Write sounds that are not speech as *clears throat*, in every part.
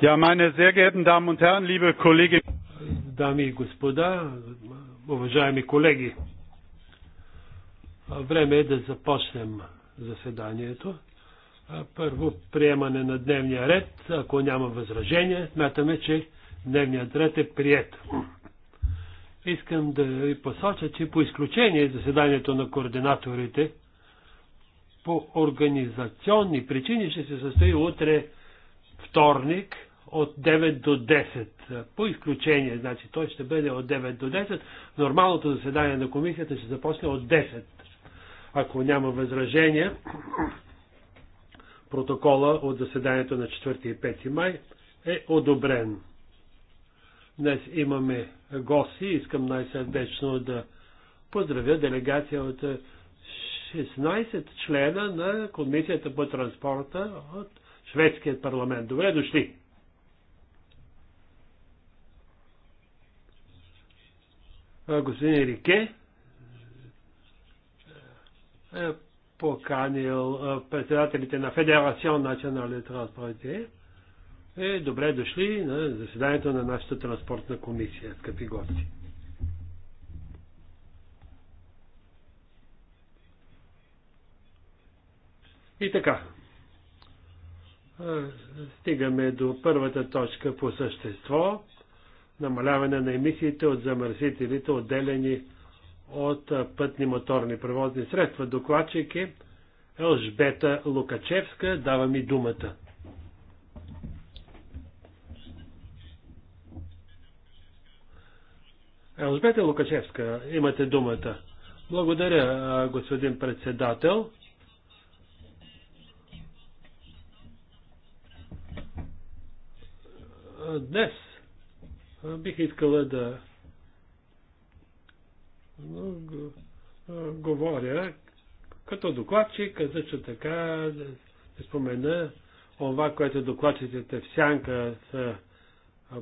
Ja, meine sehr geehrten Damen und Herren, liebe Kolleginnen. Дами и господа, уважаеми колеги, време е да започнем заседанието. Първо приемане на дневния ред. Ако няма възражение, смятаме, че дневният ред е прият. Искам да ви посоча, че по изключение заседанието на координаторите по организационни причини ще се състои утре вторник от 9 до 10. По изключение, значи той ще бъде от 9 до 10. Нормалното заседание на комисията ще започне от 10. Ако няма възражения, протокола от заседанието на 4 и 5 май е одобрен. Днес имаме гости. Искам най-сърдечно да поздравя делегация от 16 члена на Комисията по транспорта от Шведският парламент. Добре дошли! господин Ерике е поканил председателите на Федерацион национален транспорте. Е, добре дошли на заседанието на нашата транспортна комисия, скъпи гости. И така. Стигаме до първата точка по същество намаляване на емисиите от замърсителите, отделени от пътни моторни превозни средства. Докладчик е Елжбета Лукачевска. Дава ми думата. Елжбета Лукачевска, имате думата. Благодаря, господин председател. Днес Бих искала да говоря като докладчик, защото така да спомена това, което докладчиците в Сянка са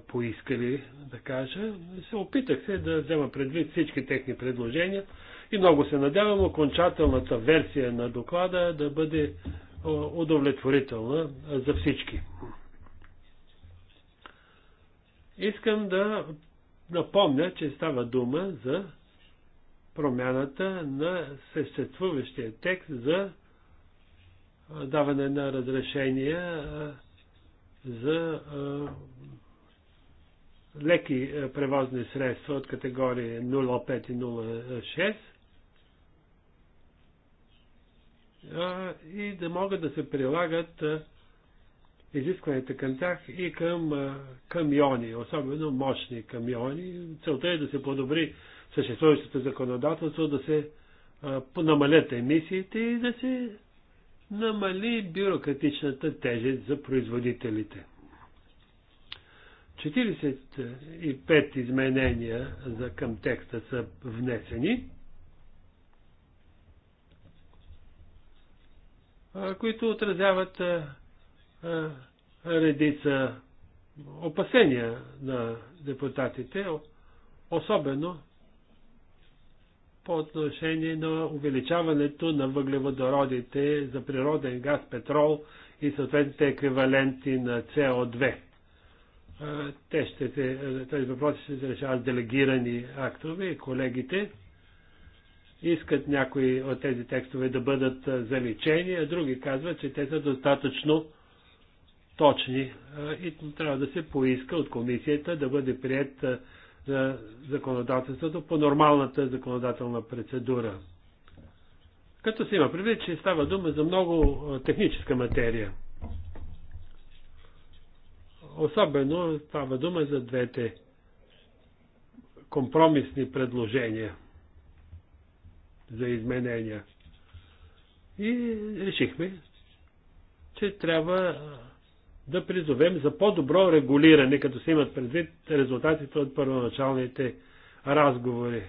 поискали, да кажа. Се опитах се да взема предвид всички техни предложения и много се надявам окончателната версия на доклада да бъде удовлетворителна за всички. Искам да напомня, че става дума за промяната на съществуващия текст за даване на разрешения за леки превозни средства от категории 05 и 06 и да могат да се прилагат изискванията към тях и към камиони, особено мощни камиони. Целта е да се подобри съществуващото законодателство, да се намалят емисиите и да се намали бюрократичната тежест за производителите. 45 изменения за към текста са внесени, които отразяват редица опасения на депутатите, особено по отношение на увеличаването на въглеводородите за природен газ, петрол и съответните еквиваленти на СО2. Те ще се, тези въпроси ще се решават делегирани актове и колегите искат някои от тези текстове да бъдат заличени, а други казват, че те са достатъчно точни и трябва да се поиска от комисията да бъде прият за законодателството по нормалната законодателна процедура. Като се има предвид, че става дума за много техническа материя. Особено става дума за двете компромисни предложения за изменения. И решихме, че трябва да призовем за по-добро регулиране, като се имат предвид резултатите от първоначалните разговори.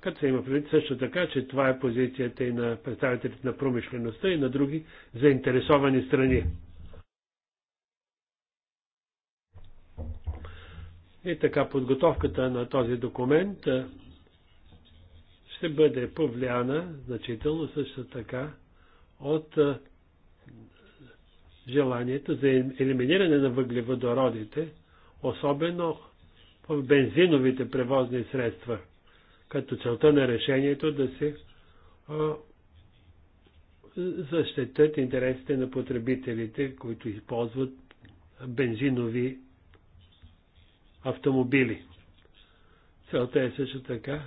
Като се има предвид също така, че това е позицията и на представителите на промишлеността и на други заинтересовани страни. И така, подготовката на този документ ще бъде повлияна значително също така от желанието за елиминиране на въглеводородите, особено в бензиновите превозни средства, като целта на решението да се а, защитят интересите на потребителите, които използват бензинови автомобили. Целта е също така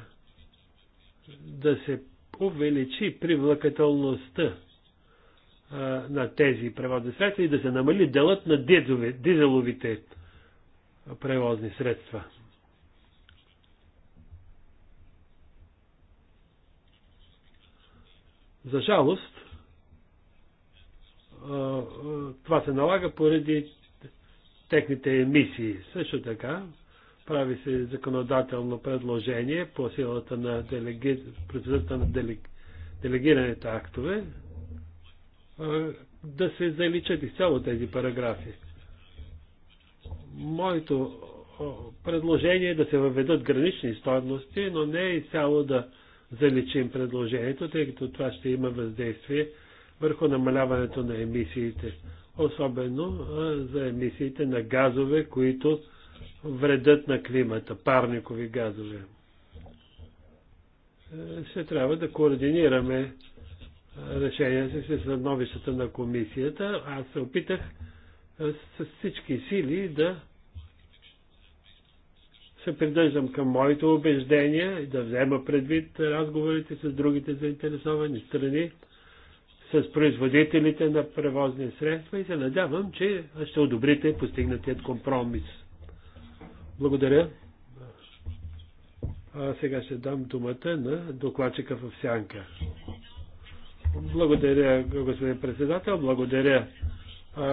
да се увеличи привлекателността на тези превозни средства и да се намали делът на дизеловите превозни средства. За жалост, това се налага поради техните емисии. Също така, прави се законодателно предложение по силата на делеги... процедурата на делег... делегираните актове, да се заличат изцяло тези параграфи. Моето предложение е да се въведат гранични стойности, но не е изцяло да заличим предложението, тъй като това ще има въздействие върху намаляването на емисиите, особено за емисиите на газове, които вредят на климата, парникови газове. Е, ще трябва да координираме решения си с становищата на комисията. Аз се опитах с всички сили да се придържам към моите убеждения и да взема предвид разговорите с другите заинтересовани страни, с производителите на превозни средства и се надявам, че ще одобрите постигнатият компромис. Благодаря. А сега ще дам думата на докладчика в сянка. Благодаря, господин председател. Благодаря,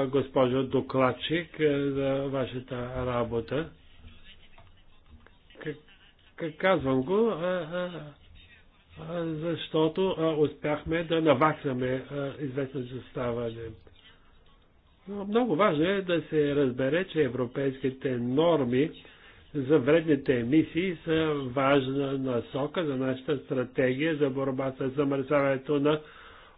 госпожо докладчик, за вашата работа. Как казвам го, защото успяхме да наваксаме известно заставане. Много важно е да се разбере, че европейските норми за вредните емисии са важна насока за нашата стратегия за борба с замърсяването на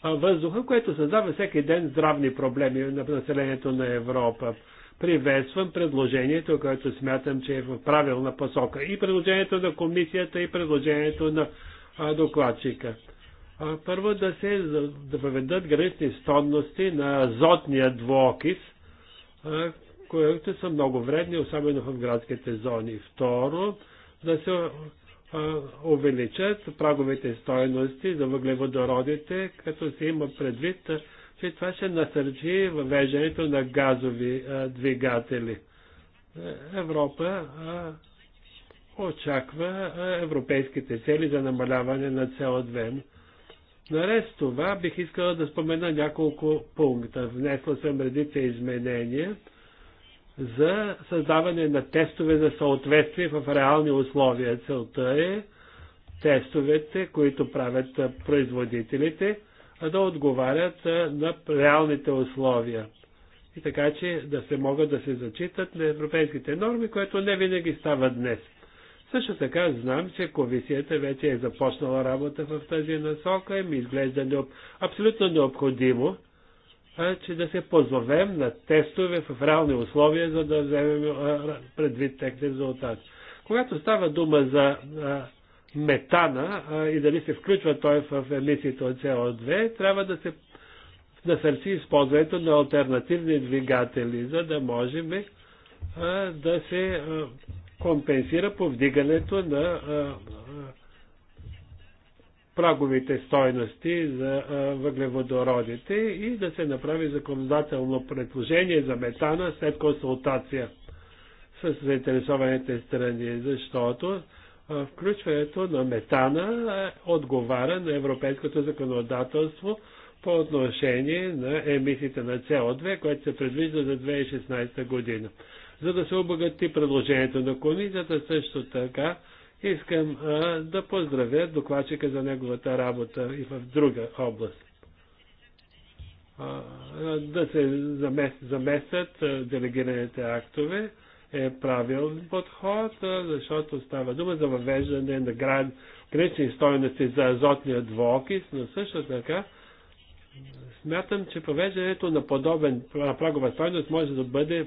въздуха, което създава всеки ден здравни проблеми на населението на Европа. Приветствам предложението, което смятам, че е в правилна посока. И предложението на комисията, и предложението на докладчика. Първо да се да въведат гранични стонности на азотния двуокис, които са много вредни, особено в градските зони. Второ, да се увеличат праговите стоености за въглеводородите, като се има предвид, че това ще насърчи въвеждането на газови двигатели. Европа очаква европейските цели за намаляване на СО2. Наред с това бих искала да спомена няколко пункта. Внесла съм редица изменения – за създаване на тестове за съответствие в реални условия. Целта е тестовете, които правят производителите, да отговарят на реалните условия. И така, че да се могат да се зачитат на европейските норми, което не винаги става днес. Също така знам, че комисията вече е започнала работа в тази насока и ми изглежда абсолютно необходимо че да се позовем на тестове в реални условия, за да вземем предвид техните резултати. Когато става дума за метана и дали се включва той в емисиите от СО2, трябва да се насърчи използването на альтернативни двигатели, за да можем да се компенсира повдигането на праговите стойности за въглеводородите и да се направи законодателно предложение за метана след консултация с заинтересованите страни, защото включването на метана отговаря на европейското законодателство по отношение на емисиите на CO2, което се предвижда за 2016 година. За да се обогати предложението на комисията, също така Искам а, да поздравя докладчика за неговата работа и в друга област. А, да се заместят замесят делегираните актове е правилен подход, а, защото става дума за въвеждане на град, гранични стоености за азотния двуокис, но също така смятам, че провеждането на подобен прагова стойност може да бъде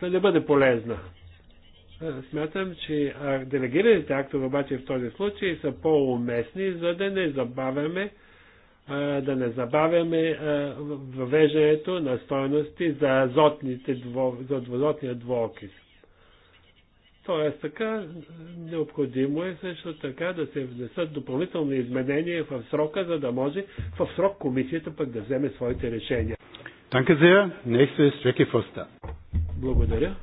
да не бъде полезна. Е, смятам, че делегираните актове обаче в този случай са по-уместни, за да не забавяме да не забавяме въвеждането на стойности за, азотните, за двозотния двуокис. Тоест така, необходимо е също така да се внесат допълнителни изменения в срока, за да може в срок комисията пък да вземе своите решения. Danke sehr. Nächste ist Jackie Foster. Благодаря.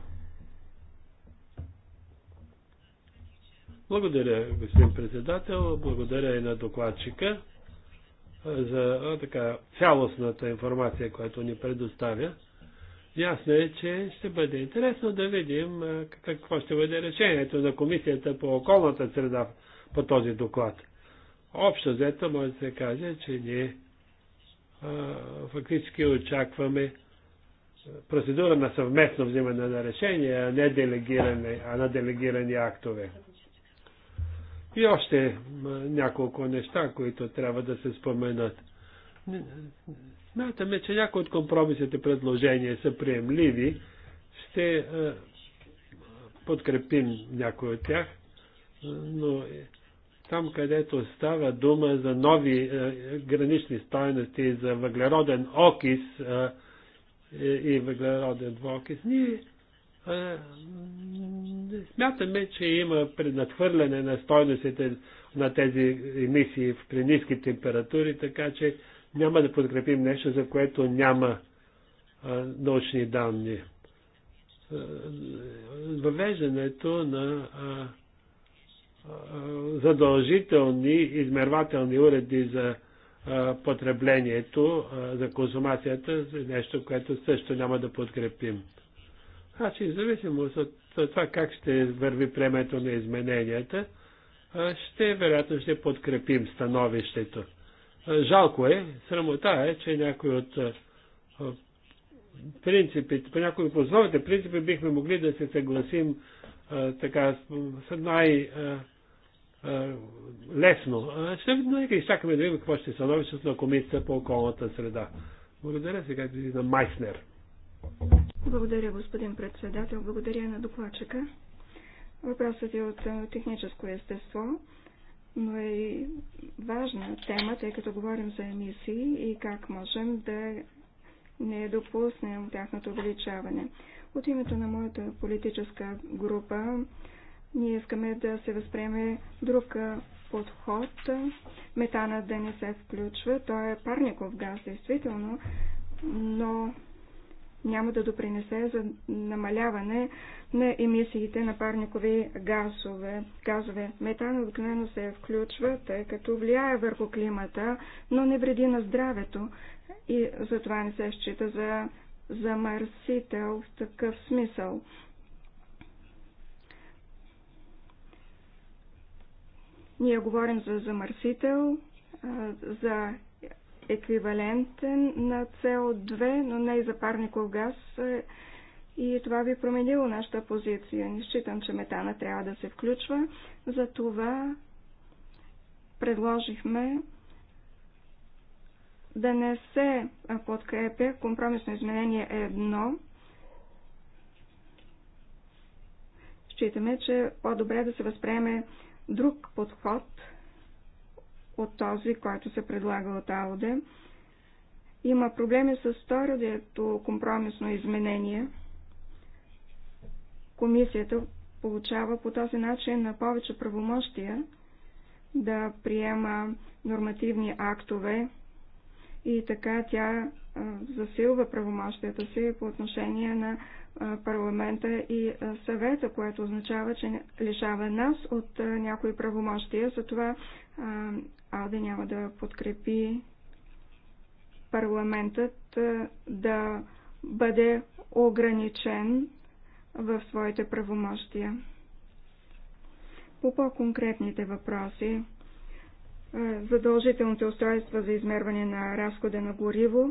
Благодаря, господин председател. Благодаря и на докладчика за така цялостната информация, която ни предоставя. Ясно е, че ще бъде интересно да видим какво ще бъде решението на Комисията по околната среда по този доклад. Общо взето може да се каже, че ние а, фактически очакваме процедура на съвместно взимане на решение, а не делегиране, а на делегирани актове. И още няколко неща, които трябва да се споменат. Смятаме, че някои от компромисите предложения са приемливи. Ще е, подкрепим някои от тях, е, но е, там, където става дума за нови гранични стоености за въглероден окис и въглероден двуокис, ние не смятаме, че има преднатвърляне на стойностите на тези емисии при ниски температури, така че няма да подкрепим нещо, за което няма а, научни данни. Въвеждането на а, задължителни измервателни уреди за потреблението, за консумацията, е нещо, което също няма да подкрепим. Значи, в зависимост от за това как ще върви времето на измененията, ще, вероятно, ще подкрепим становището. Жалко е, срамота е, че някои от принципите, по някои от основните принципи бихме могли да се съгласим така, с най- лесно. Ще нека изчакаме да видим какво ще становище на комисията по околната среда. Благодаря сега за Майснер. Благодаря, господин председател. Благодаря на докладчика. Въпросът е от техническо естество, но е важна тема, тъй като говорим за емисии и как можем да не допуснем тяхното увеличаване. От името на моята политическа група ние искаме да се възприеме друг подход, метана да не се включва. Той е парников газ, действително, но няма да допринесе за намаляване на емисиите на парникови газове. газове. Метан обикновено се включва, тъй като влияе върху климата, но не вреди на здравето и затова не се счита за замърсител в такъв смисъл. Ние говорим за замърсител, за еквивалентен на CO2, но не и за парников газ. И това би променило нашата позиция. Не считам, че метана трябва да се включва. Затова предложихме да не се подкрепя компромисно изменение е едно. Считаме, че по-добре да се възприеме друг подход – от този, който се предлага от АОД, Има проблеми с второто компромисно изменение. Комисията получава по този начин на повече правомощия да приема нормативни актове и така тя засилва правомощията си по отношение на парламента и съвета, което означава, че лишава нас от някои правомощия. Затова Ауди няма да подкрепи парламентът да бъде ограничен в своите правомощия. По по-конкретните въпроси, задължителните устройства за измерване на разхода на гориво,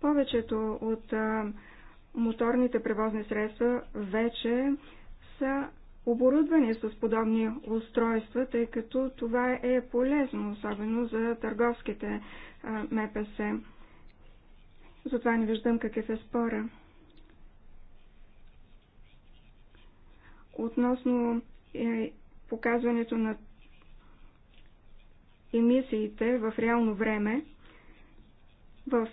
повечето от моторните превозни средства вече са Оборудване с подобни устройства, тъй като това е полезно, особено за търговските МПС. Затова не виждам какъв е спора. Относно е, показването на емисиите в реално време, в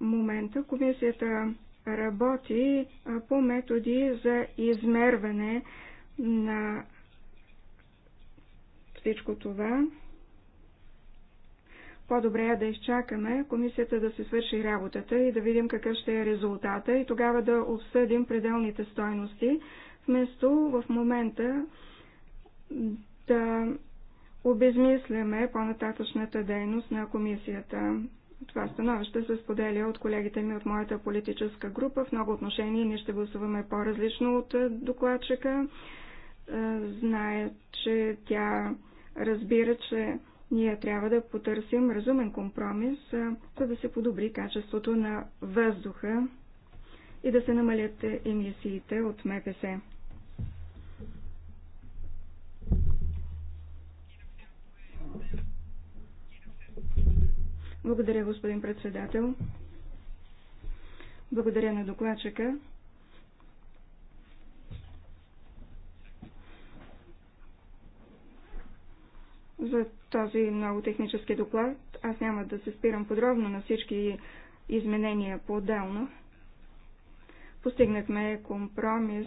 момента комисията работи по методи за измерване на всичко това, по-добре е да изчакаме комисията да се свърши работата и да видим какъв ще е резултата и тогава да обсъдим пределните стойности, вместо в момента да обезмисляме по-нататъчната дейност на комисията. Това становище се споделя от колегите ми от моята политическа група. В много отношения ние ще гласуваме по-различно от докладчика. Е, знае, че тя разбира, че ние трябва да потърсим разумен компромис, е, за да се подобри качеството на въздуха и да се намалят емисиите от МПС. Благодаря, господин председател. Благодаря на докладчика. за този много технически доклад. Аз няма да се спирам подробно на всички изменения по-отделно. Постигнахме компромис.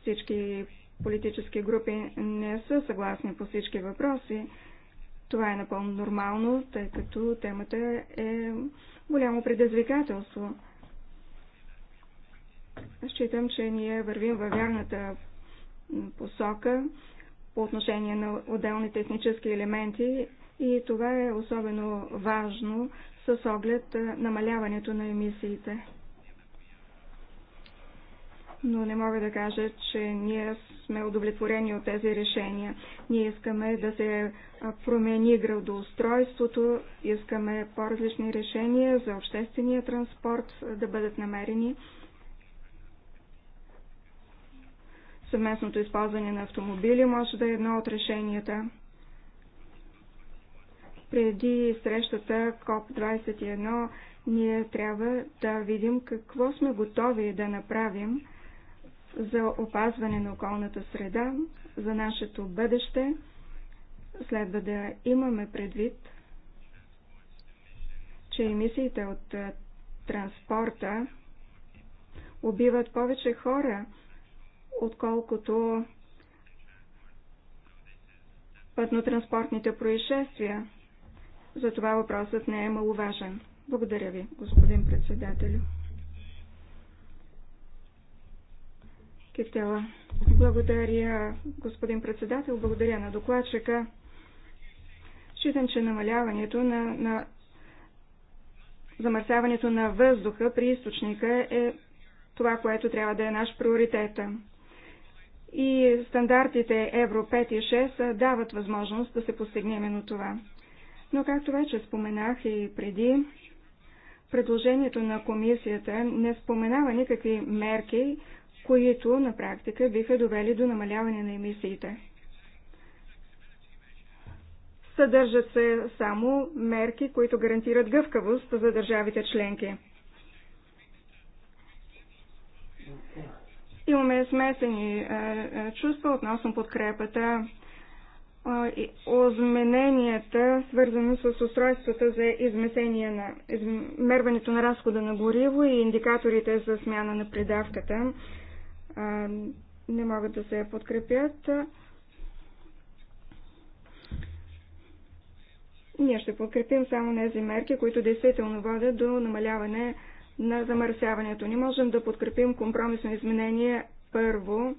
Всички политически групи не са съгласни по всички въпроси. Това е напълно нормално, тъй като темата е голямо предизвикателство. Считам, че ние вървим във вярната посока по отношение на отделни технически елементи и това е особено важно с оглед намаляването на емисиите. Но не мога да кажа, че ние сме удовлетворени от тези решения. Ние искаме да се промени градоустройството, искаме по-различни решения за обществения транспорт да бъдат намерени. Съвместното използване на автомобили може да е едно от решенията. Преди срещата КОП-21 ние трябва да видим какво сме готови да направим за опазване на околната среда, за нашето бъдеще. Следва да имаме предвид, че емисиите от транспорта убиват повече хора, отколкото пътно-транспортните происшествия. Затова въпросът не е маловажен. Благодаря ви, господин председателю. Китела. Благодаря, господин председател, благодаря на докладчика. Считам, че намаляването на, на замърсяването на въздуха при източника е това, което трябва да е наш приоритет и стандартите Евро 5 и 6 дават възможност да се постигне именно това. Но както вече споменах и преди, предложението на комисията не споменава никакви мерки, които на практика биха довели до намаляване на емисиите. Съдържат се само мерки, които гарантират гъвкавост за държавите членки. Имаме смесени е, е, чувства относно подкрепата е, и озмененията, свързани с устройствата за измесение на измерването на разхода на гориво и индикаторите за смяна на придавката не могат да се подкрепят. Ние ще подкрепим само тези мерки, които действително водят до намаляване на замърсяването. Не можем да подкрепим компромисно изменение първо,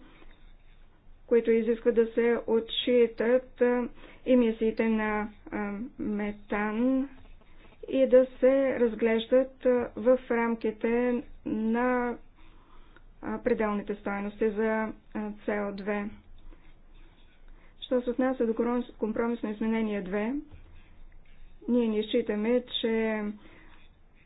които изисква да се отчитат емисиите на метан и да се разглеждат в рамките на пределните стоености за CO2. Що се отнася до компромисно изменение 2, ние не считаме, че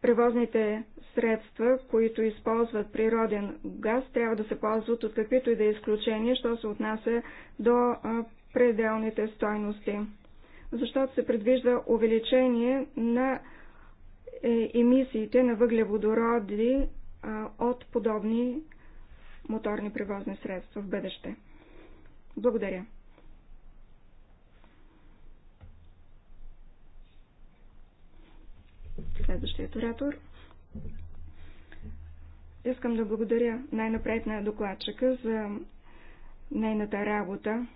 превозните средства, които използват природен газ, трябва да се ползват от каквито и да е изключение, що се отнася до пределните стойности. Защото се предвижда увеличение на е, емисиите на въглеводороди от подобни моторни превозни средства в бъдеще. Благодаря. Следващият оратор. Искам да благодаря най-напред на докладчика за нейната работа.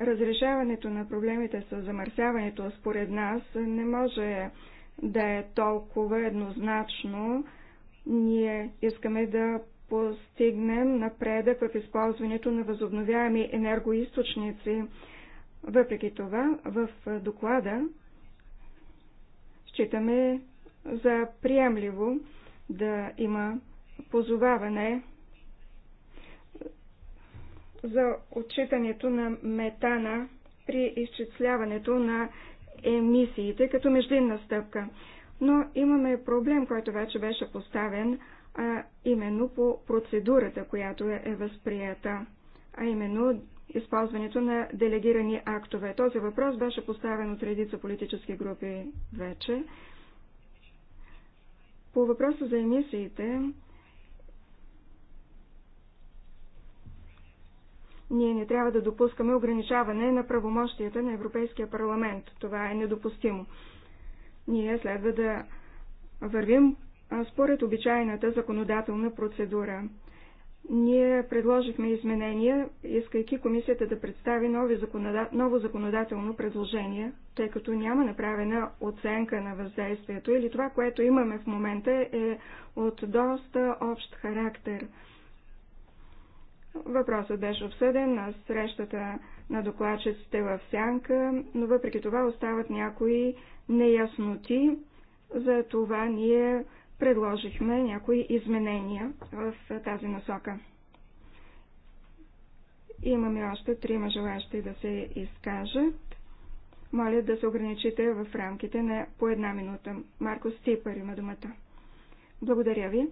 Разрешаването на проблемите с замърсяването, според нас, не може да е толкова еднозначно. Ние искаме да постигнем напредък в използването на възобновяеми енергоисточници. Въпреки това, в доклада считаме за приемливо да има позоваване за отчитането на метана при изчисляването на емисиите като междинна стъпка. Но имаме проблем, който вече беше поставен, а именно по процедурата, която е възприята, а именно използването на делегирани актове. Този въпрос беше поставен от редица политически групи вече. По въпроса за емисиите, ние не трябва да допускаме ограничаване на правомощията на Европейския парламент. Това е недопустимо. Ние следва да вървим според обичайната законодателна процедура. Ние предложихме изменения, искайки комисията да представи нови законода... ново законодателно предложение, тъй като няма направена оценка на въздействието или това, което имаме в момента е от доста общ характер. Въпросът беше обсъден на срещата на докладчиците в Сянка, но въпреки това остават някои неясноти. За това ние предложихме някои изменения в тази насока. Имаме още трима желащи да се изкажат. Моля да се ограничите в рамките на по една минута. Марко Стипър има думата. Благодаря ви.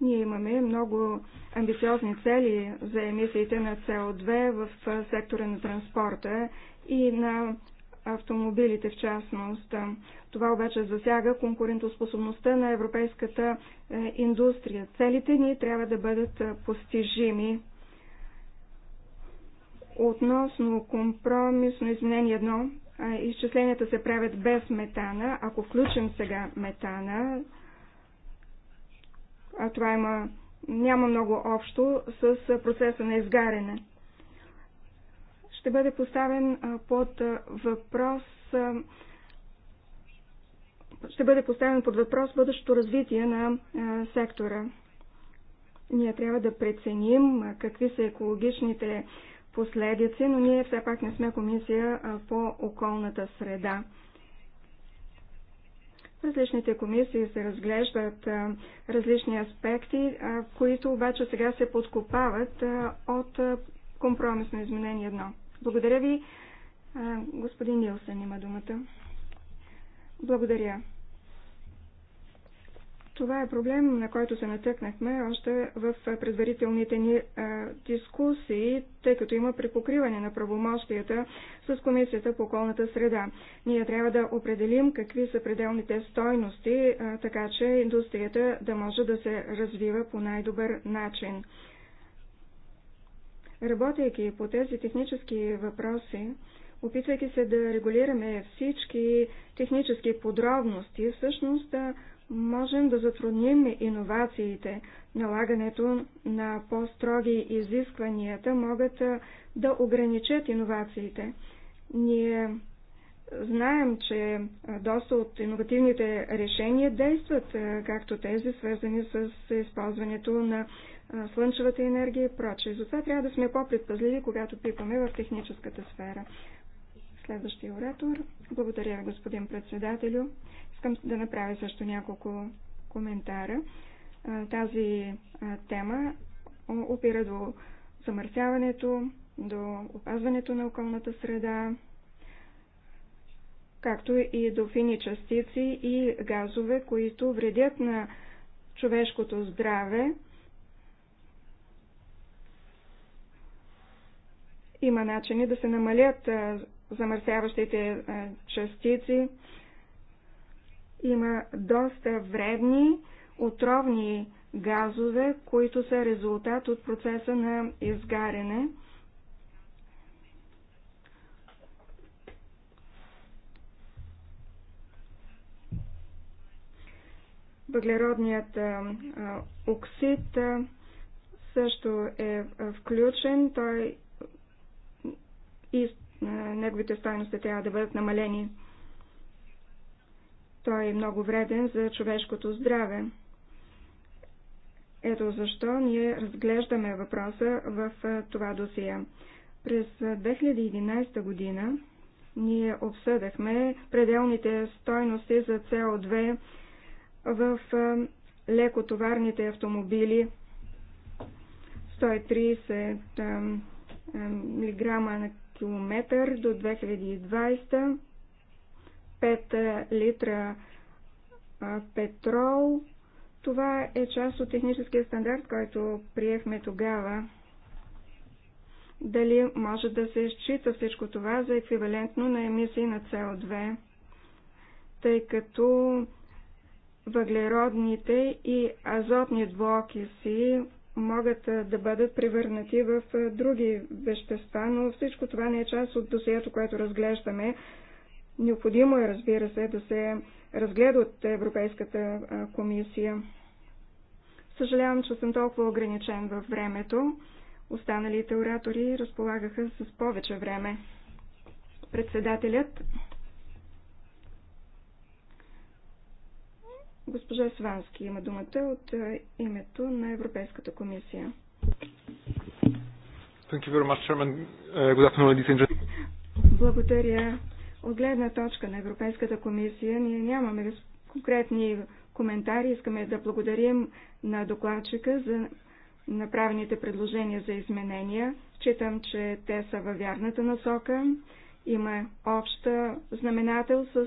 Ние имаме много амбициозни цели за емисиите на СО2 в сектора на транспорта и на автомобилите в частност. Това обаче засяга конкурентоспособността на европейската е, индустрия. Целите ни трябва да бъдат е, постижими. Относно компромисно изменение едно, е, изчисленията се правят без метана. Ако включим сега метана, а това има, няма много общо с процеса на изгаряне ще бъде поставен под въпрос ще бъде поставен под въпрос бъдещото развитие на сектора. Ние трябва да преценим какви са екологичните последици, но ние все пак не сме комисия по околната среда. В различните комисии се разглеждат различни аспекти, които обаче сега се подкопават от компромисно изменение 1. Благодаря ви. Господин Нилсън има думата. Благодаря. Това е проблем, на който се натъкнахме още в предварителните ни а, дискусии, тъй като има препокриване на правомощията с Комисията по околната среда. Ние трябва да определим какви са пределните стойности, а, така че индустрията да може да се развива по най-добър начин. Работейки по тези технически въпроси, опитвайки се да регулираме всички технически подробности, всъщност да можем да затрудним иновациите. Налагането на по-строги изискванията могат да ограничат иновациите. Ние Знаем, че доста от иновативните решения действат, както тези, свързани с използването на слънчевата енергия и прочее. Затова трябва да сме по-предпазливи, когато пипаме в техническата сфера. Следващия оратор. Благодаря, господин председателю. Искам да направя също няколко коментара. Тази тема опира до замърсяването, до опазването на околната среда, както и до фини частици и газове, които вредят на човешкото здраве. Има начини да се намалят замърсяващите частици. Има доста вредни, отровни газове, които са резултат от процеса на изгаряне. Въглеродният оксид също е включен. Той и неговите стойности трябва да бъдат намалени. Той е много вреден за човешкото здраве. Ето защо ние разглеждаме въпроса в това досия. През 2011 година ние обсъдахме пределните стойности за CO2 в лекотоварните автомобили 130 мг на километър до 2020, 5 литра петрол. Това е част от техническия стандарт, който приехме тогава. Дали може да се счита всичко това за еквивалентно на емисии на CO2, тъй като въглеродните и азотни двуокиси могат да бъдат превърнати в други вещества, но всичко това не е част от досието, което разглеждаме. Необходимо е, разбира се, да се разгледа от Европейската комисия. Съжалявам, че съм толкова ограничен във времето. Останалите оратори разполагаха с повече време. Председателят Госпожа Свански има думата от е, името на Европейската комисия. Uh, Благодаря. От гледна точка на Европейската комисия ние нямаме конкретни коментари. Искаме да благодарим на докладчика за направените предложения за изменения. Читам, че те са във вярната насока. Има обща знаменател с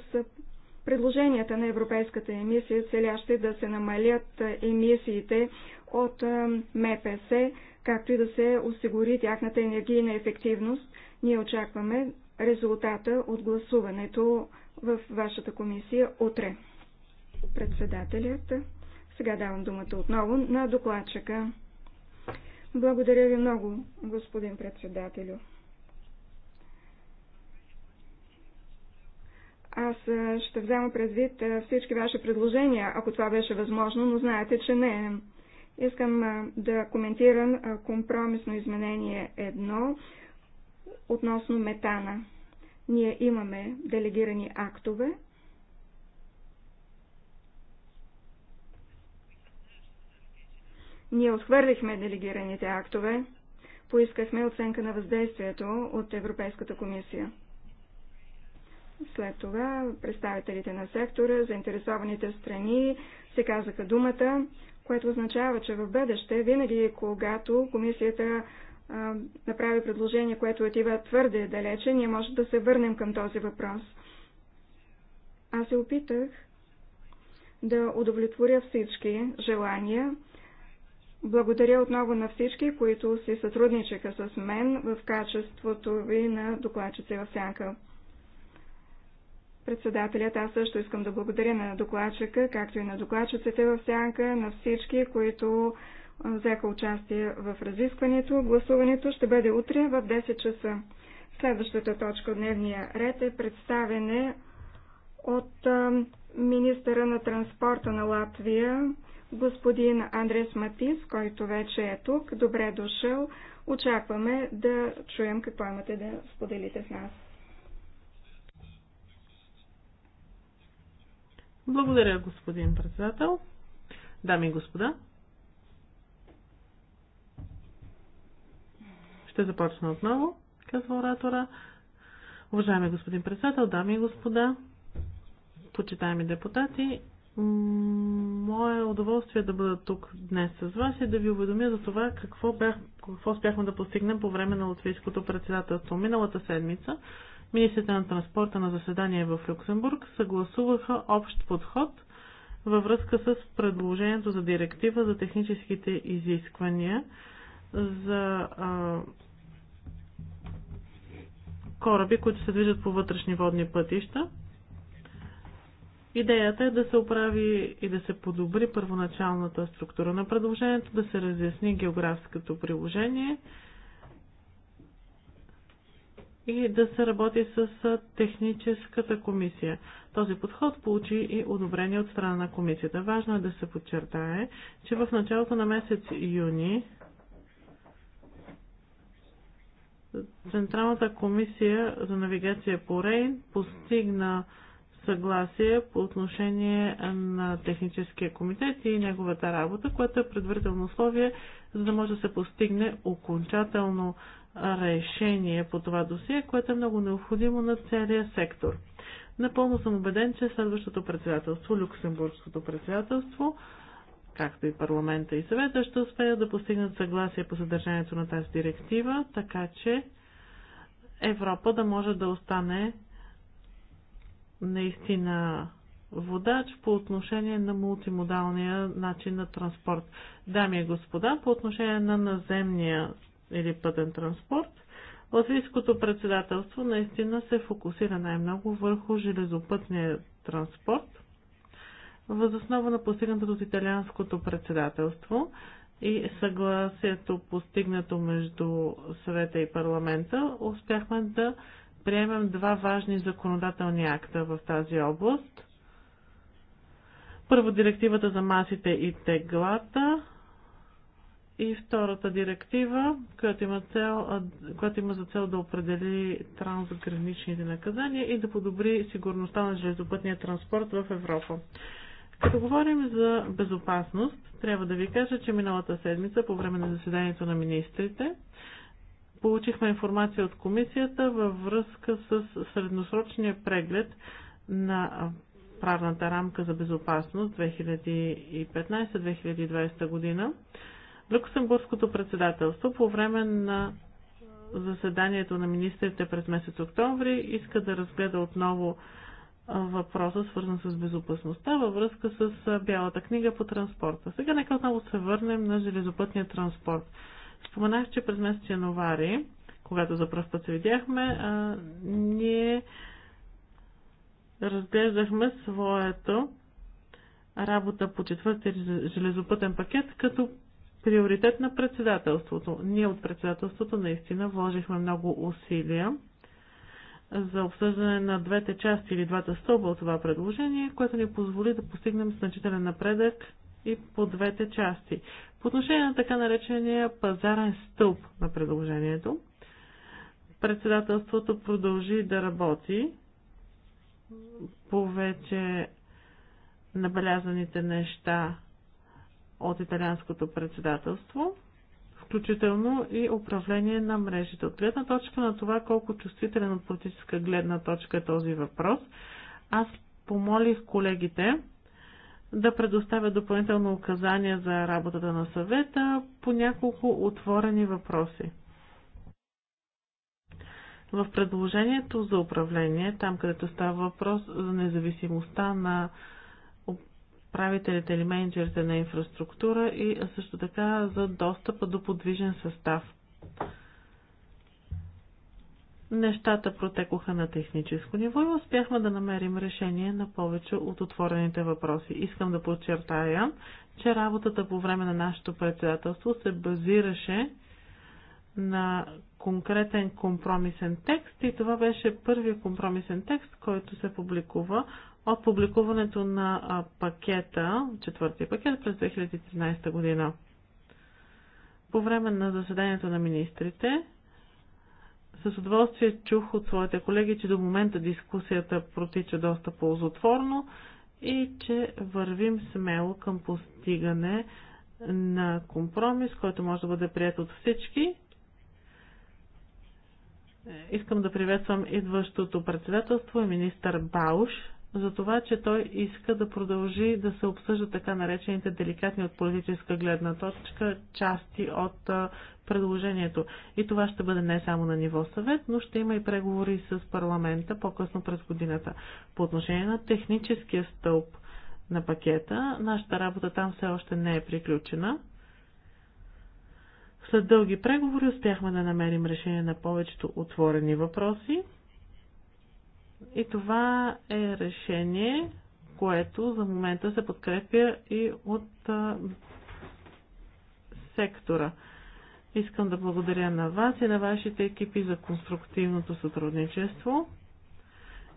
предложенията на Европейската емисия, целящи да се намалят емисиите от МПС, както и да се осигури тяхната енергийна ефективност. Ние очакваме резултата от гласуването в вашата комисия утре. Председателят. Сега давам думата отново на докладчика. Благодаря ви много, господин председателю. Аз ще взема предвид всички ваши предложения, ако това беше възможно, но знаете, че не Искам да коментирам компромисно изменение едно относно метана. Ние имаме делегирани актове. Ние отхвърлихме делегираните актове. Поискахме оценка на въздействието от Европейската комисия. След това представителите на сектора, заинтересованите страни се казаха думата, което означава, че в бъдеще, винаги когато комисията а, направи предложение, което отива твърде далече, ние може да се върнем към този въпрос. Аз се опитах да удовлетворя всички желания. Благодаря отново на всички, които си сътрудничаха с мен в качеството ви на докладчици в сянка. Председателят, аз също искам да благодаря на докладчика, както и на докладчиците в сянка, на всички, които взеха участие в разискването. Гласуването ще бъде утре в 10 часа. Следващата точка от дневния ред е представене от министъра на транспорта на Латвия, господин Андрес Матис, който вече е тук. Добре дошъл. Очакваме да чуем какво имате да споделите с нас. Благодаря, господин председател. Дами и господа, ще започна отново, казва оратора. Уважаеми господин председател, дами и господа, почитаеми депутати, Мое удоволствие е да бъда тук днес с вас и да ви уведомя за това какво, бях, какво успяхме да постигнем по време на латвийското председателство. Миналата седмица Министрите на транспорта на заседание в Люксембург съгласуваха общ подход във връзка с предложението за директива за техническите изисквания за а, кораби, които се движат по вътрешни водни пътища. Идеята е да се оправи и да се подобри първоначалната структура на предложението, да се разясни географското приложение и да се работи с техническата комисия. Този подход получи и одобрение от страна на комисията. Важно е да се подчертае, че в началото на месец юни Централната комисия за навигация по Рейн постигна съгласие по отношение на техническия комитет и неговата работа, което е предварително условие, за да може да се постигне окончателно решение по това досие, което е много необходимо на целия сектор. Напълно съм убеден, че следващото председателство, Люксембургското председателство, както и парламента и съвета, ще успеят да постигнат съгласие по съдържанието на тази директива, така че Европа да може да остане наистина водач по отношение на мултимодалния начин на транспорт. Дами и господа, по отношение на наземния или пътен транспорт, Латвийското председателство наистина се фокусира най-много върху железопътния транспорт, възоснова на постигнатото от италианското председателство и съгласието постигнато между съвета и парламента, успяхме да приемем два важни законодателни акта в тази област. Първо директивата за масите и теглата, и втората директива, която има, цел, която има за цел да определи трансграничните наказания и да подобри сигурността на железопътния транспорт в Европа. Като говорим за безопасност, трябва да ви кажа, че миналата седмица, по време на заседанието на министрите, получихме информация от комисията във връзка с средносрочния преглед на правната рамка за безопасност 2015-2020 година. Люксембургското председателство по време на заседанието на министрите през месец октомври иска да разгледа отново въпроса, свързан с безопасността във връзка с Бялата книга по транспорта. Сега нека отново се върнем на железопътния транспорт. Споменах, че през месец януари, когато за пръв път се видяхме, а, ние разглеждахме своето работа по четвъртия железопътен пакет като приоритет на председателството. Ние от председателството наистина вложихме много усилия за обсъждане на двете части или двата стълба от това предложение, което ни позволи да постигнем значителен напредък и по двете части. По отношение на така наречения пазарен стълб на предложението, председателството продължи да работи по вече набелязаните неща от италианското председателство, включително и управление на мрежите. От гледна точка на това колко чувствителен от политическа гледна точка е този въпрос, аз помолих колегите да предоставя допълнително указания за работата на съвета по няколко отворени въпроси. В предложението за управление, там където става въпрос за независимостта на управителите или менеджерите на инфраструктура и също така за достъпа до подвижен състав. Нещата протекоха на техническо ниво и успяхме да намерим решение на повече от отворените въпроси. Искам да подчертая, че работата по време на нашето председателство се базираше на конкретен компромисен текст и това беше първият компромисен текст, който се публикува от публикуването на пакета, четвъртия пакет през 2013 година. По време на заседанието на министрите с удоволствие чух от своите колеги, че до момента дискусията протича доста ползотворно и че вървим смело към постигане на компромис, който може да бъде прият от всички. Искам да приветствам идващото председателство и министър Бауш за това, че той иска да продължи да се обсъжда така наречените деликатни от политическа гледна точка части от предложението. И това ще бъде не само на ниво съвет, но ще има и преговори с парламента по-късно през годината. По отношение на техническия стълб на пакета, нашата работа там все още не е приключена. След дълги преговори успяхме да намерим решение на повечето отворени въпроси. И това е решение, което за момента се подкрепя и от а, сектора. Искам да благодаря на вас и на вашите екипи за конструктивното сътрудничество.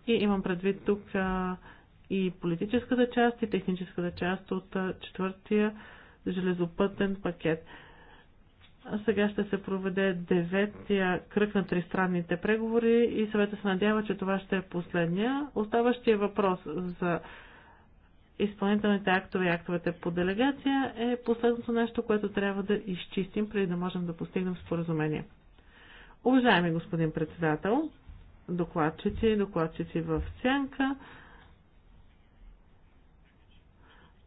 И имам предвид тук а, и политическата част, и техническата част от а, четвъртия железопътен пакет. Сега ще се проведе деветия кръг на тристранните преговори и съвета се надява, че това ще е последния. Оставащия въпрос за изпълнителните актове и актовете по делегация е последното нещо, което трябва да изчистим, преди да можем да постигнем споразумение. Уважаеми господин председател, докладчици, докладчици в сянка,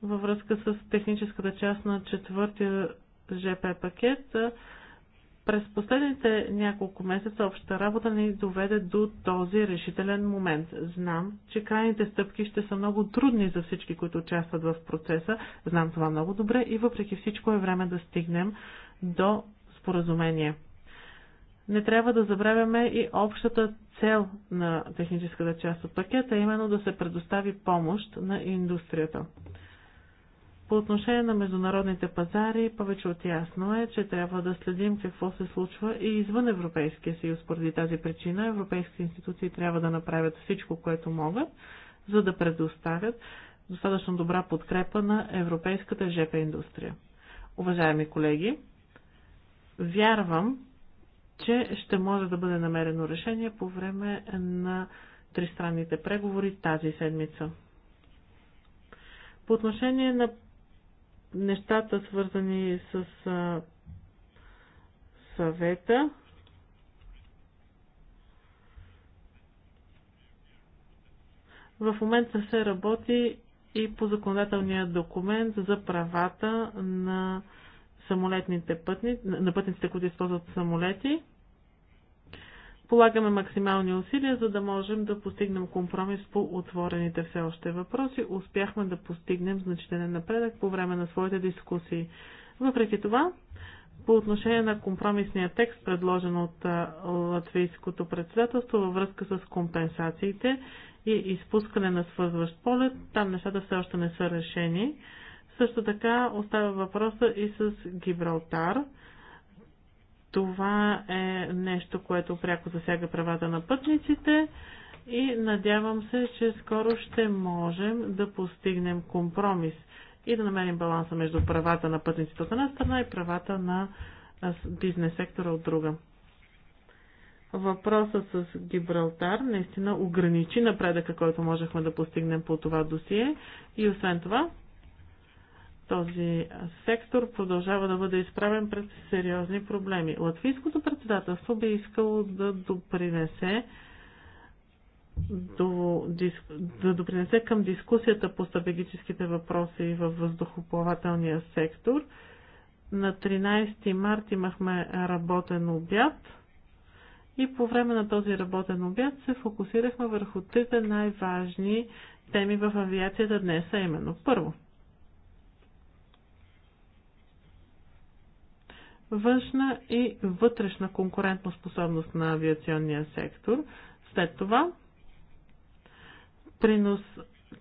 във връзка с техническата част на четвъртия ЖП пакет, през последните няколко месеца общата работа ни доведе до този решителен момент. Знам, че крайните стъпки ще са много трудни за всички, които участват в процеса. Знам това много добре и въпреки всичко е време да стигнем до споразумение. Не трябва да забравяме и общата цел на техническата част от пакета, именно да се предостави помощ на индустрията. По отношение на международните пазари, повече от ясно е, че трябва да следим какво се случва и извън Европейския съюз. Поради тази причина европейските институции трябва да направят всичко, което могат, за да предоставят достатъчно добра подкрепа на европейската ЖП индустрия. Уважаеми колеги, вярвам, че ще може да бъде намерено решение по време на тристранните преговори тази седмица. По отношение на нещата, свързани с съвета. В момента се работи и по законодателния документ за правата на самолетните пътни, на пътниците, които използват самолети. Полагаме максимални усилия, за да можем да постигнем компромис по отворените все още въпроси. Успяхме да постигнем значителен напредък по време на своите дискусии. Въпреки това, по отношение на компромисния текст, предложен от латвийското председателство във връзка с компенсациите и изпускане на свързващ полет, там нещата все още не са решени. Също така остава въпроса и с Гибралтар – това е нещо, което пряко засяга правата на пътниците и надявам се, че скоро ще можем да постигнем компромис и да намерим баланса между правата на пътниците от една страна и правата на бизнес сектора от друга. Въпросът с Гибралтар наистина ограничи напредъка, който можехме да постигнем по това досие и освен това този сектор продължава да бъде изправен пред сериозни проблеми. Латвийското председателство би искало да допринесе до, да допринесе към дискусията по стратегическите въпроси във въздухоплавателния сектор. На 13 март имахме работен обяд и по време на този работен обяд се фокусирахме върху трите най-важни теми в авиацията днес, а именно първо – външна и вътрешна конкурентоспособност на авиационния сектор. След това принос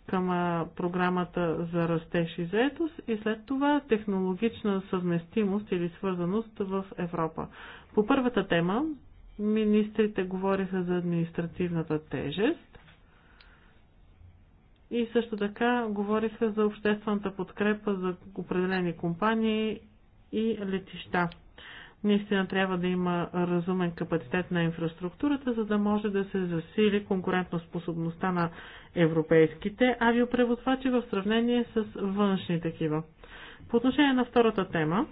към програмата за растеж и заетост и след това технологична съвместимост или свързаност в Европа. По първата тема министрите говориха за административната тежест и също така говориха за обществената подкрепа за определени компании и летища. Наистина трябва да има разумен капацитет на инфраструктурата, за да може да се засили конкурентоспособността на европейските авиопревозвачи в сравнение с външни такива. По отношение на втората тема,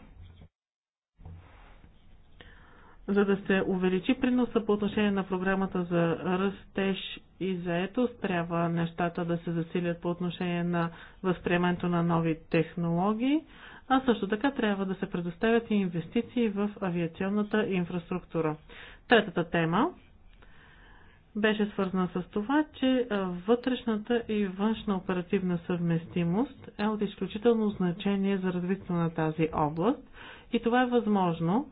за да се увеличи приноса по отношение на програмата за растеж и заетост, трябва нещата да се засилят по отношение на възприемането на нови технологии а също така трябва да се предоставят и инвестиции в авиационната инфраструктура. Третата тема беше свързана с това, че вътрешната и външна оперативна съвместимост е от изключително значение за развитието на тази област и това е възможно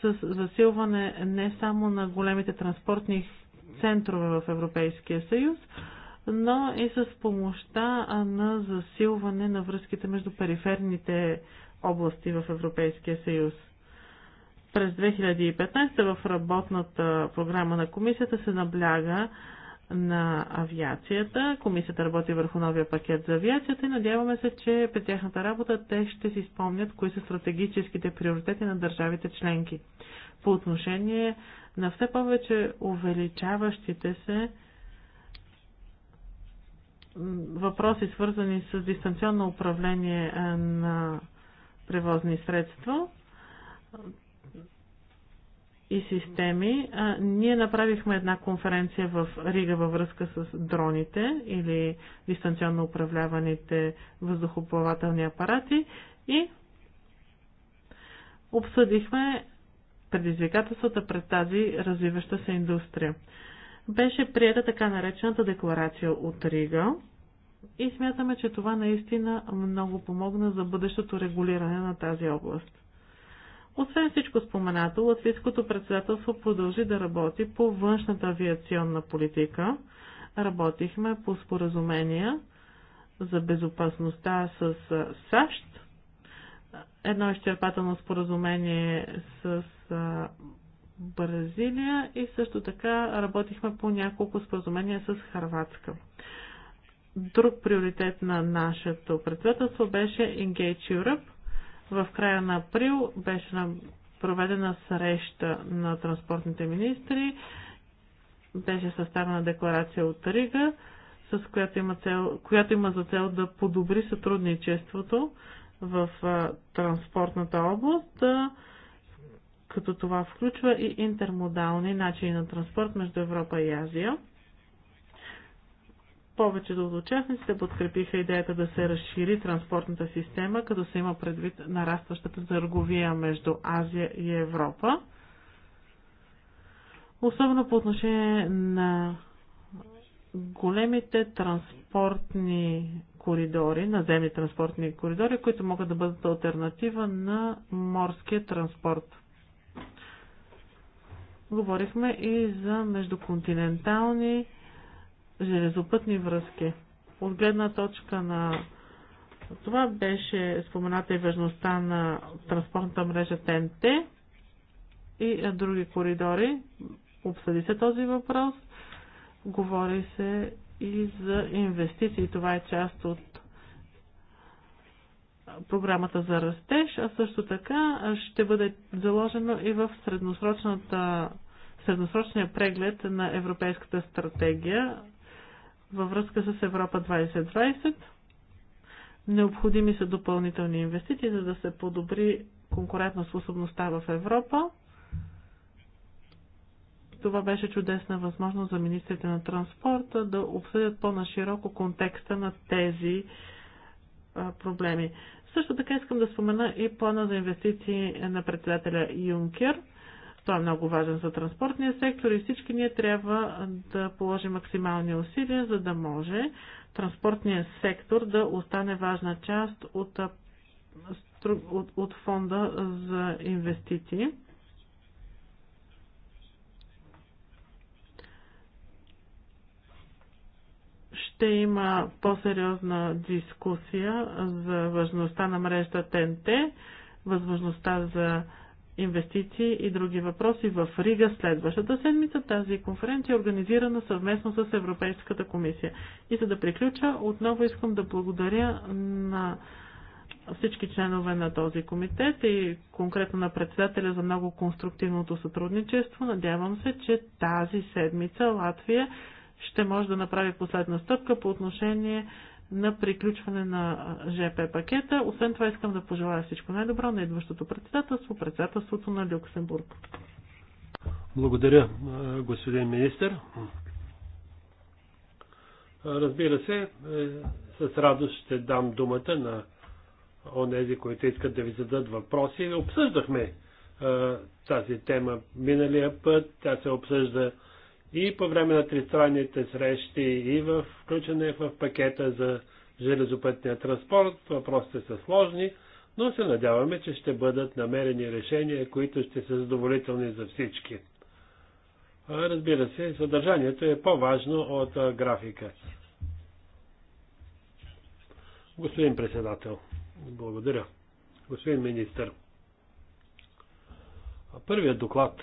с засилване не само на големите транспортни центрове в Европейския съюз, но и с помощта на засилване на връзките между периферните области в Европейския съюз. През 2015 в работната програма на комисията се набляга на авиацията. Комисията работи върху новия пакет за авиацията и надяваме се, че при тяхната работа те ще си спомнят кои са стратегическите приоритети на държавите членки. По отношение на все повече увеличаващите се въпроси, свързани с дистанционно управление е, на превозни средства и системи. Е, ние направихме една конференция в Рига във връзка с дроните или дистанционно управляваните въздухоплавателни апарати и обсъдихме предизвикателствата пред тази развиваща се индустрия беше прията така наречената декларация от Рига и смятаме, че това наистина много помогна за бъдещото регулиране на тази област. Освен всичко споменато, латвийското председателство продължи да работи по външната авиационна политика. Работихме по споразумения за безопасността с САЩ, едно изчерпателно споразумение с Бразилия и също така работихме по няколко споразумения с Харватска. Друг приоритет на нашето председателство беше Engage Europe. В края на април беше проведена среща на транспортните министри. Беше съставена декларация от Рига, с която има, цел, която има за цел да подобри сътрудничеството в транспортната област като това включва и интермодални начини на транспорт между Европа и Азия. Повечето от участниците подкрепиха идеята да се разшири транспортната система, като се има предвид нарастващата търговия между Азия и Европа. Особено по отношение на големите транспортни коридори, наземни транспортни коридори, които могат да бъдат альтернатива на морския транспорт. Говорихме и за междуконтинентални железопътни връзки. От гледна точка на това беше спомената и важността на транспортната мрежа ТНТ и други коридори. Обсъди се този въпрос. Говори се и за инвестиции. Това е част от програмата за растеж, а също така ще бъде заложено и в средносрочната, средносрочния преглед на Европейската стратегия във връзка с Европа 2020. Необходими са допълнителни инвестиции, за да се подобри конкурентна способността в Европа. Това беше чудесна възможност за министрите на транспорта да обсъдят по-нашироко контекста на тези проблеми. Също така искам да спомена и плана за инвестиции на председателя Юнкер. Той е много важен за транспортния сектор и всички ние трябва да положим максимални усилия, за да може транспортния сектор да остане важна част от, от, от фонда за инвестиции. ще има по-сериозна дискусия за важността на мрежата ТНТ, възможността за инвестиции и други въпроси в Рига следващата седмица. Тази конференция е организирана съвместно с Европейската комисия. И за да приключа, отново искам да благодаря на всички членове на този комитет и конкретно на председателя за много конструктивното сътрудничество. Надявам се, че тази седмица Латвия ще може да направи последна стъпка по отношение на приключване на ЖП пакета. Освен това искам да пожелая всичко най-добро на идващото председателство, председателството на Люксембург. Благодаря, господин министр. Разбира се, е, с радост ще дам думата на онези, които искат да ви зададат въпроси. Обсъждахме е, тази тема миналия път. Тя се обсъжда и по време на тристранните срещи, и в включване в пакета за железопътния транспорт. Въпросите са сложни, но се надяваме, че ще бъдат намерени решения, които ще са задоволителни за всички. Разбира се, съдържанието е по-важно от графика. Господин председател, благодаря. Господин министър, първият доклад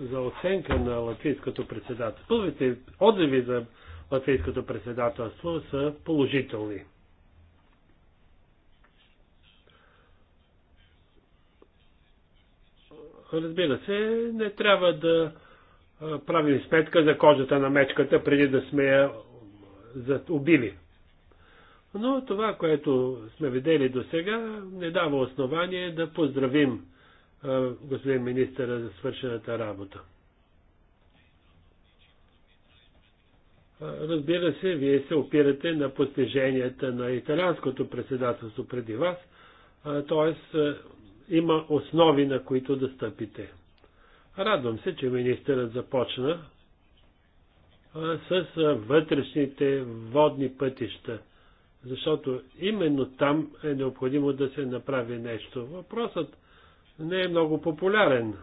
за оценка на латвийското председателство. Първите отзиви за латвийското председателство са положителни. Разбира се, не трябва да правим сметка за кожата на мечката преди да сме я убили. Но това, което сме видели до сега, не дава основание да поздравим господин министъра за свършената работа. Разбира се, вие се опирате на постиженията на италианското председателство преди вас, т.е. има основи, на които да стъпите. Радвам се, че министърът започна с вътрешните водни пътища, защото именно там е необходимо да се направи нещо. Въпросът не е много популярен,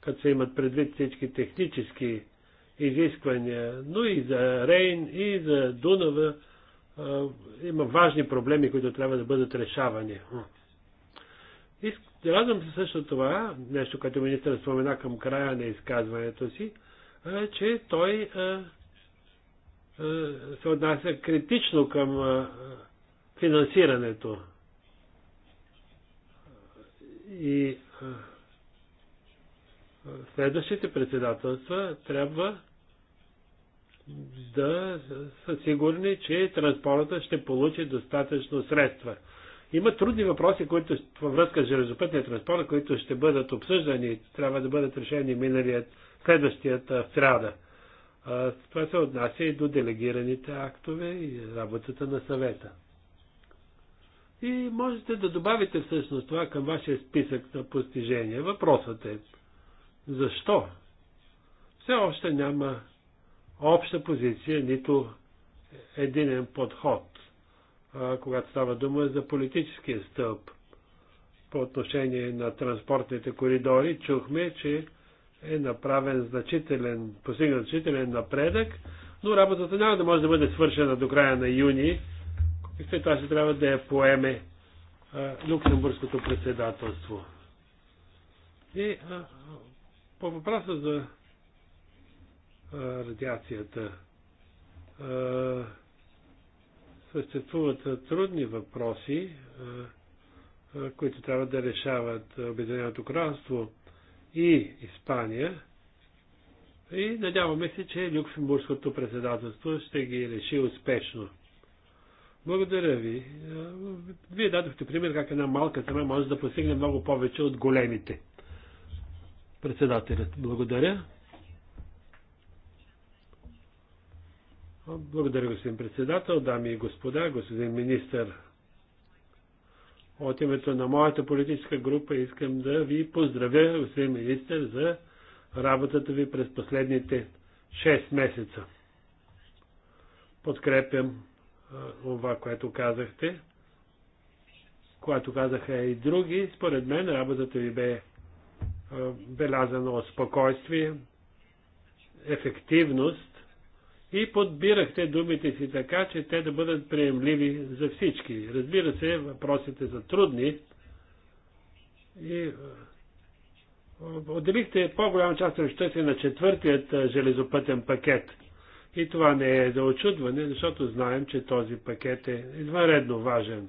като се имат предвид всички технически изисквания, но и за Рейн, и за Дунава има важни проблеми, които трябва да бъдат решавани. Радвам се също това, нещо, което министър спомена към края на изказването си, е че той се отнася критично към финансирането и следващите председателства трябва да са сигурни, че транспорта ще получи достатъчно средства. Има трудни въпроси, които във връзка с железопътния транспорт, които ще бъдат обсъждани, трябва да бъдат решени миналият, следващият сряда. Това се отнася и до делегираните актове и работата на съвета. И можете да добавите всъщност това към вашия списък на постижения. Въпросът е, защо? Все още няма обща позиция, нито единен подход, когато става дума за политическия стълб. По отношение на транспортните коридори чухме, че е направен значителен, постигнат значителен напредък, но работата няма да може да бъде свършена до края на юни, и след това ще трябва да я поеме а, Люксембургското председателство. И а, по въпроса за а, радиацията а, съществуват трудни въпроси, а, а, които трябва да решават Обединеното кралство и Испания. И надяваме се, че Люксембургското председателство ще ги реши успешно. Благодаря ви. Вие дадохте пример как една малка страна може да постигне много повече от големите. Председателят, благодаря. Благодаря, господин председател, дами и господа, господин министър. От името на моята политическа група искам да ви поздравя, господин министър, за работата ви през последните 6 месеца. Подкрепям това, което казахте, което казаха и други. Според мен работата ви бе белязана от спокойствие, ефективност и подбирахте думите си така, че те да бъдат приемливи за всички. Разбира се, въпросите са трудни и отделихте по-голяма част от си на четвъртият железопътен пакет – и това не е за очудване, защото знаем, че този пакет е извънредно важен.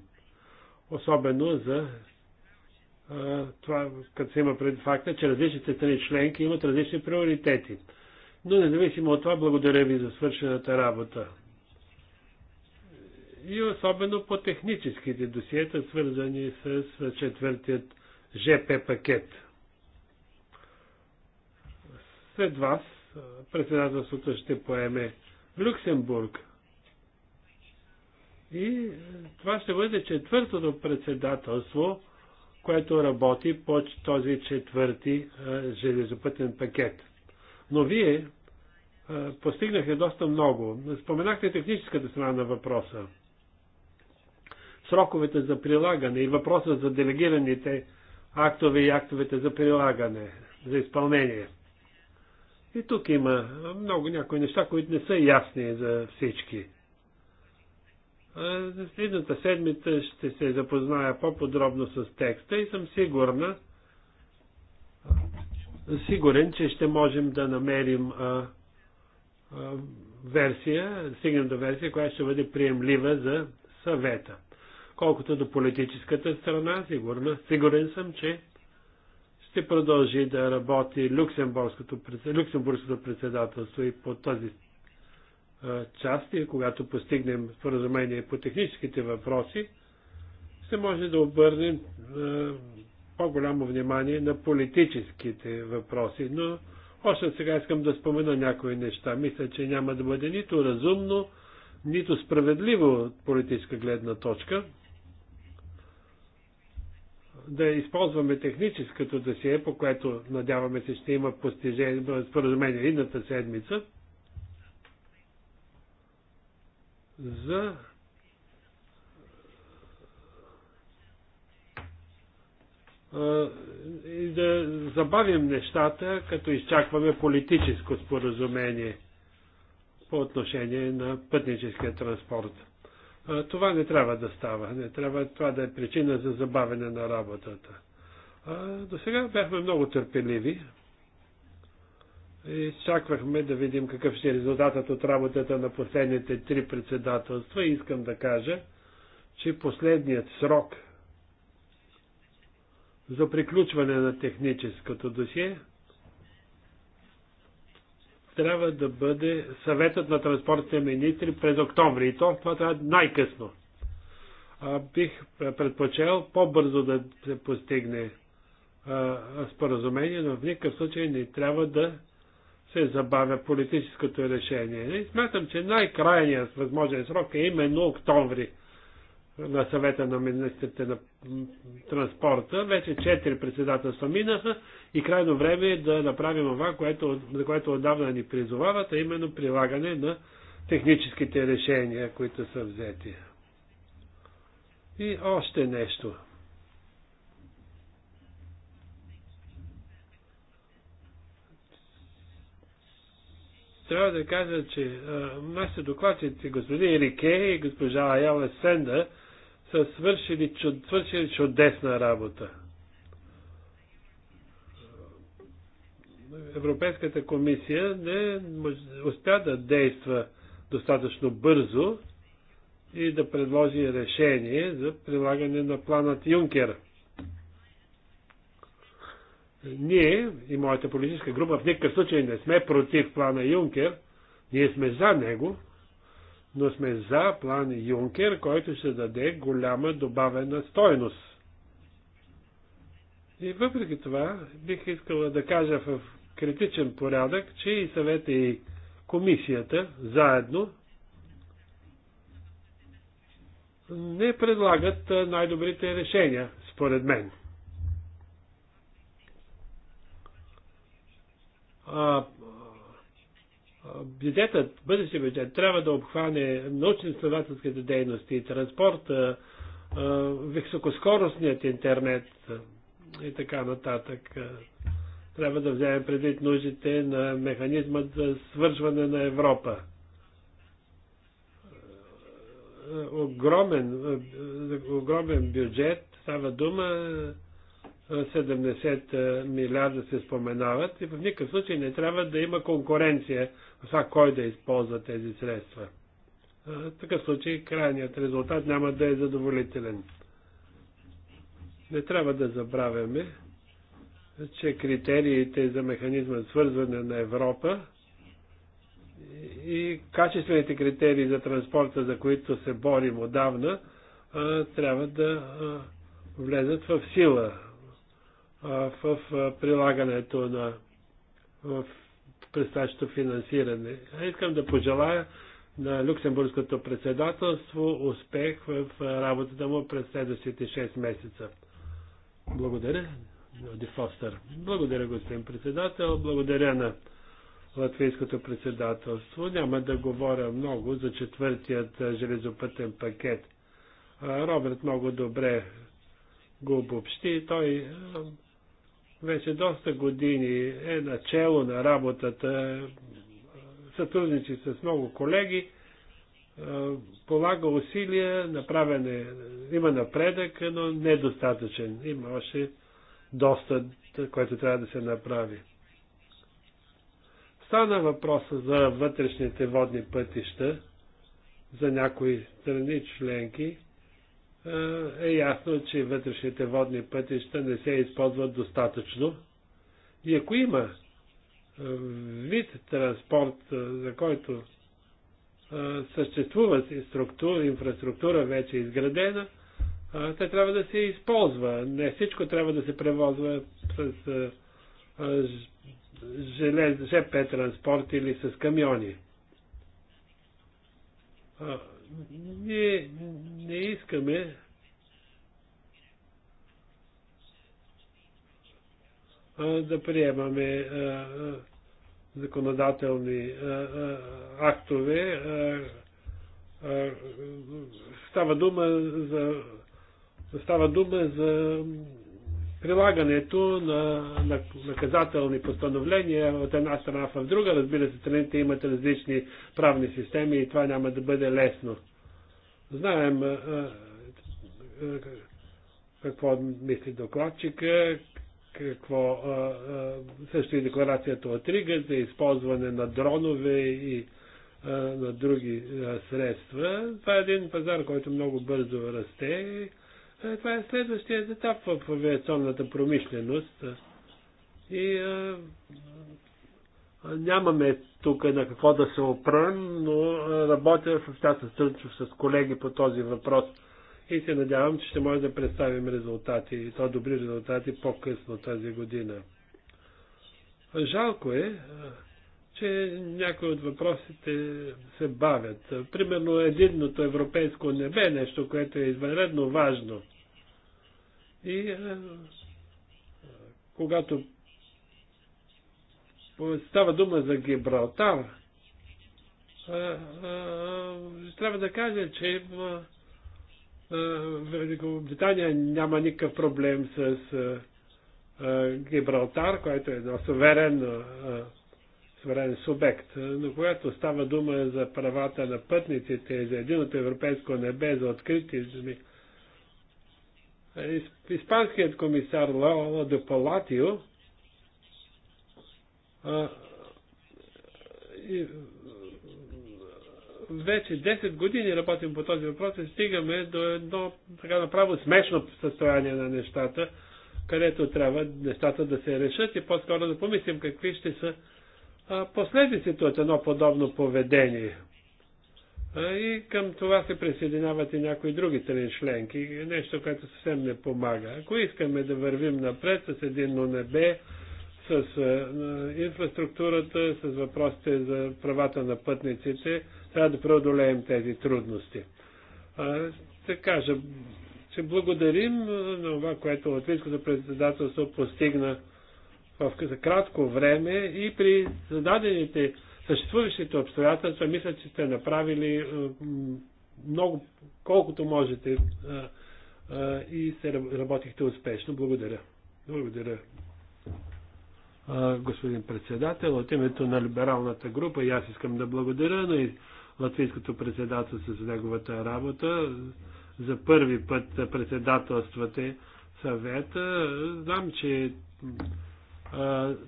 Особено за а, това, като се има пред факта, че различните страни членки имат различни приоритети. Но независимо от това, благодаря ви за свършената работа. И особено по техническите досиета, свързани с четвъртият ЖП пакет. След вас председателството ще поеме Люксембург. И е, това ще бъде четвъртото председателство, което работи по този четвърти е, железопътен пакет. Но вие е, постигнахте доста много. Споменахте техническата страна на въпроса. Сроковете за прилагане и въпроса за делегираните актове и актовете за прилагане, за изпълнение – и тук има много някои неща, които не са ясни за всички. За следната седмица ще се запозная по-подробно с текста и съм сигурна, сигурен, че ще можем да намерим а, а, версия, стигнем до версия, която ще бъде приемлива за съвета. Колкото до политическата страна, сигурна, сигурен съм, че ще продължи да работи Люксембургското, Люксембургското председателство и по тази част и когато постигнем споразумение по техническите въпроси, се може да обърнем по-голямо внимание на политическите въпроси. Но още сега искам да спомена някои неща. Мисля, че няма да бъде нито разумно, нито справедливо от политическа гледна точка – да използваме техническото досие, по което надяваме се ще има постижение, споразумение едната седмица, за и да забавим нещата, като изчакваме политическо споразумение по отношение на пътническия транспорт. Това не трябва да става. Не трябва това да е причина за забавене на работата. До сега бяхме много търпеливи. и Изчаквахме да видим какъв ще е резултатът от работата на последните три председателства. И искам да кажа, че последният срок за приключване на техническото досие трябва да бъде съветът на транспортните министри през октомври. И то това трябва най-късно. бих предпочел по-бързо да се постигне а, споразумение, но в никакъв случай не трябва да се забавя политическото решение. И смятам, че най-крайният възможен срок е именно октомври на съвета на министрите на транспорта. Вече четири председателства минаха и крайно време е да направим това, което, за което отдавна ни призовават, а именно прилагане на техническите решения, които са взети. И още нещо. Трябва да кажа, че нашите докладчици, господин Рике и госпожа Аяла Сенда, са свършили, чуд, свършили чудесна работа. Европейската комисия не успя да действа достатъчно бързо и да предложи решение за прилагане на планът Юнкер. Ние и моята политическа група в никакъв случай не сме против плана Юнкер, ние сме за него, но сме за план Юнкер, който ще даде голяма добавена стойност. И въпреки това бих искала да кажа в критичен порядък, че и съвета и комисията заедно не предлагат най-добрите решения, според мен. А, бюджетът, бъдещия бюджет трябва да обхване научно-изследователските дейности, транспорта, високоскоростният интернет и така нататък. Трябва да вземем предвид нуждите на механизма за свържване на Европа. Огромен, огромен бюджет, става дума 70 милиарда се споменават и в никакъв случай не трябва да има конкуренция това кой да използва тези средства. В такъв случай крайният резултат няма да е задоволителен. Не трябва да забравяме, че критериите за механизма свързване на Европа и качествените критерии за транспорта, за които се борим отдавна, трябва да влезат в сила в прилагането на в предстоящото финансиране. Искам да пожелая на Люксембургското председателство успех в работата му през следващите 6 месеца. Благодаря, Ди Фостер. Благодаря, господин председател. Благодаря на Латвийското председателство. Няма да говоря много за четвъртият железопътен пакет. Роберт много добре го обобщи. Той вече доста години е начало на работата, сътрудничи с много колеги, полага усилия, направене, има напредък, но недостатъчен. Има още доста, което трябва да се направи. Стана въпроса за вътрешните водни пътища за някои страни членки. Е, е ясно, че вътрешните водни пътища не се използват достатъчно. И ако има е, вид транспорт, е, за който съществува структура, инфраструктура вече изградена, те трябва да се използва. Не всичко трябва да се превозва с желез, ЖП транспорт или с камиони ние не искаме да приемаме законодателни актове. Става дума за става дума за прилагането на, наказателни постановления от една страна в друга. Разбира се, страните имат различни правни системи и това няма да бъде лесно. Знаем какво мисли докладчика, какво също и декларацията от Рига за използване на дронове и на други средства. Това е един пазар, който много бързо расте е, това е следващия етап в авиационната промишленост. И а, е, нямаме тук на какво да се опрем, но е, работя в сътрудничество с колеги по този въпрос и се надявам, че ще може да представим резултати, и то добри резултати по-късно тази година. Жалко е, че някои от въпросите се бавят. Примерно единното европейско небе е нещо, което е извънредно важно. И е, когато става дума за Гибралтар, е, трябва да кажа, че Великобритания няма никакъв проблем с Гибралтар, който е едно суверенно суверен субект. Но когато става дума за правата на пътниците, за единото европейско небе, за открити жени, испанският комисар Лао де Палатио вече 10 години работим по този въпрос и стигаме до едно така направо смешно състояние на нещата, където трябва нещата да се решат и по-скоро да помислим какви ще са последиците от едно подобно поведение. И към това се присъединяват и някои други трени членки, нещо, което съвсем не помага. Ако искаме да вървим напред с единно небе, с инфраструктурата, с въпросите за правата на пътниците, трябва да преодолеем тези трудности. Ще кажа, че благодарим на това, което Латвийското председателство постигна в, за кратко време и при зададените съществуващите обстоятелства, мисля, че сте направили е, много, колкото можете е, е, и се работихте успешно. Благодаря. Благодаря. Господин председател, от името на либералната група и аз искам да благодаря на латвийското председателство за неговата работа. За първи път председателствате съвета. Знам, че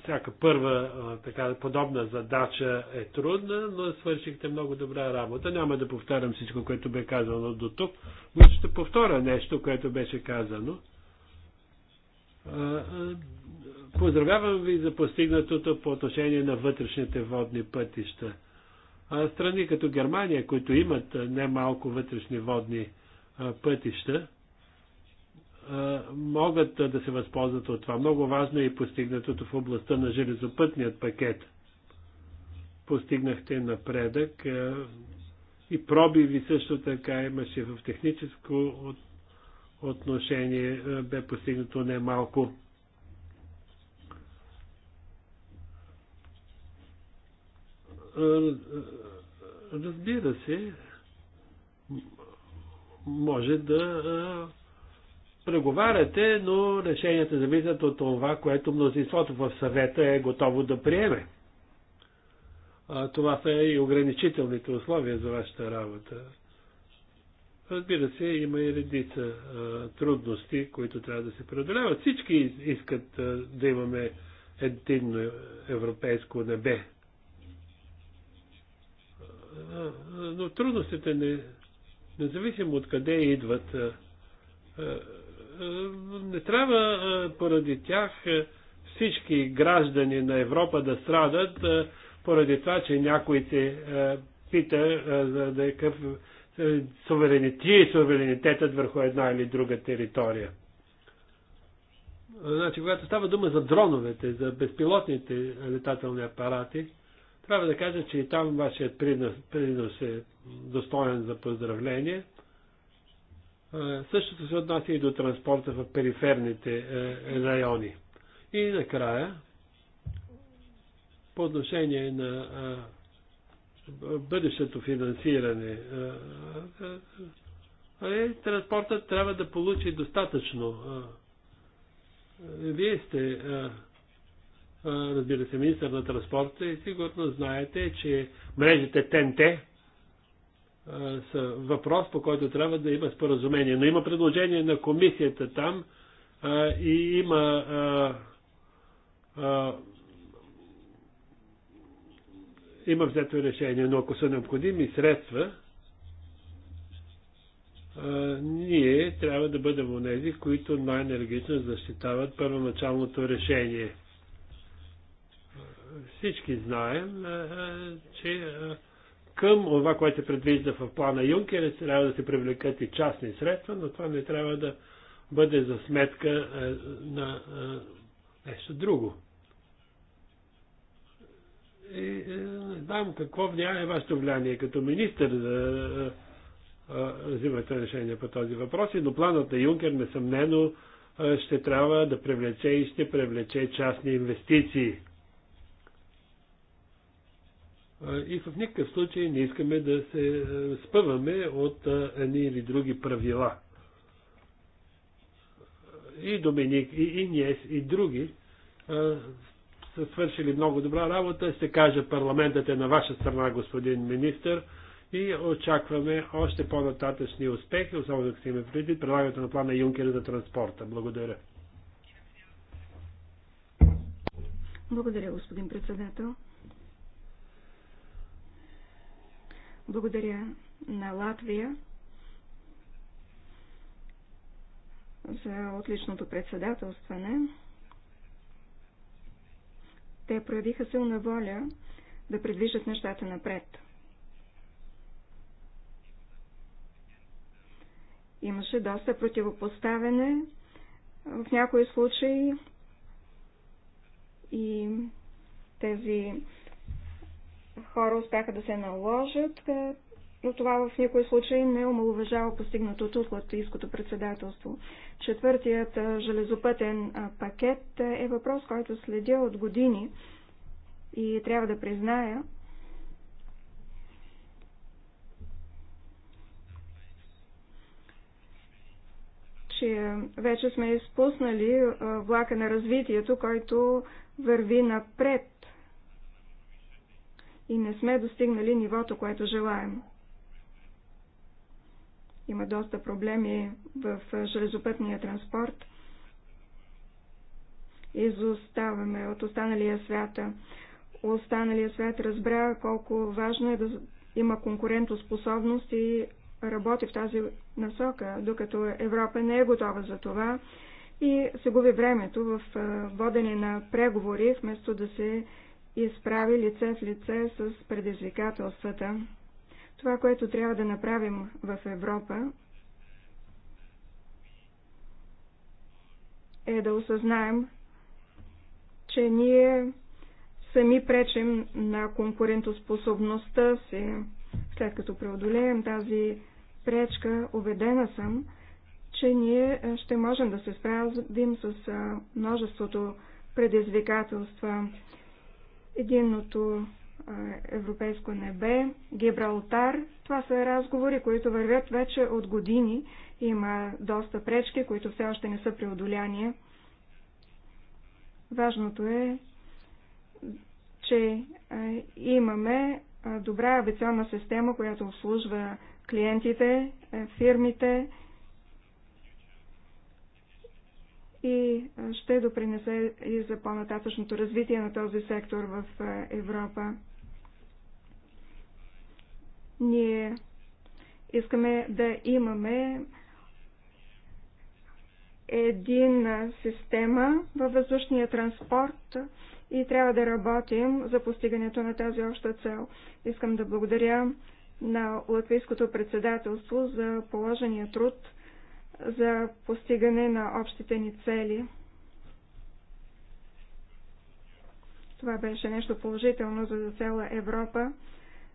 всяка първа така подобна задача е трудна, но свършихте много добра работа. Няма да повтарям всичко, което бе казано до тук, но ще повторя нещо, което беше казано. Поздравявам ви за постигнатото по отношение на вътрешните водни пътища. Страни като Германия, които имат немалко вътрешни водни пътища, могат да се възползват от това. Много важно е и постигнатото в областта на железопътният пакет. Постигнахте напредък и пробиви също така имаше в техническо отношение, бе постигнато немалко. Разбира се, може да преговаряте, но решенията зависят от това, което мнозинството в съвета е готово да приеме. А, това са и ограничителните условия за вашата работа. Разбира се, има и редица а, трудности, които трябва да се преодоляват. Всички искат а, да имаме единно европейско небе. А, но трудностите, не, независимо от къде идват, а, е, не трябва е, поради тях е, всички граждани на Европа да страдат, поради това, че някой се пита за да е къв суверенити и суверенитетът върху една или друга територия. Значи, когато става дума за дроновете, за безпилотните летателни апарати, трябва да кажа, че и там вашият принос, принос е достоен за поздравление – е, същото се отнася и до транспорта в периферните е, райони. И накрая, по отношение на е, бъдещето финансиране, транспорта транспортът трябва да получи достатъчно. Вие сте, разбира се, министър на транспорта и сигурно знаете, че мрежите ТНТ са въпрос, по който трябва да има споразумение. Но има предложение на комисията там а, и има а, а, има взето решение, но ако са необходими средства, а, ние трябва да бъдем онези, които най-енергично защитават първоначалното решение. Всички знаем, а, а, че а, към това, което се предвижда в плана Юнкер, е, трябва да се привлекат и частни средства, но това не трябва да бъде за сметка е, на е, нещо друго. И, не знам какво влияе вашето влияние като министр да взимате решение по този въпрос, но планът на Юнкер несъмнено ще трябва да привлече и ще привлече частни инвестиции. И в никакъв случай не искаме да се спъваме от едни или други правила. И Доминик, и Иньес, и други са свършили много добра работа. Ще каже, парламентът е на ваша страна, господин министр, и очакваме още по-нататъчни успехи, особено като имаме предвид прилагането на плана Юнкера за транспорта. Благодаря. Благодаря, господин председател. Благодаря на Латвия за отличното председателстване. Те проявиха силна воля да предвижат нещата напред. Имаше доста противопоставяне в някои случаи и тези хора успяха да се наложат, е, но това в никой случай не омалуважава постигнатото от латвийското председателство. Четвъртият е, железопътен е, пакет е въпрос, който следя от години и трябва да призная, че вече сме изпуснали влака на развитието, който върви напред и не сме достигнали нивото, което желаем. Има доста проблеми в железопътния транспорт. Изоставаме от останалия свят. Останалия свят разбра колко важно е да има конкурентоспособност и работи в тази насока, докато Европа не е готова за това и се губи времето в водене на преговори, вместо да се изправи лице в лице с предизвикателствата. Това, което трябва да направим в Европа, е да осъзнаем, че ние сами пречим на конкурентоспособността си. След като преодолеем тази пречка, убедена съм, че ние ще можем да се справим с множеството предизвикателства единното европейско небе, Гибралтар. Това са разговори, които вървят вече от години. Има доста пречки, които все още не са преодоляния. Важното е, че имаме добра авиационна система, която обслужва клиентите, е, фирмите и ще допринесе и за по-нататъчното развитие на този сектор в Европа. Ние искаме да имаме един система във въздушния транспорт и трябва да работим за постигането на тази обща цел. Искам да благодаря на Латвийското председателство за положения труд – за постигане на общите ни цели. Това беше нещо положително за цяла Европа.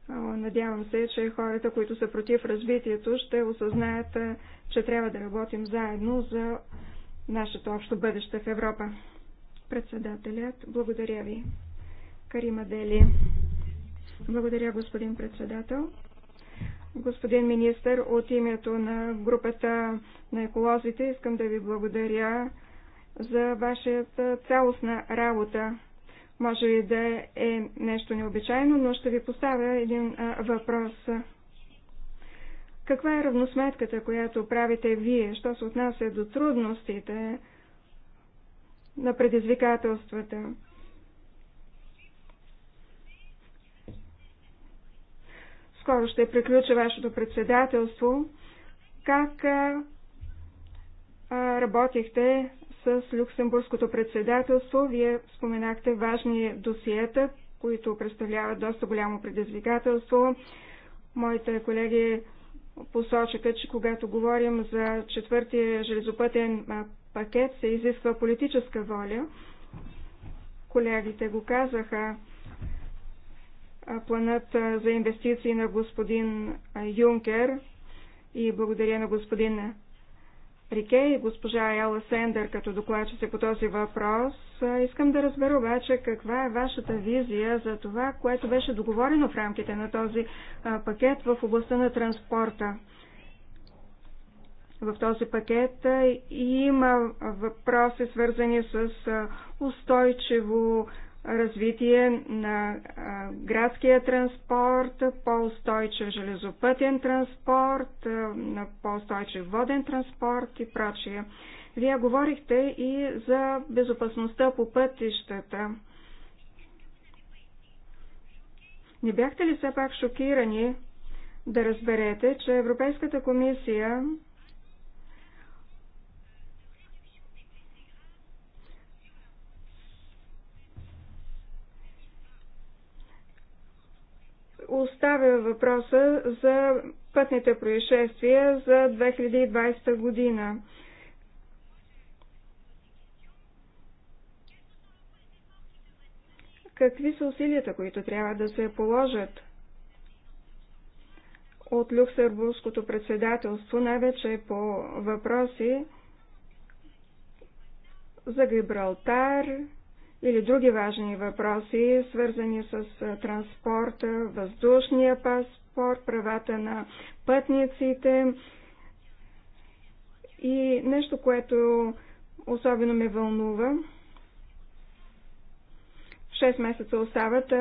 Надявам се, че хората, които са против развитието, ще осъзнаят, че трябва да работим заедно за нашето общо бъдеще в Европа. Председателят, благодаря ви. Карима Дели. Благодаря, господин председател. Господин министър, от името на групата на еколозите искам да ви благодаря за вашата цялостна работа. Може и да е нещо необичайно, но ще ви поставя един въпрос. Каква е равносметката, която правите вие, що се отнася до трудностите на предизвикателствата? скоро ще приключа вашето председателство. Как работихте с Люксембургското председателство? Вие споменахте важни досиета, които представляват доста голямо предизвикателство. Моите колеги посочиха, че когато говорим за четвъртия железопътен пакет, се изисква политическа воля. Колегите го казаха планът за инвестиции на господин Юнкер и благодаря на господин Рике и госпожа Ела Сендер като докладчица по този въпрос. Искам да разбера обаче каква е вашата визия за това, което беше договорено в рамките на този пакет в областта на транспорта. В този пакет има въпроси свързани с устойчиво развитие на градския транспорт, по-устойчив железопътен транспорт, на по-устойчив воден транспорт и прочие. Вие говорихте и за безопасността по пътищата. Не бяхте ли все пак шокирани да разберете, че Европейската комисия оставя въпроса за пътните происшествия за 2020 година. Какви са усилията, които трябва да се положат от Люксембургското председателство, най-вече по въпроси за Гибралтар, или други важни въпроси, свързани с транспорта, въздушния паспорт, правата на пътниците и нещо, което особено ме вълнува. 6 месеца остават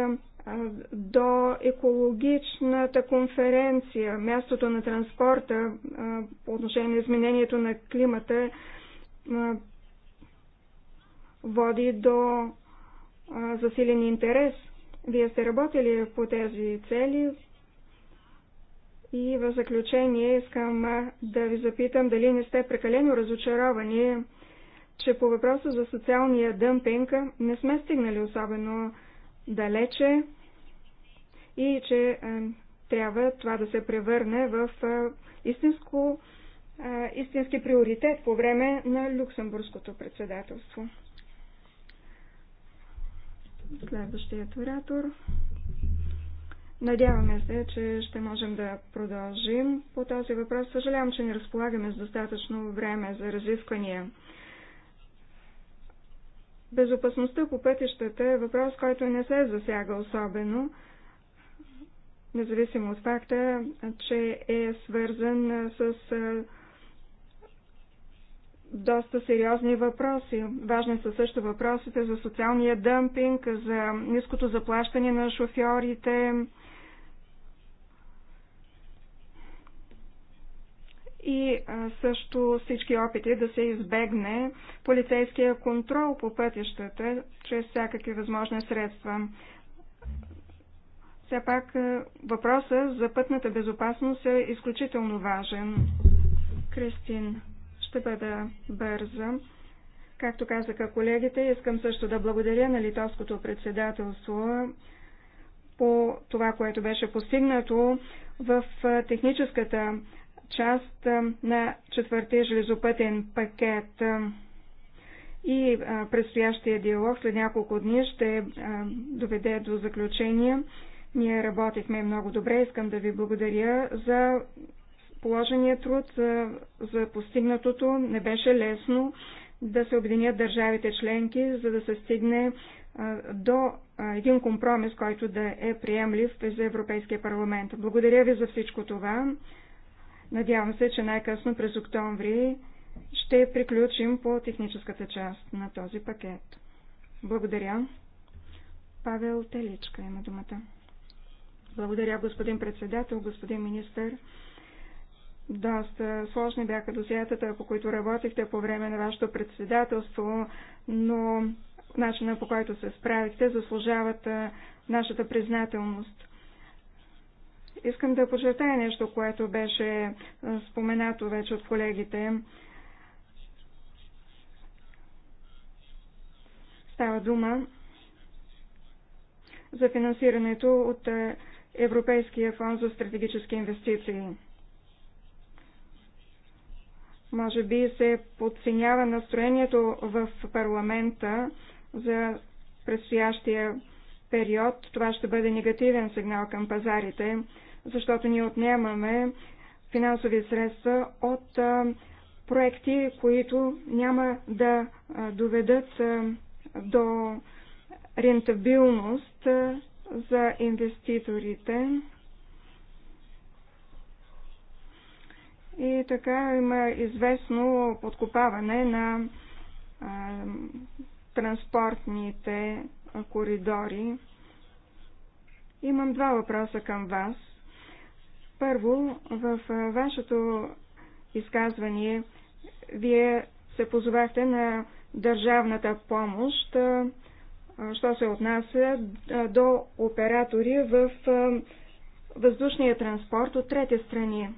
до екологичната конференция, мястото на транспорта по отношение на изменението на климата води до засилен интерес. Вие сте работили по тези цели и в заключение искам да ви запитам дали не сте прекалено разочаровани, че по въпроса за социалния дъмпинг не сме стигнали особено далече и че а, трябва това да се превърне в а, истинско, а, истински приоритет по време на люксембургското председателство. Следващият оратор. Надяваме се, че ще можем да продължим по този въпрос. Съжалявам, че не разполагаме с достатъчно време за разисквания. Безопасността по пътищата е въпрос, който не се засяга особено, независимо от факта, че е свързан с доста сериозни въпроси. Важни са също въпросите за социалния дъмпинг, за ниското заплащане на шофьорите и също всички опити да се избегне полицейския контрол по пътищата чрез всякакви възможни средства. Все пак въпросът за пътната безопасност е изключително важен. Кристин. Ще бъда бърза. Както казаха колегите, искам също да благодаря на литовското председателство по това, което беше постигнато в техническата част на четвъртия железопътен пакет и предстоящия диалог след няколко дни ще доведе до заключение. Ние работихме много добре. Искам да ви благодаря за положения труд, за, за постигнатото. Не беше лесно да се объединят държавите членки, за да се стигне до един компромис, който да е приемлив за Европейския парламент. Благодаря ви за всичко това. Надявам се, че най-късно през октомври ще приключим по техническата част на този пакет. Благодаря. Павел Теличка има думата. Благодаря, господин председател, господин министър. Доста сложни бяха досиятата, по които работихте по време на вашето председателство, но начина по който се справихте заслужават нашата признателност. Искам да подчертая нещо, което беше споменато вече от колегите. Става дума за финансирането от Европейския фонд за стратегически инвестиции. Може би се подценява настроението в парламента за предстоящия период. Това ще бъде негативен сигнал към пазарите, защото ние отнемаме финансови средства от проекти, които няма да доведат до рентабилност за инвеститорите. И така има известно подкопаване на а, транспортните коридори. Имам два въпроса към вас. Първо, в вашето изказване вие се позовахте на държавната помощ, що се отнася до оператори в въздушния транспорт от трети страни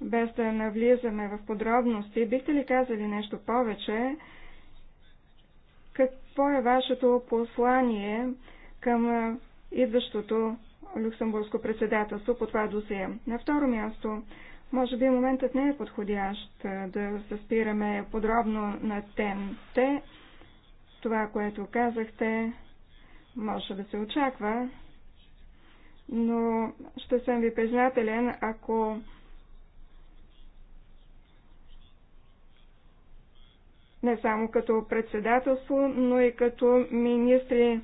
без да навлизаме в подробности, бихте ли казали нещо повече? Какво е вашето послание към идващото люксембургско председателство по това досие? На второ място, може би моментът не е подходящ да се спираме подробно на те. Това, което казахте, може да се очаква, но ще съм ви признателен, ако не само като председателство, но и като министри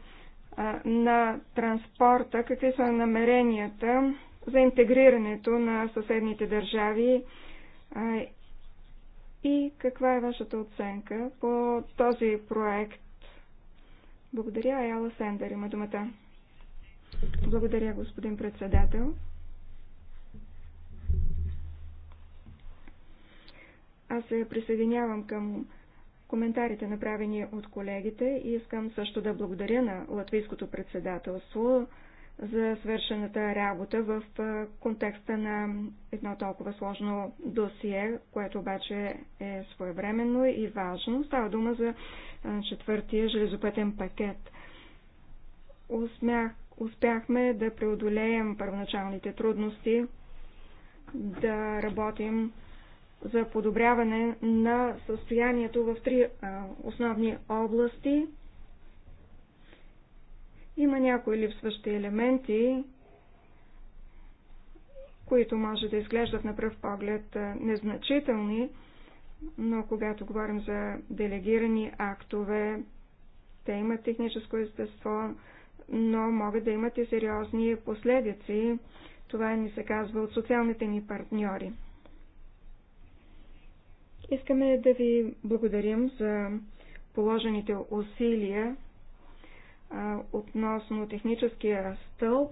на транспорта, какви са намеренията за интегрирането на съседните държави и каква е вашата оценка по този проект. Благодаря, Аяла Сендер има думата. Благодаря, господин председател. Аз се присъединявам към коментарите, направени от колегите. И искам също да благодаря на Латвийското председателство за свършената работа в контекста на едно толкова сложно досие, което обаче е своевременно и важно. Става дума за четвъртия железопътен пакет. Усмях, успяхме да преодолеем първоначалните трудности, да работим за подобряване на състоянието в три основни области. Има някои липсващи елементи, които може да изглеждат на пръв поглед незначителни, но когато говорим за делегирани актове, те имат техническо естество, но могат да имат и сериозни последици. Това ни се казва от социалните ни партньори. Искаме да ви благодарим за положените усилия а, относно техническия стълб.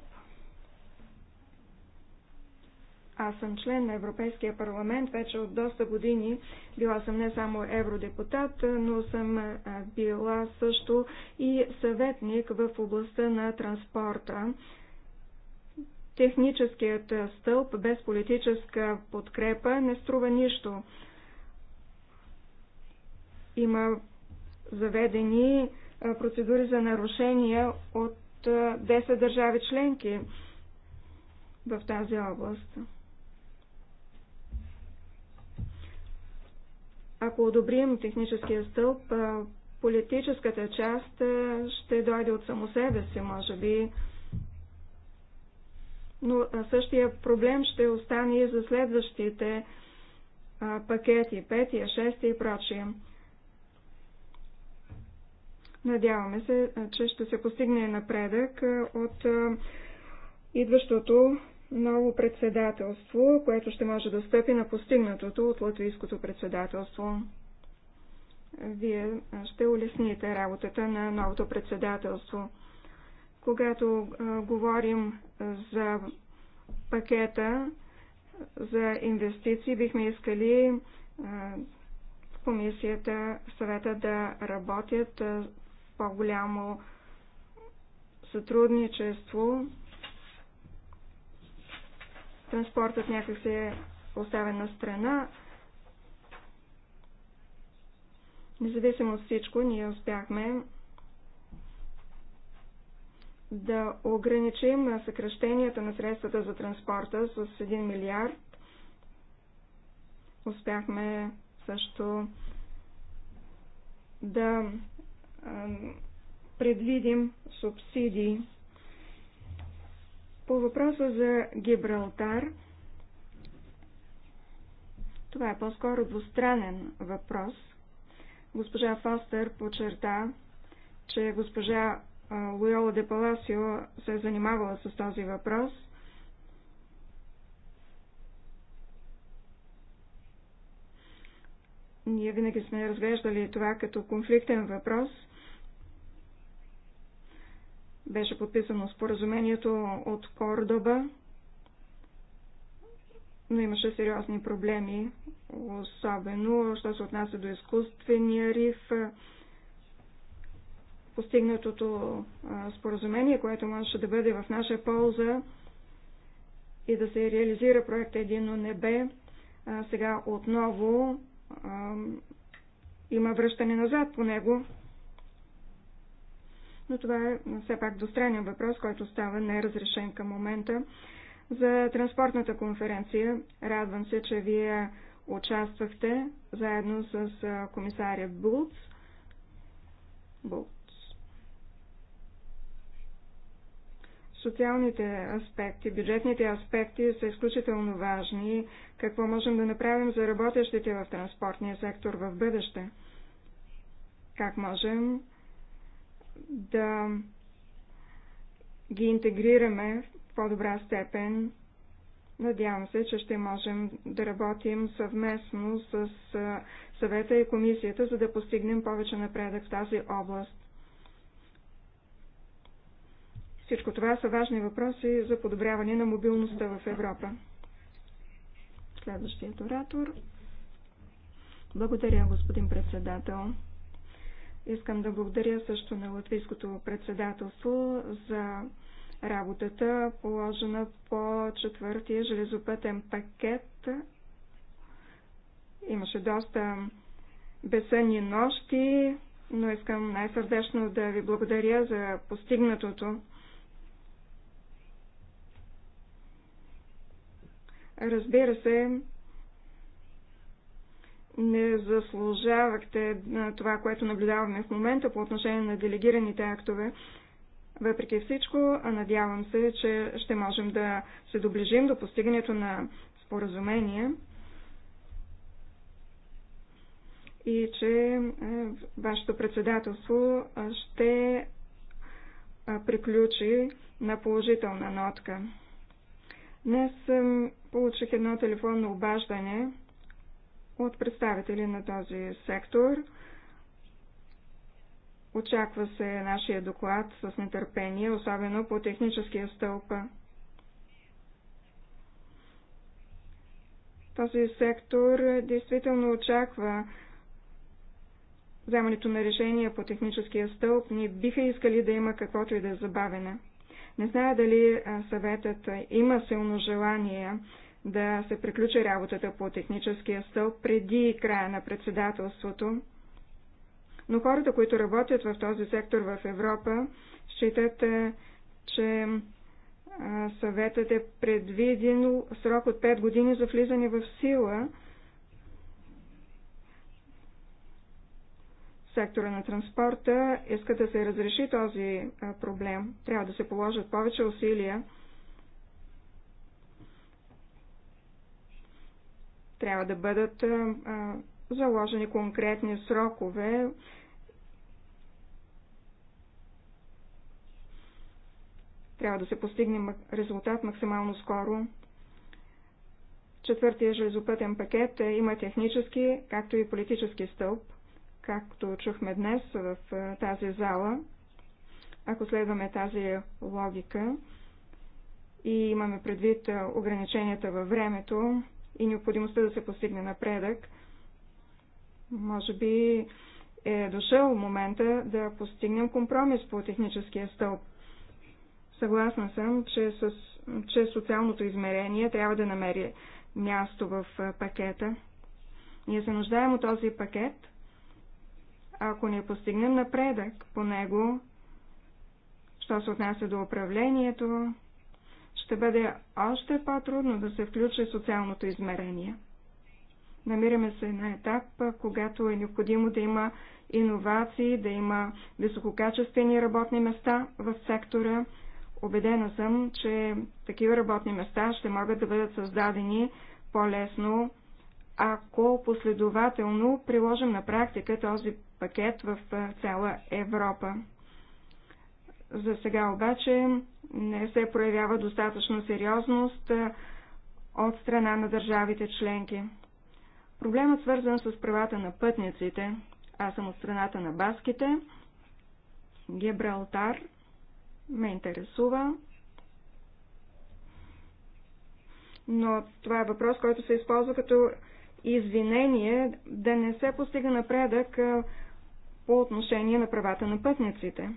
Аз съм член на Европейския парламент вече от доста години. Била съм не само евродепутат, но съм била също и съветник в областта на транспорта. Техническият стълб без политическа подкрепа не струва нищо има заведени процедури за нарушения от 10 държави членки в тази област. Ако одобрим техническия стълб, политическата част ще дойде от само себе си, може би. Но същия проблем ще остане и за следващите пакети, петия, шестия и прочие. Надяваме се, че ще се постигне напредък от идващото ново председателство, което ще може да стъпи на постигнатото от латвийското председателство. Вие ще улесните работата на новото председателство. Когато говорим за пакета за инвестиции, бихме искали комисията, съвета да работят по-голямо сътрудничество. Транспортът някак се е оставен на страна. Независимо от всичко, ние успяхме да ограничим съкръщенията на средствата за транспорта с 1 милиард. Успяхме също да предвидим субсидии. По въпроса за Гибралтар, това е по-скоро двустранен въпрос. Госпожа Фостер подчерта, че госпожа Лойола де Паласио се е занимавала с този въпрос. Ние винаги сме разглеждали това като конфликтен въпрос – беше подписано споразумението от Кордоба, но имаше сериозни проблеми, особено, що се отнася до изкуствения риф, постигнатото споразумение, което можеше да бъде в наша полза и да се реализира проекта Едино небе, сега отново има връщане назад по него но това е все пак достранен въпрос, който става неразрешен към момента. За транспортната конференция радвам се, че вие участвахте заедно с комисаря Булц. Булц. Социалните аспекти, бюджетните аспекти са изключително важни. Какво можем да направим за работещите в транспортния сектор в бъдеще? Как можем да ги интегрираме в по-добра степен. Надявам се, че ще можем да работим съвместно с съвета и комисията, за да постигнем повече напредък в тази област. Всичко това са важни въпроси за подобряване на мобилността в Европа. Следващият оратор. Благодаря, господин председател. Искам да благодаря също на латвийското председателство за работата, положена по четвъртия железопътен пакет. Имаше доста безсънни нощи, но искам най-сърдечно да ви благодаря за постигнатото. Разбира се, не заслужавахте на това, което наблюдаваме в момента по отношение на делегираните актове. Въпреки всичко, надявам се, че ще можем да се доближим до постигането на споразумение и че вашето председателство ще приключи на положителна нотка. Днес получих едно телефонно обаждане от представители на този сектор. Очаква се нашия доклад с нетърпение, особено по техническия стълб. Този сектор действително очаква вземането на решения по техническия стълб. Не биха искали да има каквото и да е забавене. Не зная дали съветът има силно желание да се приключи работата по техническия стълб преди края на председателството. Но хората, които работят в този сектор в Европа, считат, е, че е, съветът е предвиден срок от 5 години за влизане в сила сектора на транспорта иска да се разреши този е, проблем. Трябва да се положат повече усилия Трябва да бъдат заложени конкретни срокове, трябва да се постигне резултат максимално скоро. Четвъртия железопътен пакет е, има технически, както и политически стълб, както чухме днес в тази зала. Ако следваме тази логика и имаме предвид ограниченията във времето, и необходимостта да се постигне напредък, може би е дошъл момента да постигнем компромис по техническия стълб. Съгласна съм, че, с, че социалното измерение трябва да намери място в пакета. Ние се нуждаем от този пакет. Ако не постигнем напредък по него, що се отнася до управлението, ще бъде още по-трудно да се включи социалното измерение. Намираме се на етап, когато е необходимо да има иновации, да има висококачествени работни места в сектора. Обедена съм, че такива работни места ще могат да бъдат създадени по-лесно, ако последователно приложим на практика този пакет в цяла Европа. За сега обаче не се проявява достатъчно сериозност от страна на държавите членки. Проблемът свързан с правата на пътниците. Аз съм от страната на баските. Гебралтар ме интересува. Но това е въпрос, който се използва като извинение да не се постига напредък по отношение на правата на пътниците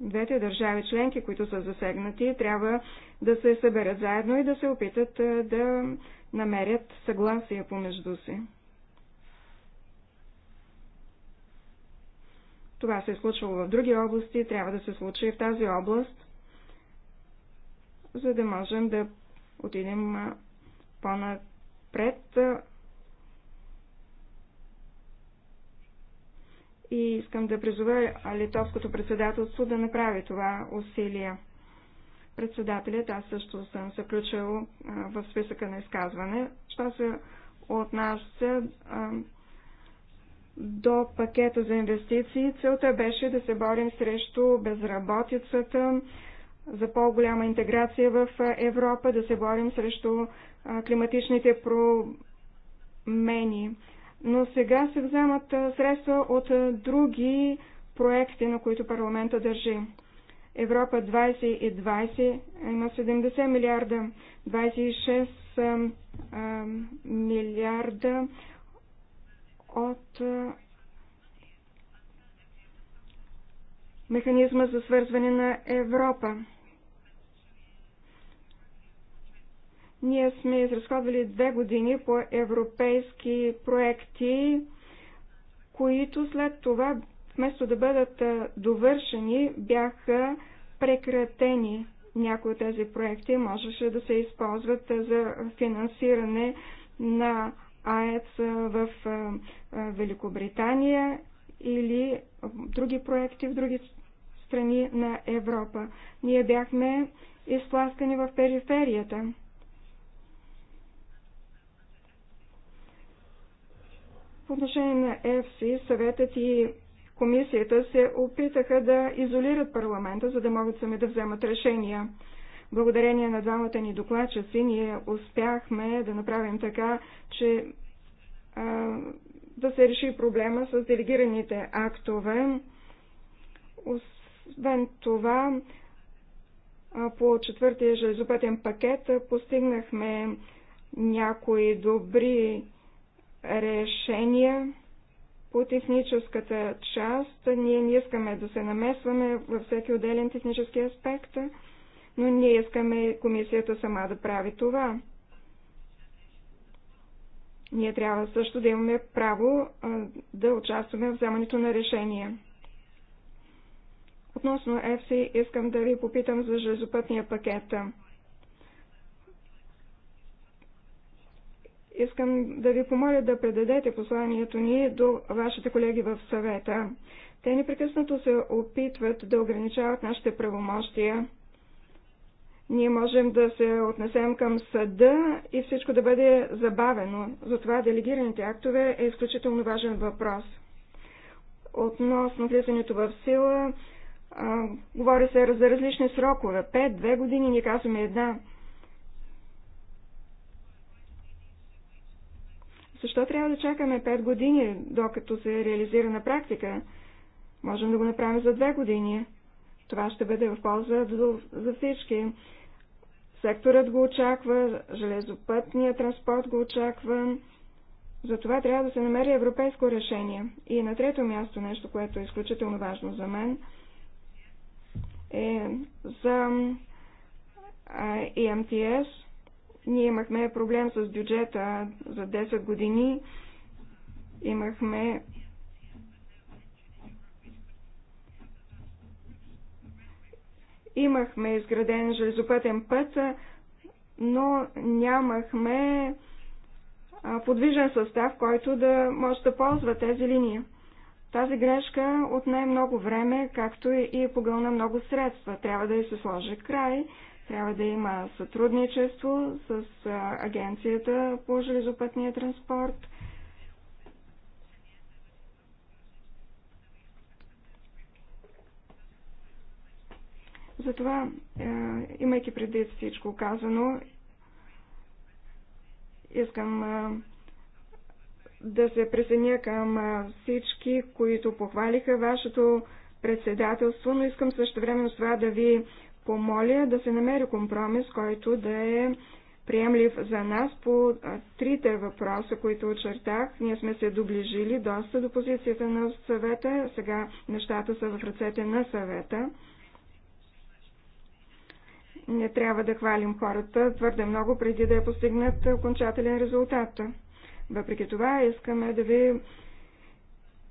двете държави членки, които са засегнати, трябва да се съберат заедно и да се опитат да намерят съгласие помежду си. Това се е случвало в други области, трябва да се случи и в тази област, за да можем да отидем по-напред и искам да призова литовското председателство да направи това усилие. Председателят, аз също съм се включил в списъка на изказване. Що се отнася до пакета за инвестиции, целта беше да се борим срещу безработицата, за по-голяма интеграция в Европа, да се борим срещу климатичните промени но сега се вземат средства от други проекти, на които парламента държи. Европа 2020 има 70 милиарда, 26 милиарда от механизма за свързване на Европа. Ние сме изразходвали две години по европейски проекти, които след това, вместо да бъдат довършени, бяха прекратени. Някои от тези проекти можеше да се използват за финансиране на АЕЦ в Великобритания или други проекти в други страни на Европа. Ние бяхме изпласкани в периферията. По отношение на ЕФСИ, съветът и комисията се опитаха да изолират парламента, за да могат сами да вземат решения. Благодарение на двамата ни докладчици, ние успяхме да направим така, че а, да се реши проблема с делегираните актове. Освен това, по четвъртия железопътен пакет постигнахме някои добри решения по техническата част. Ние не искаме да се намесваме във всеки отделен технически аспект, но ние искаме комисията сама да прави това. Ние трябва също да имаме право да участваме в вземането на решения. Относно ЕФСИ искам да ви попитам за железопътния пакет. Искам да ви помоля да предадете посланието ни до вашите колеги в съвета. Те непрекъснато се опитват да ограничават нашите правомощия. Ние можем да се отнесем към съда и всичко да бъде забавено. Затова делегираните актове е изключително важен въпрос. Относно влизането в сила, а, говори се за различни срокове. Пет- две години, ни казваме една. Защо трябва да чакаме 5 години, докато се реализира на практика? Можем да го направим за 2 години. Това ще бъде в полза за всички. Секторът го очаква, железопътният транспорт го очаква. Затова трябва да се намери европейско решение. И на трето място нещо, което е изключително важно за мен, е за EMTS – ние имахме проблем с бюджета за 10 години. Имахме имахме изграден железопътен път, но нямахме подвижен състав, който да може да ползва тези линии. Тази грешка отне много време, както и погълна много средства. Трябва да й се сложи край. Трябва да има сътрудничество с Агенцията по железопътния транспорт. Затова, имайки предвид всичко казано, искам да се присъединя към всички, които похвалиха вашето председателство, но искам също време с това да ви помоля да се намери компромис, който да е приемлив за нас по трите въпроса, които очертах. Ние сме се доближили доста до позицията на съвета. Сега нещата са в ръцете на съвета. Не трябва да хвалим хората твърде много преди да е постигнат окончателен резултат. Въпреки това искаме да ви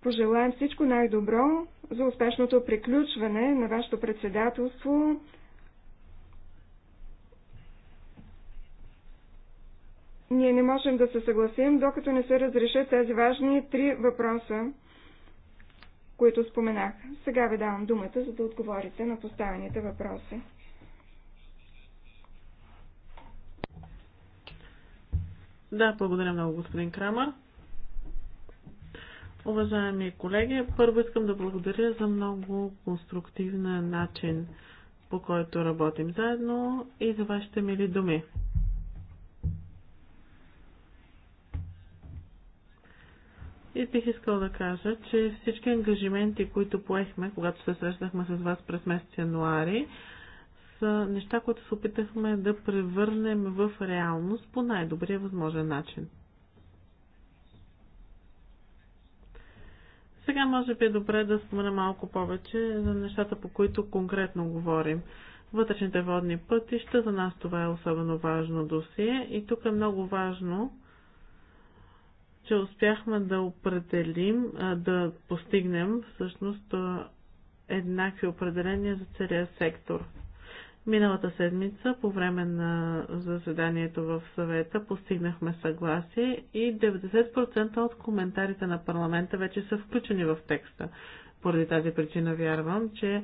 пожелаем всичко най-добро за успешното приключване на вашето председателство Ние не можем да се съгласим, докато не се разрешат тези важни три въпроса, които споменах. Сега ви давам думата, за да отговорите на поставените въпроси. Да, благодаря много, господин Крамър. Уважаеми колеги, първо искам да благодаря за много конструктивна начин, по който работим заедно и за вашите мили думи. И бих искал да кажа, че всички ангажименти, които поехме, когато се срещнахме с вас през месец януари, са неща, които се опитахме да превърнем в реалност по най-добрия възможен начин. Сега може би е добре да спомена малко повече за нещата, по които конкретно говорим. Вътрешните водни пътища, за нас това е особено важно досие и тук е много важно че успяхме да определим, да постигнем всъщност еднакви определения за целия сектор. Миналата седмица, по време на заседанието в съвета, постигнахме съгласие и 90% от коментарите на парламента вече са включени в текста. Поради тази причина вярвам, че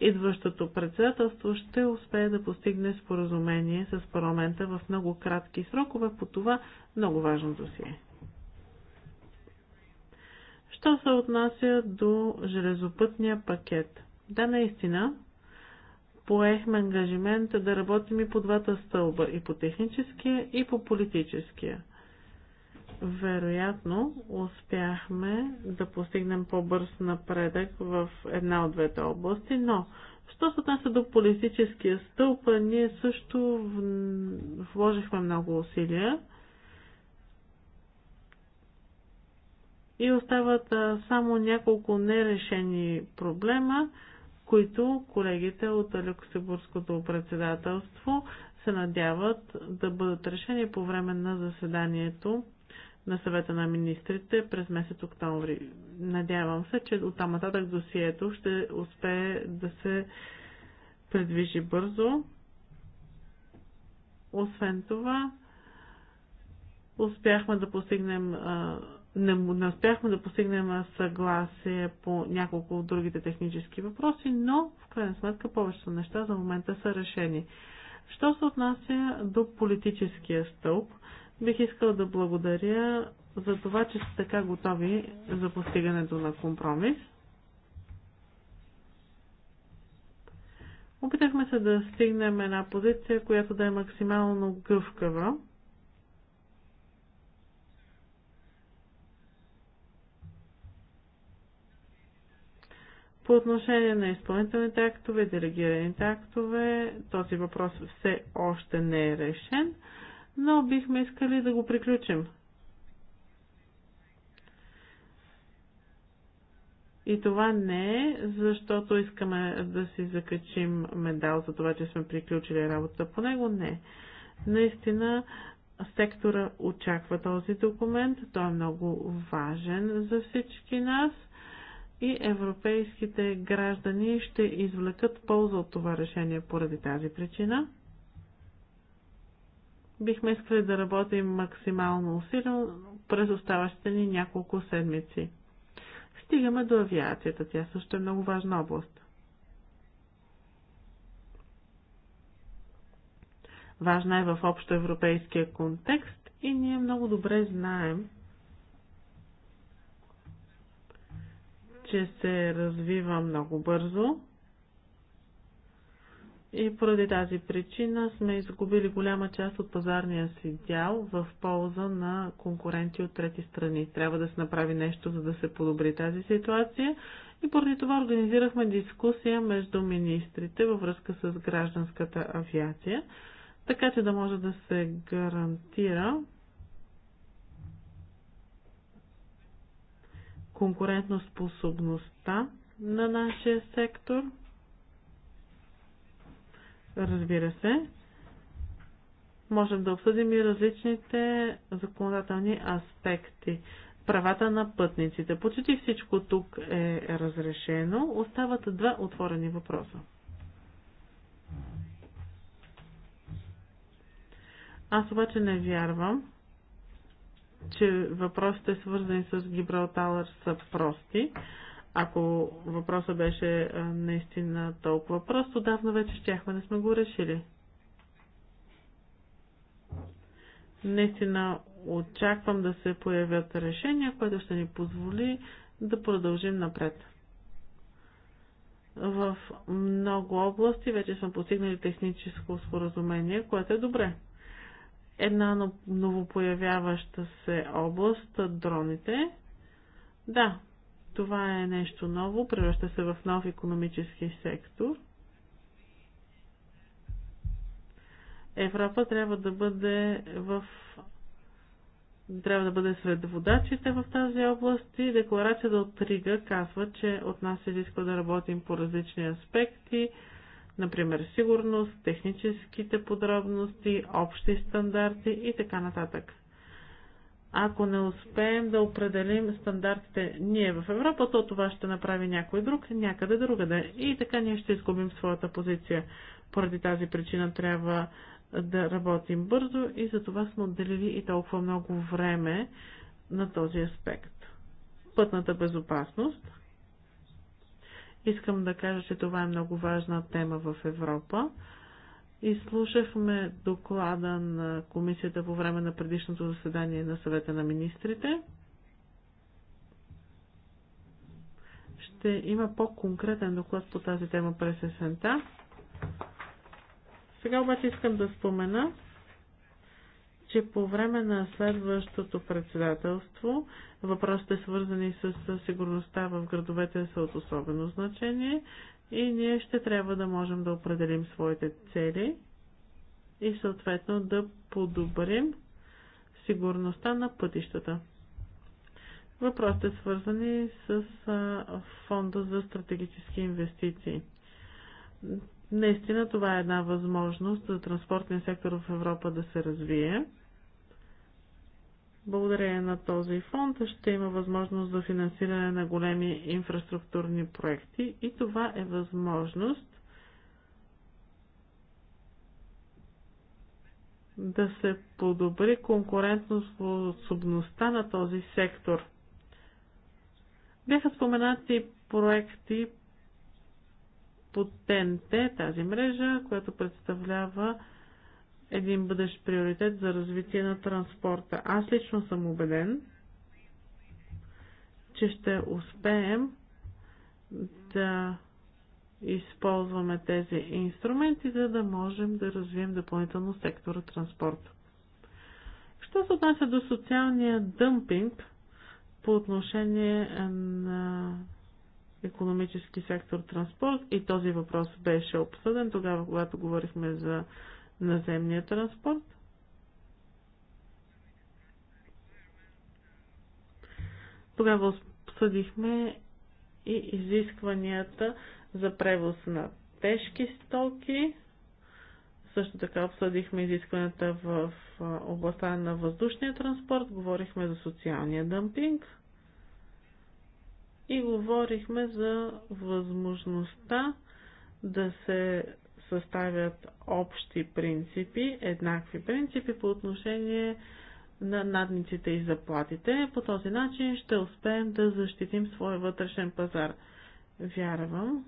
идващото председателство ще успее да постигне споразумение с парламента в много кратки срокове по това много важно досие. Що се отнася до железопътния пакет? Да, наистина, поехме ангажимент да работим и по двата стълба, и по техническия, и по политическия. Вероятно, успяхме да постигнем по-бърз напредък в една от двете области, но що се отнася до политическия стълб, ние също вложихме много усилия. и остават само няколко нерешени проблема, които колегите от Люксембургското председателство се надяват да бъдат решени по време на заседанието на съвета на министрите през месец октомври. Надявам се, че от там нататък досието ще успее да се предвижи бързо. Освен това, успяхме да постигнем не, не успяхме да постигнем съгласие по няколко от другите технически въпроси, но в крайна сметка повечето неща за момента са решени. Що се отнася до политическия стълб, бих искал да благодаря за това, че сте така готови за постигането на компромис. Опитахме се да стигнем една позиция, която да е максимално гъвкава. По отношение на изпълнителните актове, делегираните актове, този въпрос все още не е решен, но бихме искали да го приключим. И това не е, защото искаме да си закачим медал за това, че сме приключили работа по него. Не. Наистина, сектора очаква този документ. Той е много важен за всички нас – и европейските граждани ще извлекат полза от това решение поради тази причина. Бихме искали да работим максимално усилено през оставащите ни няколко седмици. Стигаме до авиацията. Тя също е много важна област. Важна е в общоевропейския контекст и ние много добре знаем, че се развива много бързо. И поради тази причина сме изгубили голяма част от пазарния си дял в полза на конкуренти от трети страни. Трябва да се направи нещо, за да се подобри тази ситуация. И поради това организирахме дискусия между министрите във връзка с гражданската авиация, така че да може да се гарантира конкурентоспособността на нашия сектор. Разбира се, можем да обсъдим и различните законодателни аспекти. Правата на пътниците. Почти всичко тук е разрешено. Остават два отворени въпроса. Аз обаче не вярвам, че въпросите свързани с Гибралтар са прости. Ако въпросът беше наистина толкова прост, отдавна вече щяхме да сме го решили. Наистина очаквам да се появят решения, което ще ни позволи да продължим напред. В много области вече сме постигнали техническо споразумение, което е добре една новопоявяваща се област дроните. Да, това е нещо ново, превръща се в нов економически сектор. Европа трябва да бъде в трябва да бъде сред водачите в тази област и декларацията от Рига казва, че от нас се изисква да работим по различни аспекти, например сигурност, техническите подробности, общи стандарти и така нататък. Ако не успеем да определим стандартите ние в Европа, то това ще направи някой друг някъде другаде и така ние ще изгубим своята позиция. Поради тази причина трябва да работим бързо и за това сме отделили и толкова много време на този аспект. Пътната безопасност – Искам да кажа, че това е много важна тема в Европа. Изслушахме доклада на комисията по време на предишното заседание на съвета на министрите. Ще има по-конкретен доклад по тази тема през есента. Сега обаче искам да спомена, че по време на следващото председателство въпросите свързани с сигурността в градовете са от особено значение и ние ще трябва да можем да определим своите цели и съответно да подобрим сигурността на пътищата. Въпросите свързани с фонда за стратегически инвестиции. Наистина това е една възможност за транспортния сектор в Европа да се развие. Благодарение на този фонд ще има възможност за финансиране на големи инфраструктурни проекти и това е възможност да се подобри конкурентоспособността на този сектор. Бяха споменати проекти по ТНТ, тази мрежа, която представлява един бъдещ приоритет за развитие на транспорта. Аз лично съм убеден, че ще успеем да използваме тези инструменти, за да можем да развием допълнително сектора транспорт. Що се отнася до социалния дъмпинг по отношение на економически сектор транспорт и този въпрос беше обсъден тогава, когато говорихме за наземния транспорт. Тогава обсъдихме и изискванията за превоз на тежки стоки. Също така обсъдихме изискванията в областта на въздушния транспорт, говорихме за социалния дъмпинг и говорихме за възможността да се съставят общи принципи, еднакви принципи по отношение на надниците и заплатите. По този начин ще успеем да защитим своя вътрешен пазар. Вярвам,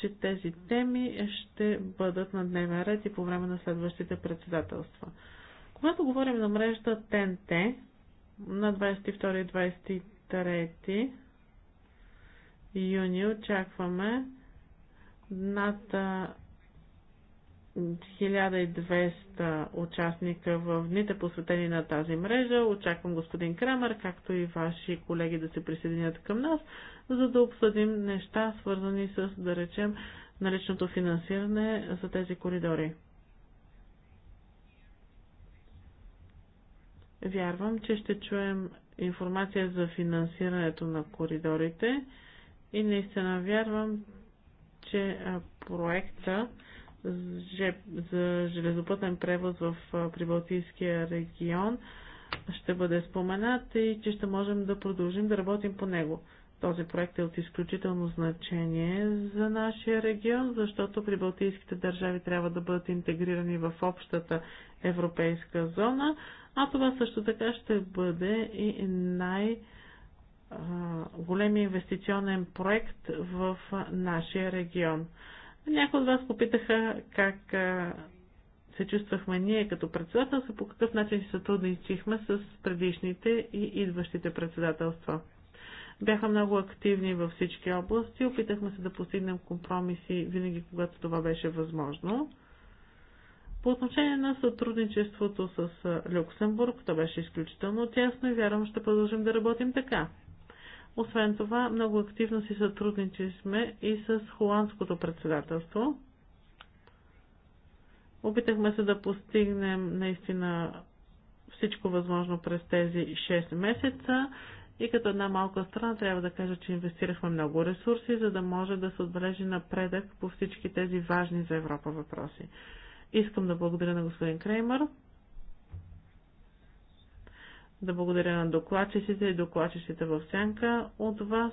че тези теми ще бъдат на дневен ред и по време на следващите председателства. Когато говорим на мрежата ТНТ на 22 и 23 юни очакваме над 1200 участника в дните посветени на тази мрежа. Очаквам господин Крамер, както и ваши колеги да се присъединят към нас, за да обсъдим неща, свързани с, да речем, наличното финансиране за тези коридори. Вярвам, че ще чуем информация за финансирането на коридорите и наистина вярвам, че проекта за железопътен превоз в Прибалтийския регион ще бъде споменат и че ще можем да продължим да работим по него. Този проект е от изключително значение за нашия регион, защото прибалтийските държави трябва да бъдат интегрирани в общата европейска зона, а това също така ще бъде и най- големия инвестиционен проект в нашия регион. Някои от вас попитаха как се чувствахме ние като председателство, по какъв начин се сътрудничихме с предишните и идващите председателства. Бяха много активни във всички области, опитахме се да постигнем компромиси винаги, когато това беше възможно. По отношение на сътрудничеството с Люксембург, то беше изключително тясно и вярвам ще продължим да работим така. Освен това, много активно си сътрудничихме и с холандското председателство. Опитахме се да постигнем наистина всичко възможно през тези 6 месеца и като една малка страна трябва да кажа, че инвестирахме много ресурси, за да може да се отбележи напредък по всички тези важни за Европа въпроси. Искам да благодаря на господин Креймър да благодаря на докладчиците и докладчиците в сянка от вас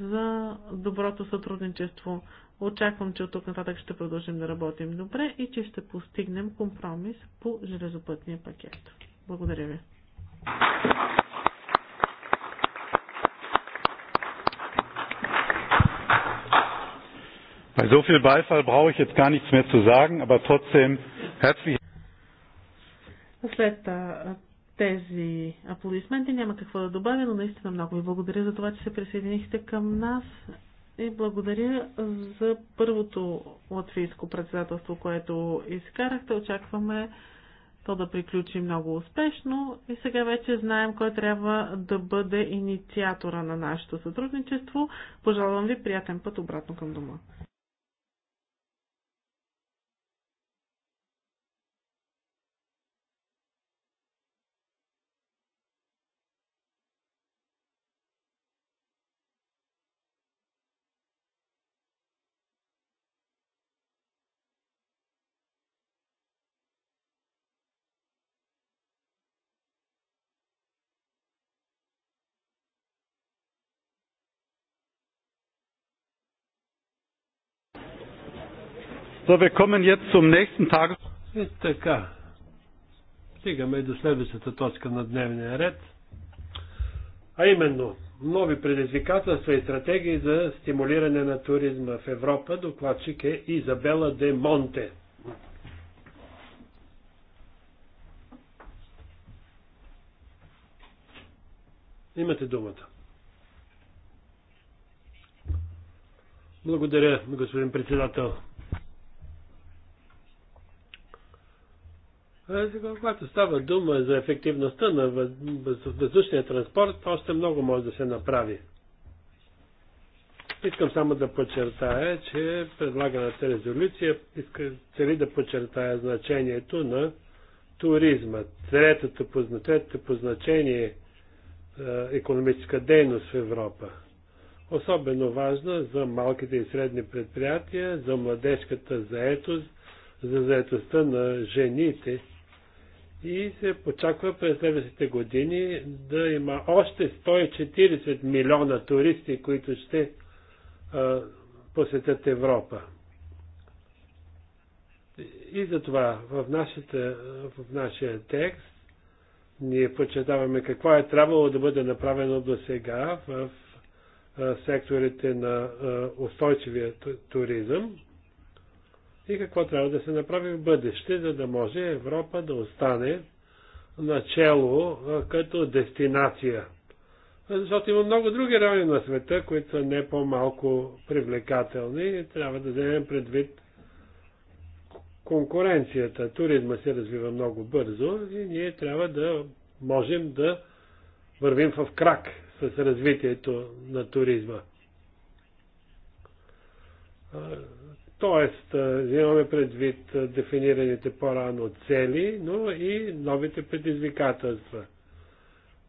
за доброто сътрудничество. Очаквам, че от тук нататък ще продължим да работим добре и че ще постигнем компромис по железопътния пакет. Благодаря ви. Bei so viel Beifall brauche ich jetzt gar nichts mehr zu sagen, aber trotzdem herzlichen след тези аплодисменти няма какво да добавя, но наистина много ви благодаря за това, че се присъединихте към нас и благодаря за първото латвийско председателство, което изкарахте. Очакваме то да приключи много успешно и сега вече знаем кой трябва да бъде инициатора на нашето сътрудничество. Пожелавам ви приятен път обратно към дома. So, wir kommen jetzt zum nächsten И така. до следващата точка на дневния ред. А именно, нови предизвикателства и стратегии за стимулиране на туризма в Европа. Докладчик е Изабела де Монте. Имате думата. Благодаря, господин председател. Когато става дума за ефективността на въздушния транспорт, още много може да се направи. Искам само да подчертая, че предлаганата резолюция цели да подчертая значението на туризма. Третото по, по значение е, економическа дейност в Европа. Особено важна за малките и средни предприятия, за младежката заетост, за заетостта на жените и се почаква през следващите години да има още 140 милиона туристи, които ще а, посетят Европа. И затова в, нашите, в нашия текст ние почетаваме какво е трябвало да бъде направено до сега в секторите на устойчивия туризъм и какво трябва да се направи в бъдеще, за да може Европа да остане начало като дестинация. Защото има много други райони на света, които са не по-малко привлекателни и трябва да вземем предвид конкуренцията. Туризма се развива много бързо и ние трябва да можем да вървим в крак с развитието на туризма. Тоест, имаме предвид дефинираните по-рано цели, но и новите предизвикателства,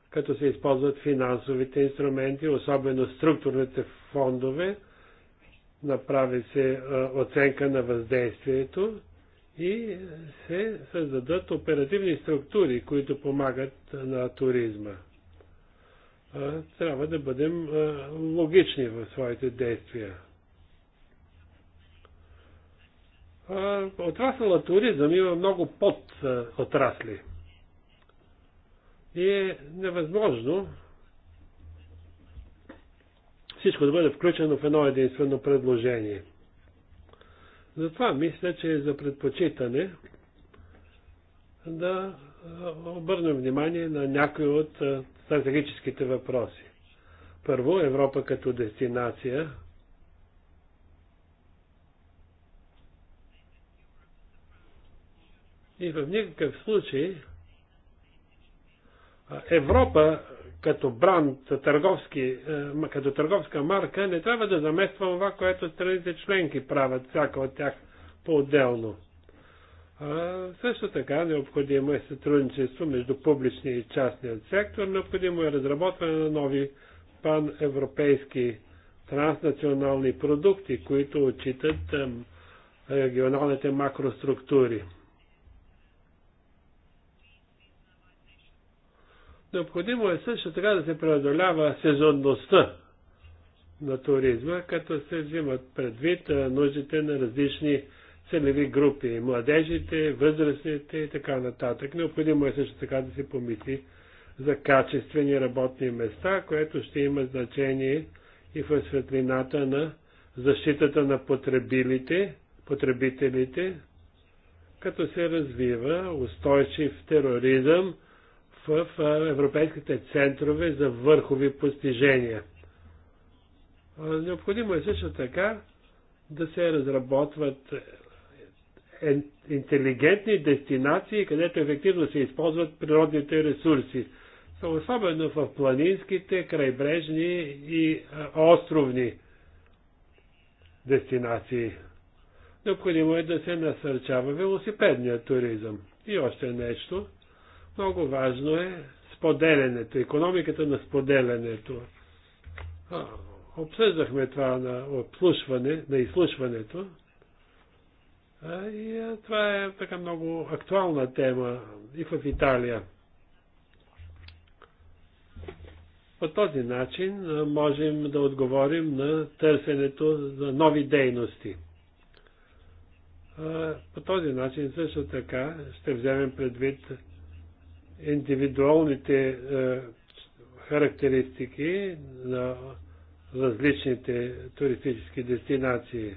като се използват финансовите инструменти, особено структурните фондове, направи се оценка на въздействието и се създадат оперативни структури, които помагат на туризма. Трябва да бъдем логични в своите действия. отрасъла туризъм има много под отрасли. И е невъзможно всичко да бъде включено в едно единствено предложение. Затова мисля, че е за предпочитане да обърнем внимание на някои от стратегическите въпроси. Първо, Европа като дестинация – И в никакъв случай Европа като бранд, търговски, е, като търговска марка, не трябва да замества това, което страните членки правят, всяка от тях по-отделно. Също така необходимо е сътрудничество между публичния и частния сектор, необходимо е разработване на нови паневропейски транснационални продукти, които отчитат регионалните макроструктури. Необходимо е също така да се преодолява сезонността на туризма, като се взимат предвид нуждите на различни целеви групи, младежите, възрастните и така нататък. Необходимо е също така да се помисли за качествени работни места, което ще има значение и в светлината на защитата на потребилите, потребителите като се развива устойчив тероризъм, в европейските центрове за върхови постижения. Необходимо е също така да се разработват интелигентни дестинации, където ефективно се използват природните ресурси. Е особено в планинските, крайбрежни и островни дестинации. Необходимо е да се насърчава велосипедния туризъм. И още нещо. Много важно е споделянето, економиката на споделянето. Обсъждахме това на отслушване, на изслушването. И това е така много актуална тема и в Италия. По този начин можем да отговорим на търсенето за нови дейности. По този начин също така ще вземем предвид индивидуалните е, характеристики на различните туристически дестинации.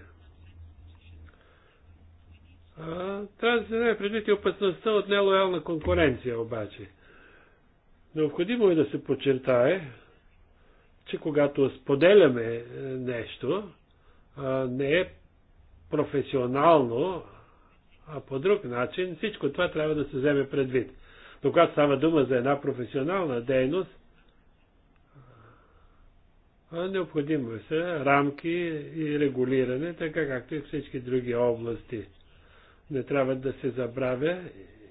Трябва да се даде предвид и опасността от нелоялна конкуренция обаче. Необходимо е да се подчертае, че когато споделяме е, нещо, не е професионално, а по друг начин, всичко това трябва да се вземе предвид. Но когато става дума за една професионална дейност, необходимо е са рамки и регулиране, така както и всички други области. Не трябва да се забравя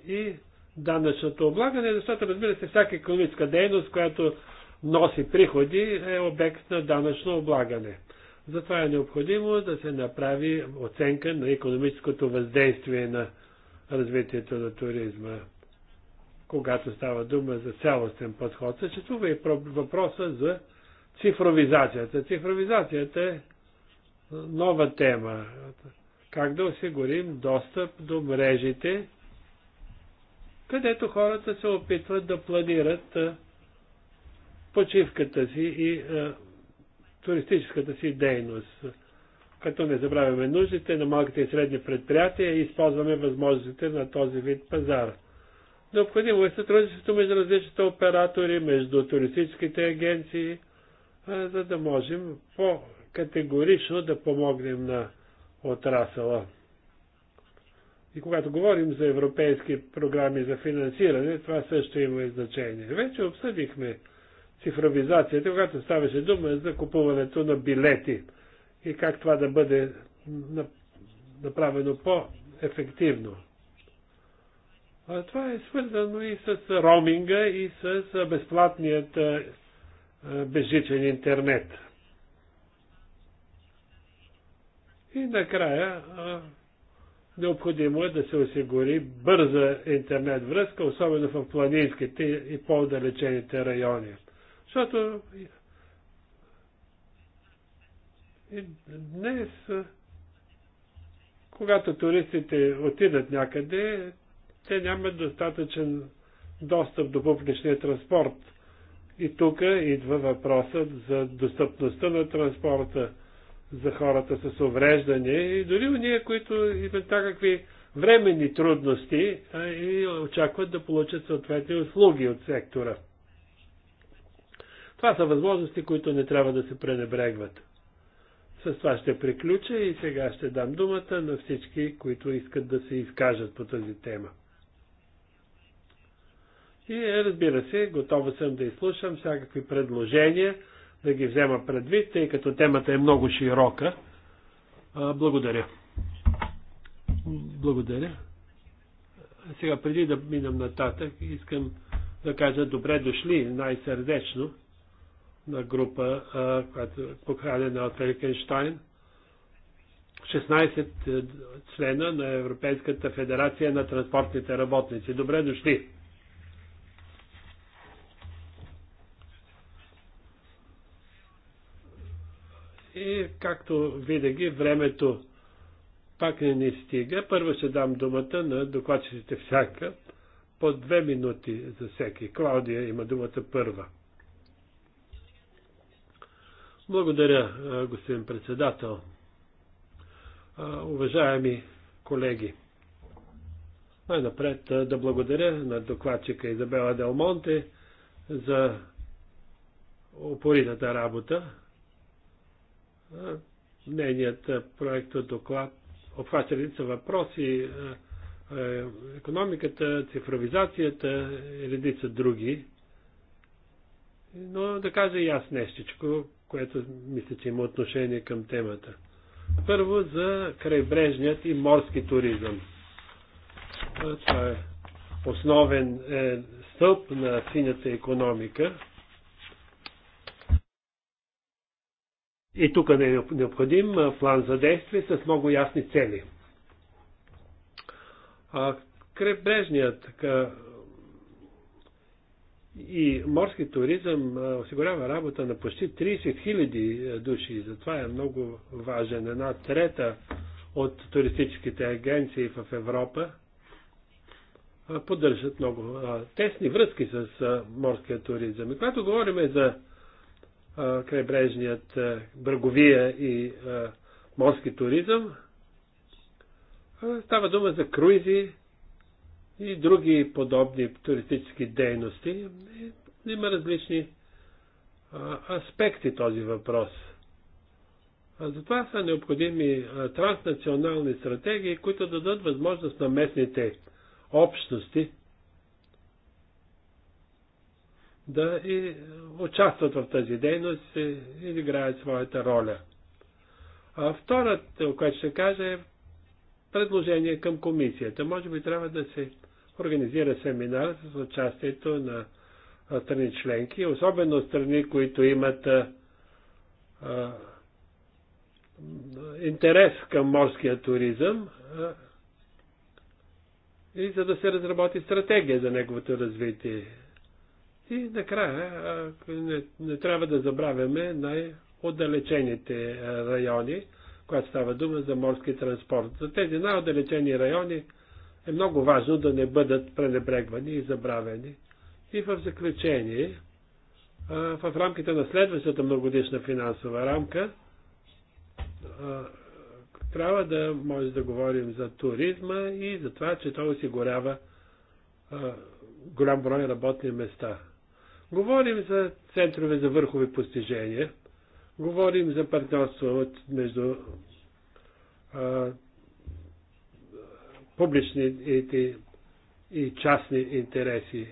и данъчното облагане, защото разбира се, всяка економическа дейност, която носи приходи, е обект на данъчно облагане. Затова е необходимо да се направи оценка на економическото въздействие на развитието на туризма когато става дума за цялостен подход. Съществува и въпроса за цифровизацията. Цифровизацията е нова тема. Как да осигурим достъп до мрежите, където хората се опитват да планират почивката си и туристическата си дейност. Като не забравяме нуждите на малките и средни предприятия и използваме възможностите на този вид пазар. Необходимо е сътрудничество между различните оператори, между туристическите агенции, за да можем по-категорично да помогнем на отрасъла. И когато говорим за европейски програми за финансиране, това също има и значение. Вече обсъдихме цифровизацията, когато ставаше дума за купуването на билети и как това да бъде направено по-ефективно. Това е свързано и с роуминга, и с безплатният безжичен интернет. И накрая необходимо е да се осигури бърза интернет връзка, особено в планинските и по-далечените райони. Защото и днес, когато туристите отидат някъде, те нямат достатъчен достъп до публичния транспорт. И тук идва въпросът за достъпността на транспорта за хората с увреждане и дори у ние, които имат някакви временни трудности а, и очакват да получат съответни услуги от сектора. Това са възможности, които не трябва да се пренебрегват. С това ще приключа и сега ще дам думата на всички, които искат да се изкажат по тази тема. И разбира се, готова съм да изслушам всякакви предложения, да ги взема предвид, тъй като темата е много широка. Благодаря. Благодаря. Сега, преди да минам нататък, искам да кажа добре дошли най-сърдечно на група, която е покрадена от Великенштайн. 16 е, члена на Европейската федерация на транспортните работници. Добре дошли! И както винаги, времето пак не ни стига. Първо ще дам думата на докладчиците всяка по две минути за всеки. Клаудия има думата първа. Благодаря, господин председател. Уважаеми колеги, най-напред да благодаря на докладчика Изабела Делмонте за упоритата работа, Нейният проект от доклад обхваща редица въпроси, економиката, цифровизацията и редица други. Но да кажа и аз нещичко, което мисля, че има отношение към темата. Първо за крайбрежният и морски туризъм. Това е основен е, стълб на синята економика И тук не е необходим план за действие с много ясни цели. А и морски туризъм осигурява работа на почти 30 000 души. Затова е много важен. Една трета от туристическите агенции в Европа поддържат много тесни връзки с морския туризъм. И когато говорим за крайбрежният бърговия и морски туризъм. Става дума за круизи и други подобни туристически дейности. Има различни аспекти този въпрос. Затова са необходими транснационални стратегии, които дадат възможност на местните общности да и участват в тази дейност и, и играят своята роля. А второто, което ще кажа е предложение към комисията. Може би трябва да се организира семинар с участието на страни членки, особено страни, които имат а, а, интерес към морския туризъм а, и за да се разработи стратегия за неговото развитие. И накрая, не, не трябва да забравяме най-отдалечените е, райони, когато става дума за морски транспорт. За тези най-отдалечени райони е много важно да не бъдат пренебрегвани и забравени. И в заключение, е, в рамките на следващата многодишна финансова рамка, е, трябва да може да говорим за туризма и за това, че той осигурява голям брой работни места. Говорим за центрове за върхови постижения, говорим за партньорство от, между а, публични и, и частни интереси.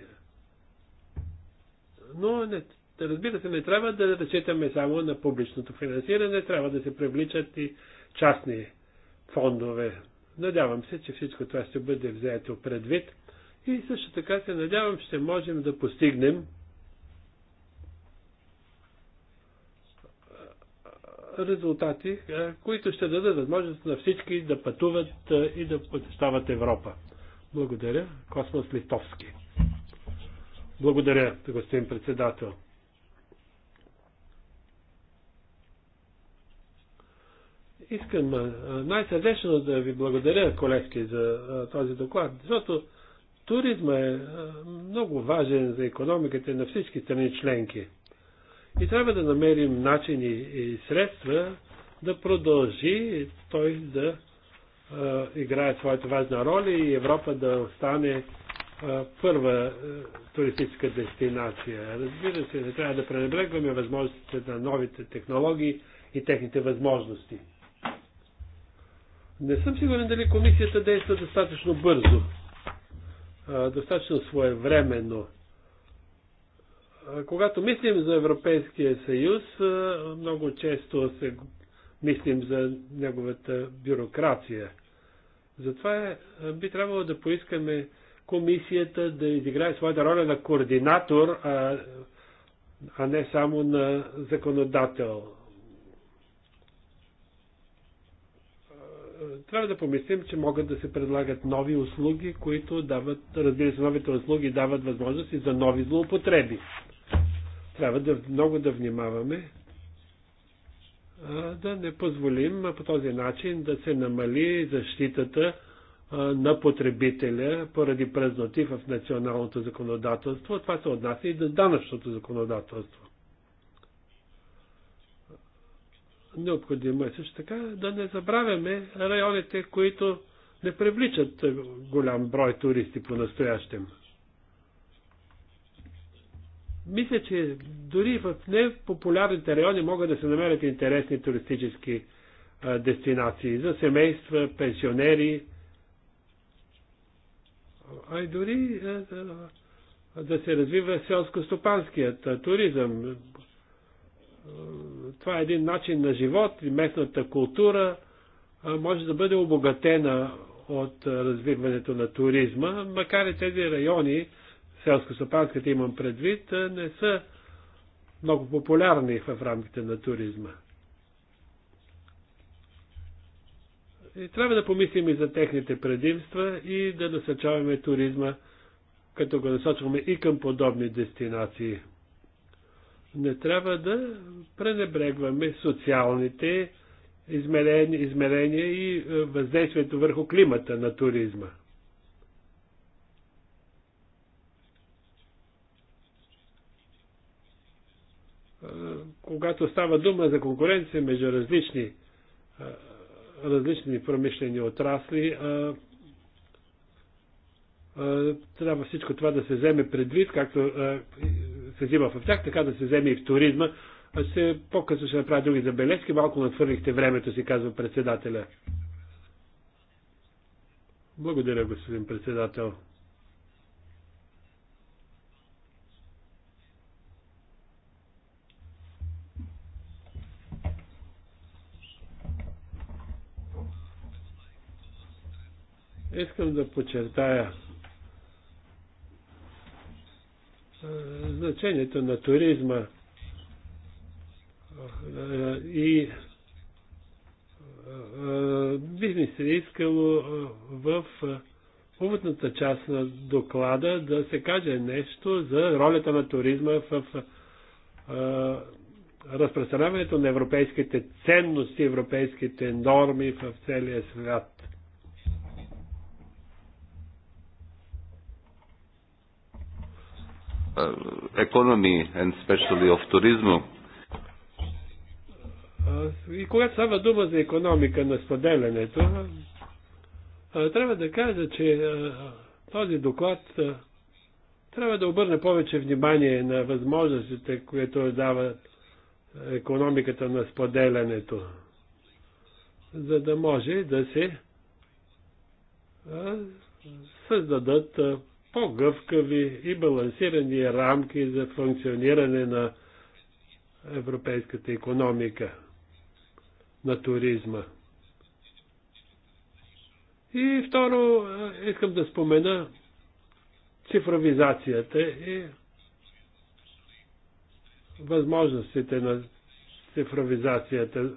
Но не, разбира се, не трябва да разчитаме само на публичното финансиране, трябва да се привличат и частни фондове. Надявам се, че всичко това ще бъде взето предвид и също така се надявам, ще можем да постигнем резултати, е, които ще дадат възможност на всички да пътуват е, и да посещават Европа. Благодаря. Космос Литовски. Благодаря, господин председател. Искам е, най-сърдечно да ви благодаря, колежки, за този доклад, защото туризма е много важен за економиката на всички страни членки. И трябва да намерим начини и средства да продължи той да а, играе своята важна роля и Европа да остане а, първа а, туристическа дестинация. Разбира се, не трябва да пренебрегваме възможностите на новите технологии и техните възможности. Не съм сигурен дали комисията действа достатъчно бързо, достатъчно своевременно. Когато мислим за Европейския съюз, много често се мислим за неговата бюрокрация. Затова е, би трябвало да поискаме комисията да изиграе своята роля на координатор, а, а не само на законодател. Трябва да помислим, че могат да се предлагат нови услуги, които дават, разбира се, новите услуги дават възможности за нови злоупотреби. Трябва да, много да внимаваме да не позволим по този начин да се намали защитата на потребителя поради празноти в националното законодателство. Това се отнася и до данъчното законодателство. Необходимо е също така да не забравяме районите, които не привличат голям брой туристи по-настоящем. Мисля, че дори в непопулярните райони могат да се намерят интересни туристически а, дестинации за семейства, пенсионери, а и дори а, а, да се развива селско-стопанският туризъм. Това е един начин на живот и местната култура може да бъде обогатена от развиването на туризма, макар и тези райони селско-стопанската имам предвид, не са много популярни в рамките на туризма. И трябва да помислим и за техните предимства и да насърчаваме туризма, като го насочваме и към подобни дестинации. Не трябва да пренебрегваме социалните измерения и въздействието върху климата на туризма. когато става дума за конкуренция между различни, различни промишлени отрасли, трябва всичко това да се вземе предвид, както се взима в тях, така да се вземе и в туризма. Аз се, по-късно ще направя други забележки, малко надхвърлихте времето си, казва председателя. Благодаря, господин председател. Искам да подчертая е, значението на туризма е, е, и бизнес, ми се искало в уводната част на доклада да се каже нещо за ролята на туризма в разпространяването на европейските ценности, европейските норми в целия свят. uh, е, economy and especially of tourism. И когато става дума за економика на споделянето, трябва да кажа, че този доклад трябва да обърне повече внимание на възможностите, които дава економиката на споделянето, за да може да се създадат по-гъвкави и балансирани рамки за функциониране на европейската економика, на туризма. И второ, е, искам да спомена цифровизацията и възможностите на цифровизацията.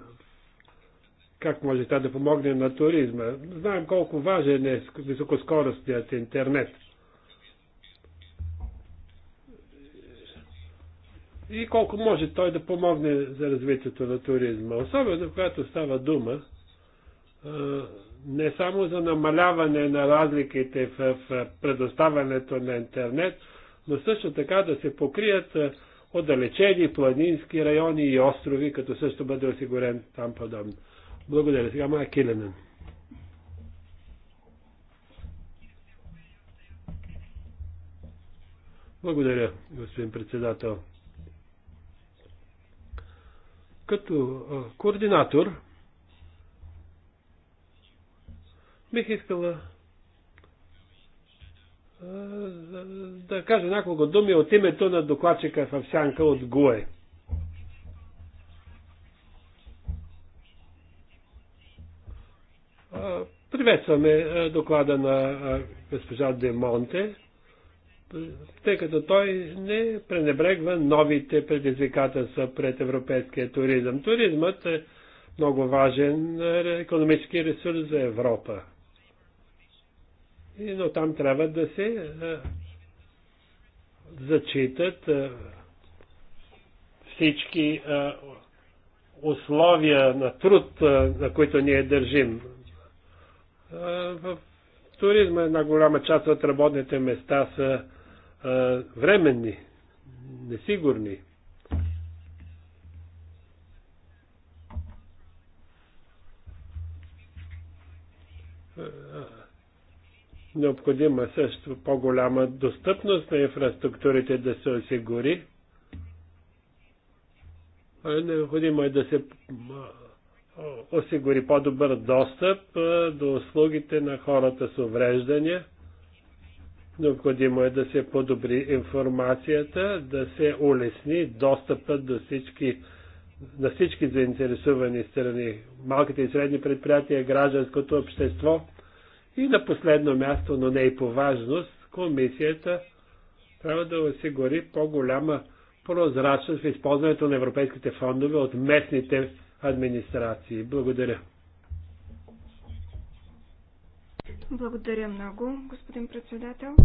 Как може тя да помогне на туризма? Знаем колко важен е високоскоростният интернет – и колко може той да помогне за развитието на туризма. Особено когато става дума не само за намаляване на разликите в предоставянето на интернет, но също така да се покрият отдалечени планински райони и острови, като също бъде осигурен там подобно. Благодаря. Сега Майя Киленен. Благодаря, господин председател. Като координатор бих искала да кажа няколко думи от името на докладчика в сянка от ГУЕ. Приветстваме доклада на госпожа Демонте. Монте тъй като той не пренебрегва новите предизвикателства пред европейския туризъм. Туризмът е много важен економически ресурс за Европа. Но там трябва да се е, зачитат е, всички е, условия на труд, на които ние държим. В туризма една голяма част от работните места са временни, несигурни. Необходима също по-голяма достъпност на инфраструктурите да се осигури. Необходимо е да се осигури по-добър достъп до услугите на хората с увреждания – Необходимо е да се подобри информацията, да се улесни достъпът до всички, на всички заинтересувани страни, малките и средни предприятия, гражданското общество и на последно място, но не и по важност, комисията трябва да осигури по-голяма прозрачност в използването на европейските фондове от местните администрации. Благодаря. Благодаря много, господин председател.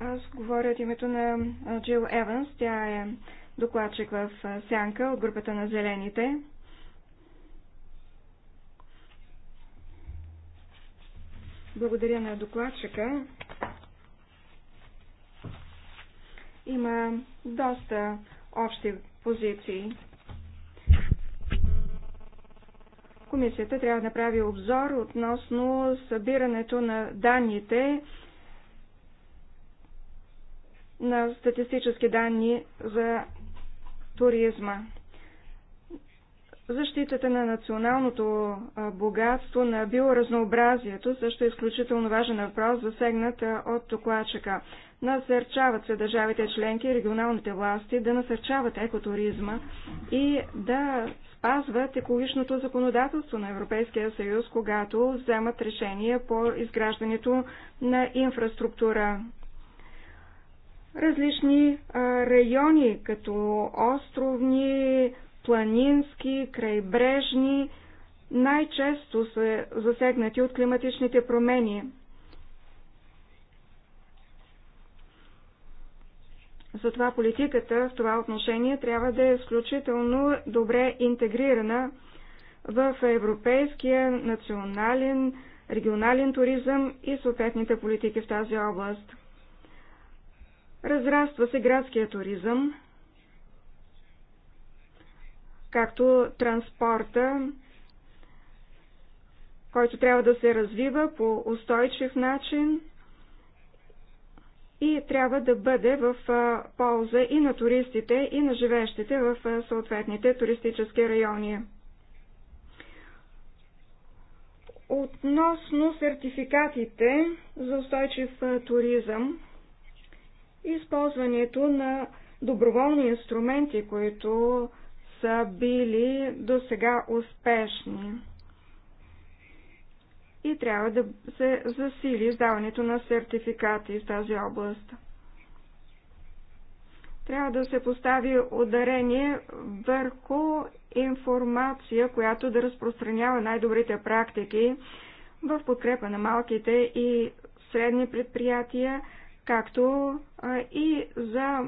Аз говоря от името на Джил Еванс. Тя е докладчик в Сянка от групата на Зелените. Благодаря на докладчика. Има доста общи позиции Комисията трябва да направи обзор относно събирането на данните на статистически данни за туризма. Защитата на националното богатство на биоразнообразието също е изключително важен въпрос, засегнат от докладчика. Насърчават се държавите членки и регионалните власти да насърчават екотуризма и да спазват екологичното законодателство на Европейския съюз, когато вземат решение по изграждането на инфраструктура. Различни райони, като островни, планински, крайбрежни, най-често са засегнати от климатичните промени. Затова политиката в това отношение трябва да е изключително добре интегрирана в европейския национален, регионален туризъм и съответните политики в тази област. Разраства се градския туризъм, както транспорта, който трябва да се развива по устойчив начин и трябва да бъде в полза и на туристите, и на живеещите в съответните туристически райони. Относно сертификатите за устойчив туризъм, използването на доброволни инструменти, които са били до сега успешни. И трябва да се засили издаването на сертификати в тази област. Трябва да се постави ударение върху информация, която да разпространява най-добрите практики в подкрепа на малките и средни предприятия, както и за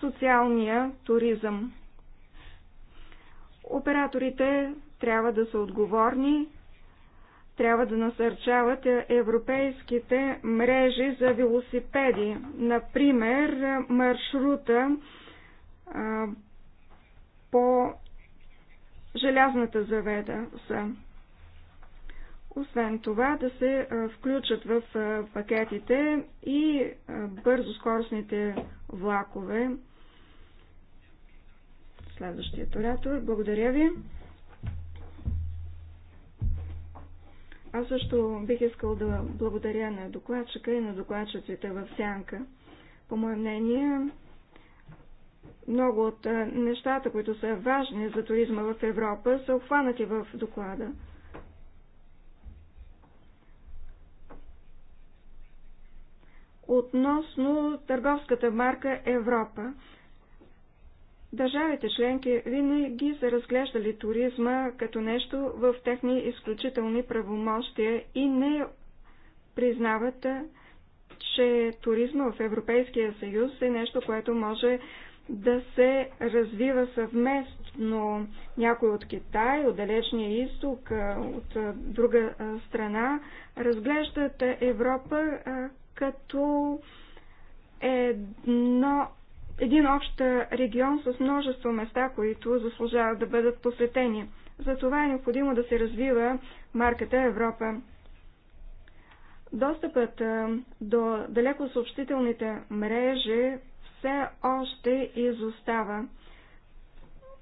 социалния туризъм. Операторите трябва да са отговорни, трябва да насърчават европейските мрежи за велосипеди. Например, маршрута а, по желязната заведа са. Освен това да се включат в пакетите и бързоскоростните влакове, Следващият оратор. Благодаря ви. Аз също бих искал да благодаря на докладчика и на докладчиците в Сянка. По мое мнение, много от нещата, които са важни за туризма в Европа, са обхванати в доклада. Относно търговската марка Европа, Държавите членки винаги са разглеждали туризма като нещо в техни изключителни правомощия и не признават, че туризма в Европейския съюз е нещо, което може да се развива съвместно някой от Китай, от Далечния изток, от друга страна, разглеждат Европа като едно един общ регион с множество места, които заслужават да бъдат посетени. Затова е необходимо да се развива марката Европа. Достъпът до далеко съобщителните мрежи все още изостава.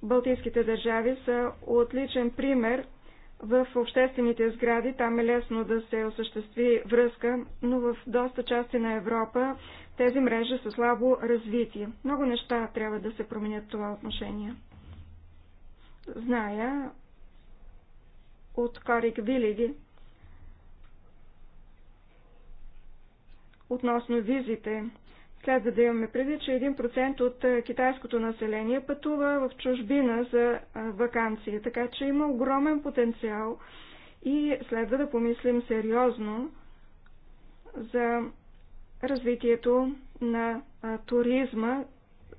Балтийските държави са отличен пример в обществените сгради. Там е лесно да се осъществи връзка, но в доста части на Европа тези мрежи са слабо развити. Много неща трябва да се променят в това отношение. Зная от Карик Вилиги относно визите. Следва да имаме преди, че 1% от китайското население пътува в чужбина за вакансии, така че има огромен потенциал и следва да помислим сериозно за развитието на туризма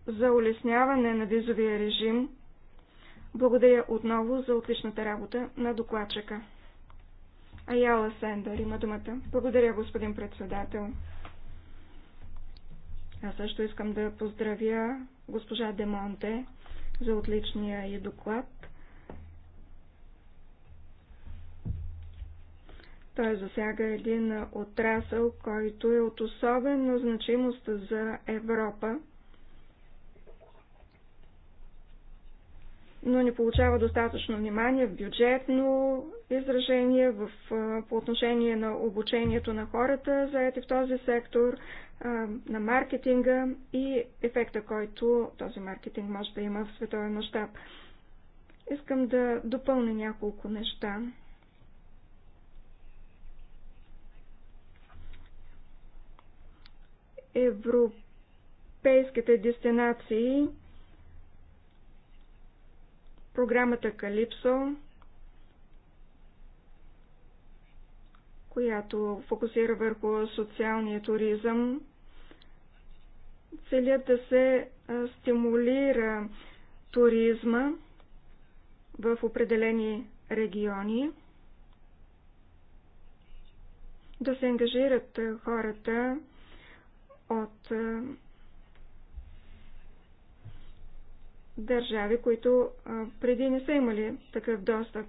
за улесняване на визовия режим. Благодаря отново за отличната работа на докладчика. Аяла Сендър има думата. Благодаря, господин председател. Аз също искам да поздравя госпожа Демонте за отличния и доклад. Той засяга един отрасъл, който е от особена значимост за Европа, но не получава достатъчно внимание в бюджетно изражение, в, по отношение на обучението на хората, заети в този сектор, на маркетинга и ефекта, който този маркетинг може да има в световен мащаб. Искам да допълня няколко неща. европейските дестинации, програмата Калипсо, която фокусира върху социалния туризъм, целят да се стимулира туризма в определени региони, да се ангажират хората от е, държави, които е, преди не са имали такъв достъп.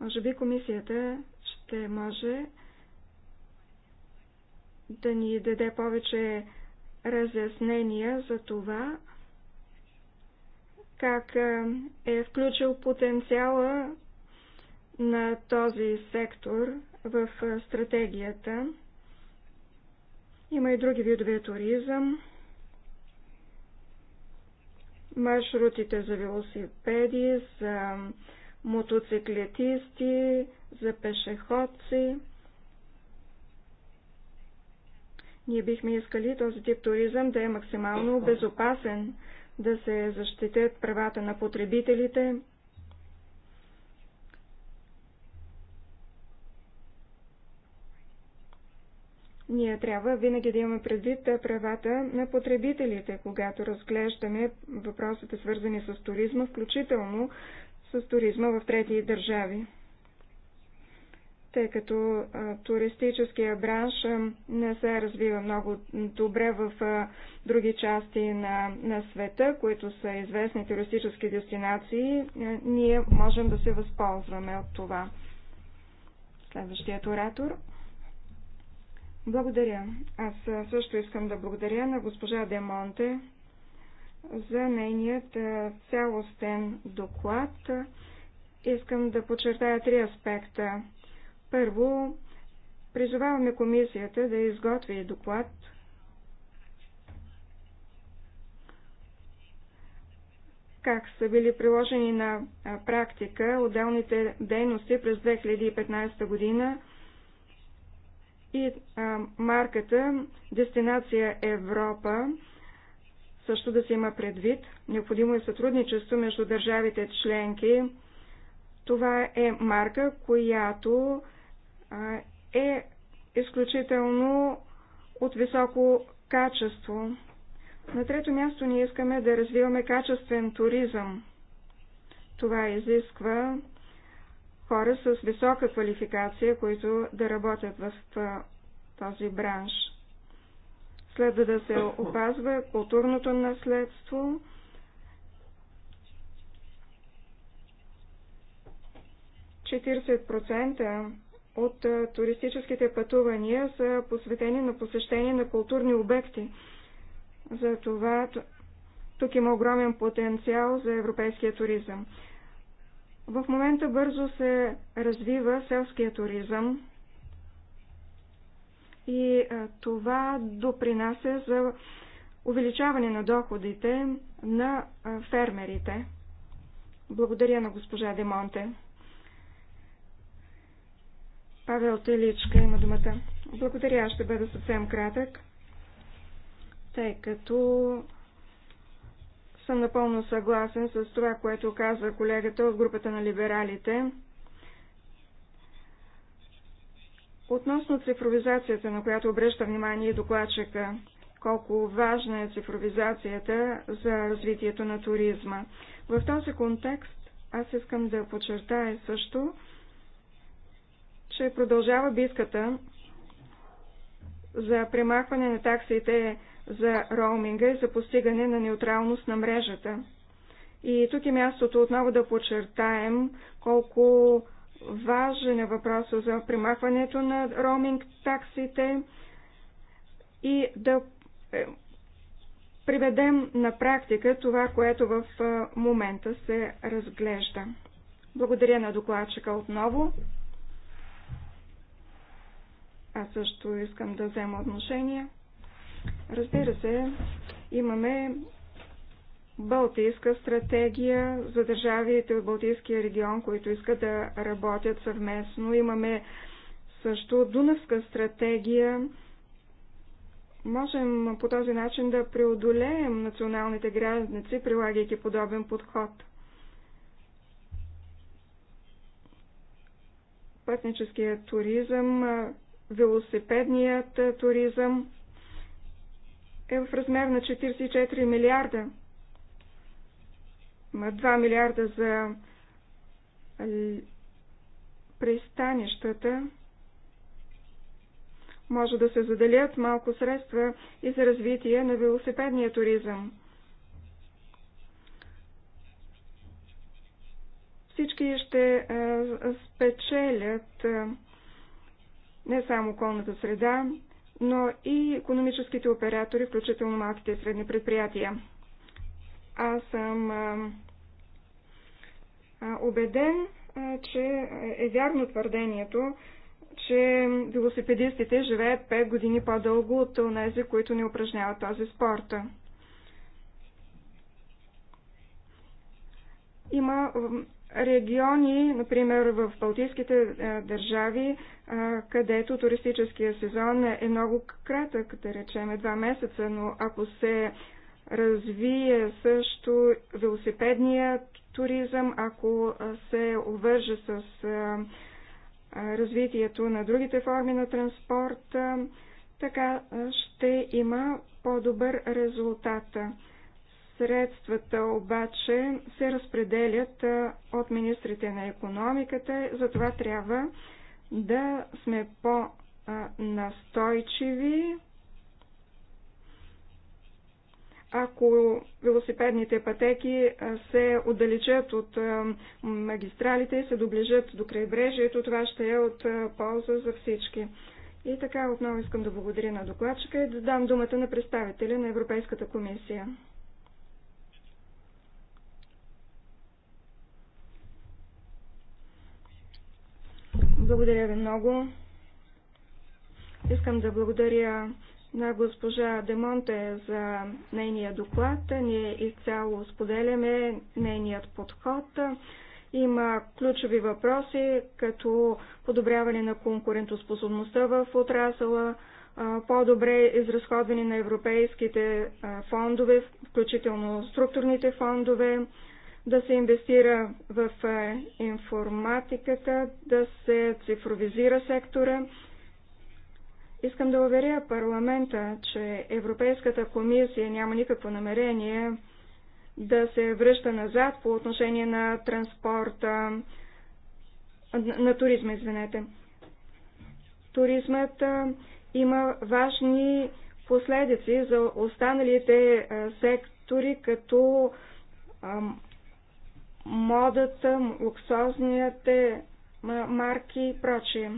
Може би комисията ще може да ни даде повече разяснения за това, как е, е включил потенциала на този сектор в стратегията има и други видове туризъм. Маршрутите за велосипеди, за мотоциклетисти, за пешеходци. Ние бихме искали този тип туризъм да е максимално безопасен, да се защитят правата на потребителите, Ние трябва винаги да имаме предвид правата на потребителите, когато разглеждаме въпросите свързани с туризма, включително с туризма в трети държави. Тъй като туристическия бранш не се развива много добре в други части на, на света, които са известни туристически дестинации, ние можем да се възползваме от това. Следващият оратор. Благодаря. Аз също искам да благодаря на госпожа Демонте за нейният цялостен доклад. Искам да подчертая три аспекта. Първо, призоваваме комисията да изготви доклад как са били приложени на практика отделните дейности през 2015 година и а, марката Дестинация Европа също да се има предвид. Необходимо е сътрудничество между държавите членки. Това е марка, която а, е изключително от високо качество. На трето място ние искаме да развиваме качествен туризъм. Това изисква хора с висока квалификация, които да работят в този бранш. Следва да се опазва културното наследство, от туристическите пътувания са посветени на посещение на културни обекти. Затова тук има огромен потенциал за европейския туризъм. В момента бързо се развива селския туризъм и това допринася за увеличаване на доходите на фермерите. Благодаря на госпожа Демонте. Павел Теличка има думата. Благодаря, ще бъда съвсем кратък, тъй като съм напълно съгласен с това, което казва колегата от групата на либералите. Относно цифровизацията, на която обръща внимание и докладчика, колко важна е цифровизацията за развитието на туризма. В този контекст аз искам да подчертая също, че продължава битката за премахване на таксите за роуминга и за постигане на неутралност на мрежата. И тук е мястото отново да подчертаем колко важен е въпроса за примахването на роуминг таксите и да е, приведем на практика това, което в е, момента се разглежда. Благодаря на докладчика отново. Аз също искам да взема отношение. Разбира се, имаме Балтийска стратегия за държавите от Балтийския регион, които искат да работят съвместно. Имаме също Дунавска стратегия. Можем по този начин да преодолеем националните граници, прилагайки подобен подход. Пътническият туризъм, велосипедният туризъм – е в размер на 44 милиарда. 2 милиарда за пристанищата. Може да се заделят малко средства и за развитие на велосипедния туризъм. Всички ще е, спечелят е, не само околната среда, но и економическите оператори, включително малките и средни предприятия. Аз съм убеден, че е вярно твърдението, че велосипедистите живеят 5 години по-дълго от тези, които не упражняват този спорт. Има региони, например в Балтийските е, държави, е, където туристическия сезон е много кратък, да речем два месеца, но ако се развие също велосипедния туризъм, ако е, се увърже с развитието на другите форми на транспорт, така ще има по-добър резултат. Средствата обаче се разпределят от министрите на економиката, затова трябва да сме по-настойчиви. Ако велосипедните пътеки се отдалечат от магистралите и се доближат до крайбрежието, това ще е от полза за всички. И така отново искам да благодаря на докладчика и да дам думата на представителя на Европейската комисия. Благодаря ви много. Искам да благодаря на госпожа Демонте за нейния доклад. Ние изцяло споделяме нейният подход. Има ключови въпроси, като подобряване на конкурентоспособността в отрасъла, по-добре изразходване на европейските фондове, включително структурните фондове, да се инвестира в е, информатиката, да се цифровизира сектора. Искам да уверя парламента, че Европейската комисия няма никакво намерение да се връща назад по отношение на транспорта, на туризма, извинете. Туризмът е, има важни последици за останалите е, сектори, като модата, луксозните марки и прочие.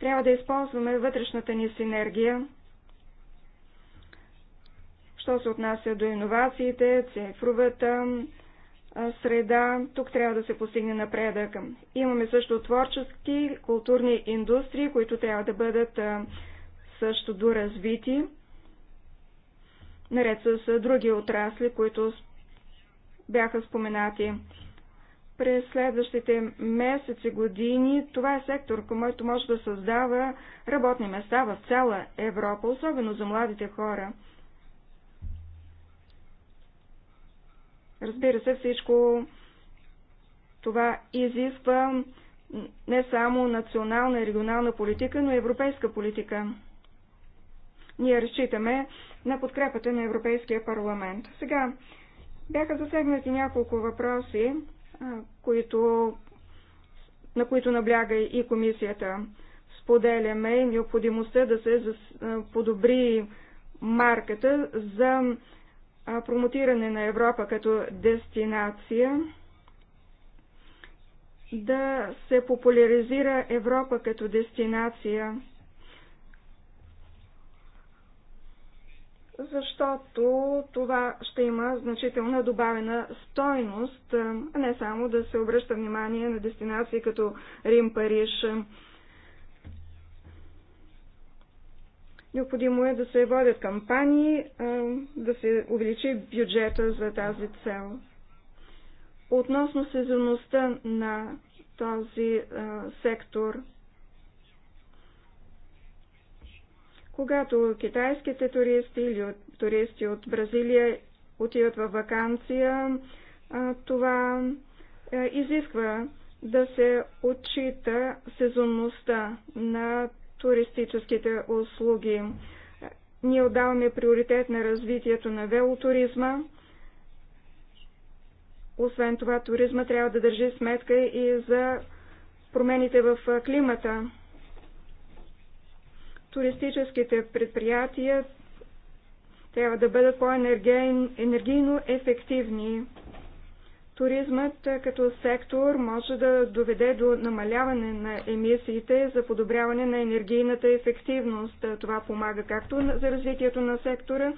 Трябва да използваме вътрешната ни синергия, що се отнася до иновациите, цифровата среда. Тук трябва да се постигне напредък. Имаме също творчески, културни индустрии, които трябва да бъдат също доразвити, наред с други отрасли, които бяха споменати. През следващите месеци, години, това е сектор, който може да създава работни места в цяла Европа, особено за младите хора. Разбира се, всичко това изисква не само национална и регионална политика, но и европейска политика. Ние разчитаме на подкрепата на Европейския парламент. Сега бяха засегнати няколко въпроси, които, на които набляга и комисията. Споделяме необходимостта да се подобри марката за промотиране на Европа като дестинация, да се популяризира Европа като дестинация защото това ще има значителна добавена стойност, а не само да се обръща внимание на дестинации като Рим, Париж. Необходимо е да се водят кампании, да се увеличи бюджета за тази цел. Относно сезонността на този сектор – Когато китайските туристи или от, туристи от Бразилия отиват във вакансия, това е, изисква да се отчита сезонността на туристическите услуги. Ние отдаваме приоритет на развитието на велотуризма. Освен това, туризма трябва да държи сметка и за промените в климата туристическите предприятия трябва да бъдат по-енергийно ефективни. Туризмът като сектор може да доведе до намаляване на емисиите за подобряване на енергийната ефективност. Това помага както за развитието на сектора,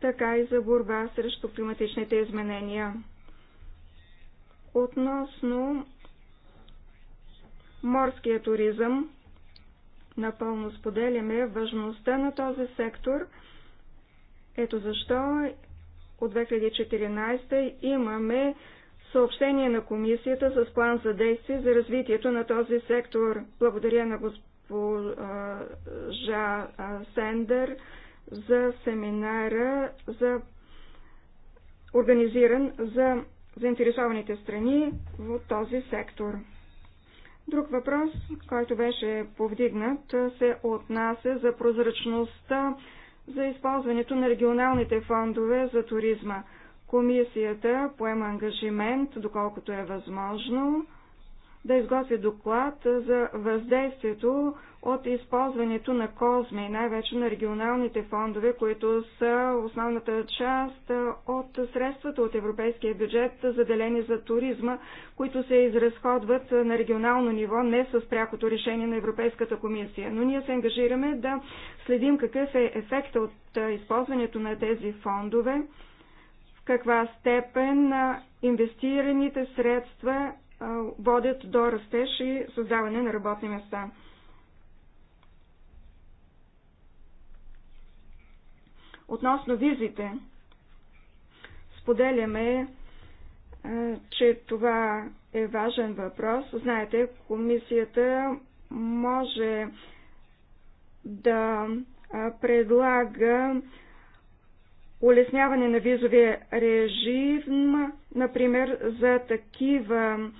така и за борба срещу климатичните изменения. Относно морския туризъм, Напълно споделяме важността на този сектор. Ето защо от 2014 имаме съобщение на комисията с план за действие за развитието на този сектор. Благодаря на госпожа Сендер за семинара за организиран за заинтересованите страни в този сектор. Друг въпрос, който беше повдигнат, се отнася за прозрачността за използването на регионалните фондове за туризма. Комисията поема ангажимент, доколкото е възможно, да изготви доклад за въздействието от използването на козми и най-вече на регионалните фондове, които са основната част от средствата от европейския бюджет, заделени за туризма, които се изразходват на регионално ниво, не с прякото решение на Европейската комисия. Но ние се ангажираме да следим какъв е ефектът от използването на тези фондове, в каква степен инвестираните средства водят до растеж и създаване на работни места. Относно визите, споделяме, че това е важен въпрос. Знаете, комисията може да предлага улесняване на визовия режим, например, за такива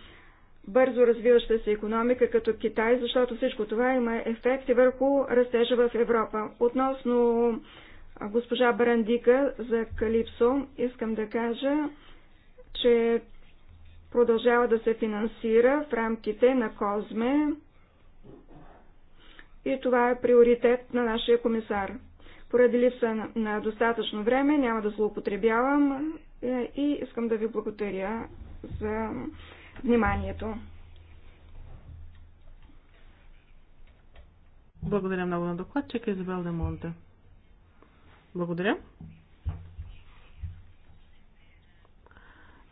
бързо развиваща се економика като Китай, защото всичко това има ефекти върху растежа в Европа. Относно госпожа Барандика за Калипсо, искам да кажа, че продължава да се финансира в рамките на Козме и това е приоритет на нашия комисар. Поради липса на достатъчно време няма да злоупотребявам е, и искам да ви благодаря за вниманието. Благодаря много на докладчика Изабел Демонте. Благодаря.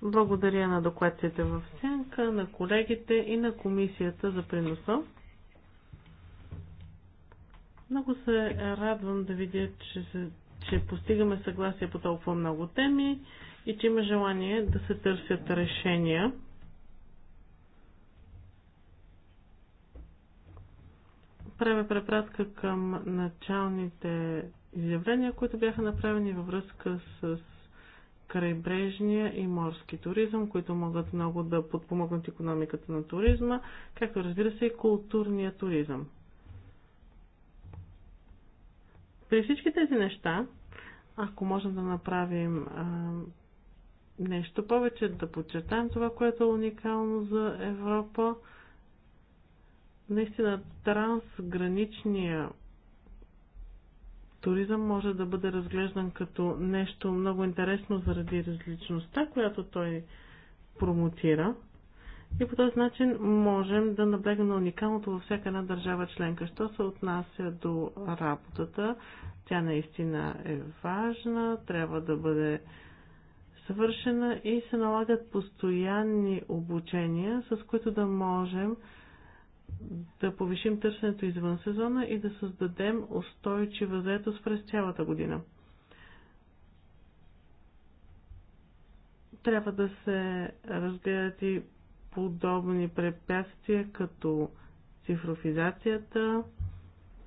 Благодаря на докладците в сенка, на колегите и на комисията за приноса. Много се радвам да видя, че, се, че постигаме съгласие по толкова много теми и че има желание да се търсят решения. Правя препратка към началните изявления, които бяха направени във връзка с крайбрежния и морски туризъм, които могат много да подпомогнат економиката на туризма, както разбира се и културния туризъм. При всички тези неща, ако можем да направим а, нещо повече, да подчертаем това, което е уникално за Европа, наистина трансграничния туризъм може да бъде разглеждан като нещо много интересно заради различността, която той промотира и по този начин можем да наблегнем на уникалното във всяка една държава членка. Що се отнася до работата, тя наистина е важна, трябва да бъде свършена и се налагат постоянни обучения, с които да можем да повишим търсенето извън сезона и да създадем устойчива заетост през цялата година. Трябва да се разгледат и подобни препятствия като цифровизацията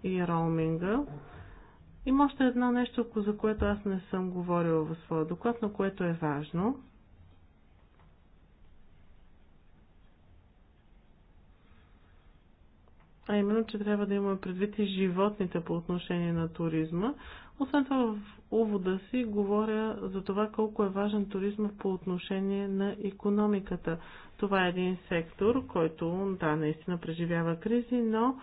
и роуминга. Има още едно нещо, за което аз не съм говорила в своя доклад, но което е важно. А именно, че трябва да имаме предвид и животните по отношение на туризма. Освен това, в увода си говоря за това колко е важен туризма по отношение на економиката. Това е един сектор, който, да, наистина преживява кризи, но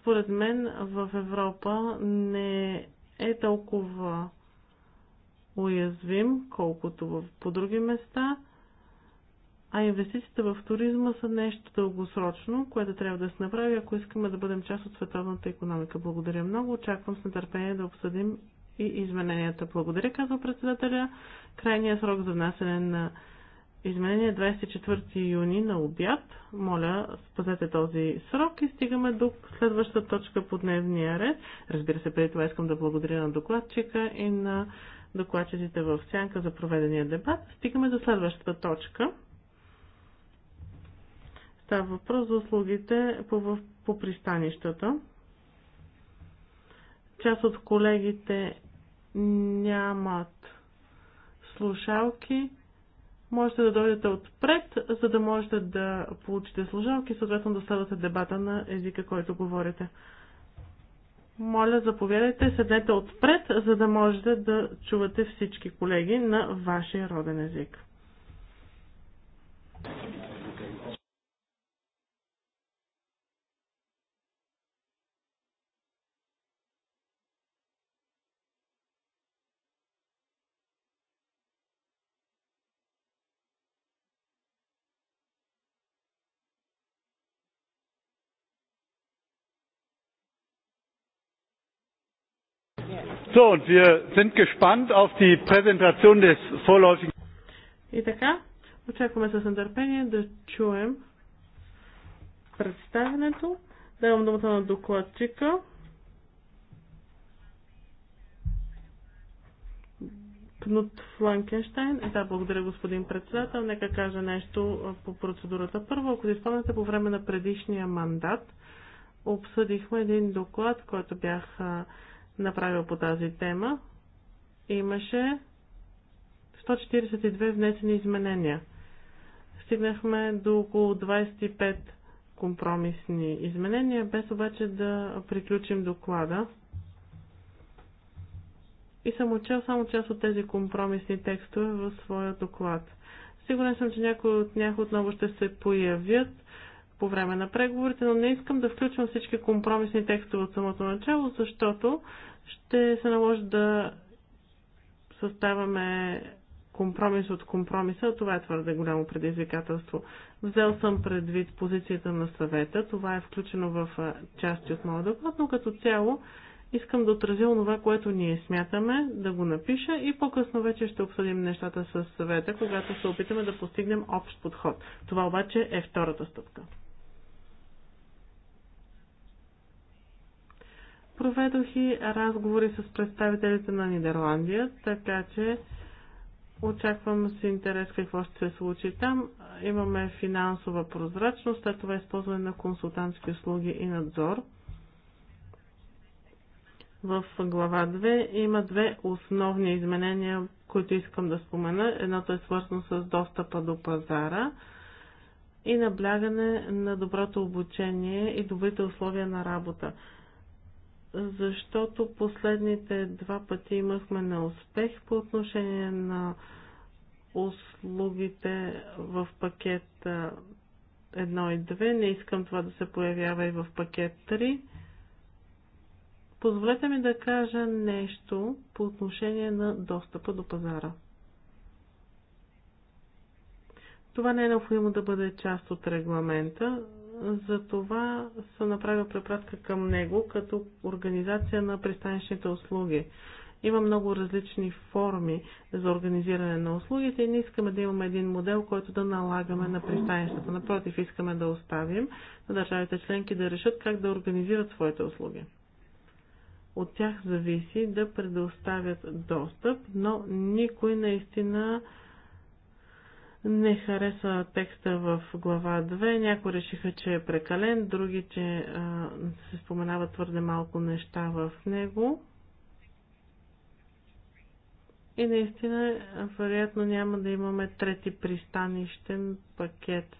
според мен в Европа не е толкова уязвим, колкото в, по други места, а инвестициите в туризма са нещо дългосрочно, което трябва да се направи, ако искаме да бъдем част от световната економика. Благодаря много, очаквам с нетърпение да обсъдим и измененията. Благодаря, казва председателя. Крайният срок за внасяне на изменение 24 е юни на обяд. Моля, спазете този срок и стигаме до следващата точка по дневния ред. Разбира се, преди това искам да благодаря на докладчика и на докладчиците в сянка за проведения дебат. Стигаме до следващата точка. Става въпрос за услугите по, по пристанищата. Част от колегите нямат слушалки, можете да дойдете отпред, за да можете да получите слушалки, съответно да следвате дебата на езика, който говорите. Моля, заповядайте, седнете отпред, за да можете да чувате всички колеги на вашия роден език. So, und wir sind gespannt auf die Präsentation des vorläufigen. И така, очакваме с нетърпение да чуем представенето. Давам думата на докладчика. Кнут Фланкенштайн. Е, да, благодаря господин председател. Нека кажа нещо по процедурата. Първо, ако си спомняте, по време на предишния мандат обсъдихме един доклад, който бях направил по тази тема. Имаше 142 внесени изменения. Стигнахме до около 25 компромисни изменения, без обаче да приключим доклада. И съм учел само част от тези компромисни текстове в своя доклад. Сигурен съм, че някои от тях отново ще се появят по време на преговорите, но не искам да включвам всички компромисни текстове от самото начало, защото ще се наложи да съставяме компромис от компромиса, а това е твърде голямо предизвикателство. Взел съм предвид позицията на съвета, това е включено в части от моя доклад, но като цяло искам да отразя това, което ние смятаме, да го напиша и по-късно вече ще обсъдим нещата с съвета, когато се опитаме да постигнем общ подход. Това обаче е втората стъпка. Проведох и разговори с представителите на Нидерландия, така че очаквам с интерес какво ще се случи там. Имаме финансова прозрачност, след това е използване на консултантски услуги и надзор. В глава 2 има две основни изменения, които искам да спомена. Едното е свързано с достъпа до пазара и наблягане на доброто обучение и добрите условия на работа защото последните два пъти имахме неуспех по отношение на услугите в пакет 1 и 2. Не искам това да се появява и в пакет 3. Позволете ми да кажа нещо по отношение на достъпа до пазара. Това не е необходимо да бъде част от регламента, за това съм направил препратка към него като организация на пристанищните услуги. Има много различни форми за организиране на услугите и не искаме да имаме един модел, който да налагаме на пристанищата. Напротив, искаме да оставим на държавите членки да решат как да организират своите услуги. От тях зависи да предоставят достъп, но никой наистина не хареса текста в глава 2. Някои решиха, че е прекален, други, че а, се споменава твърде малко неща в него. И наистина, вероятно няма да имаме трети пристанищен пакет.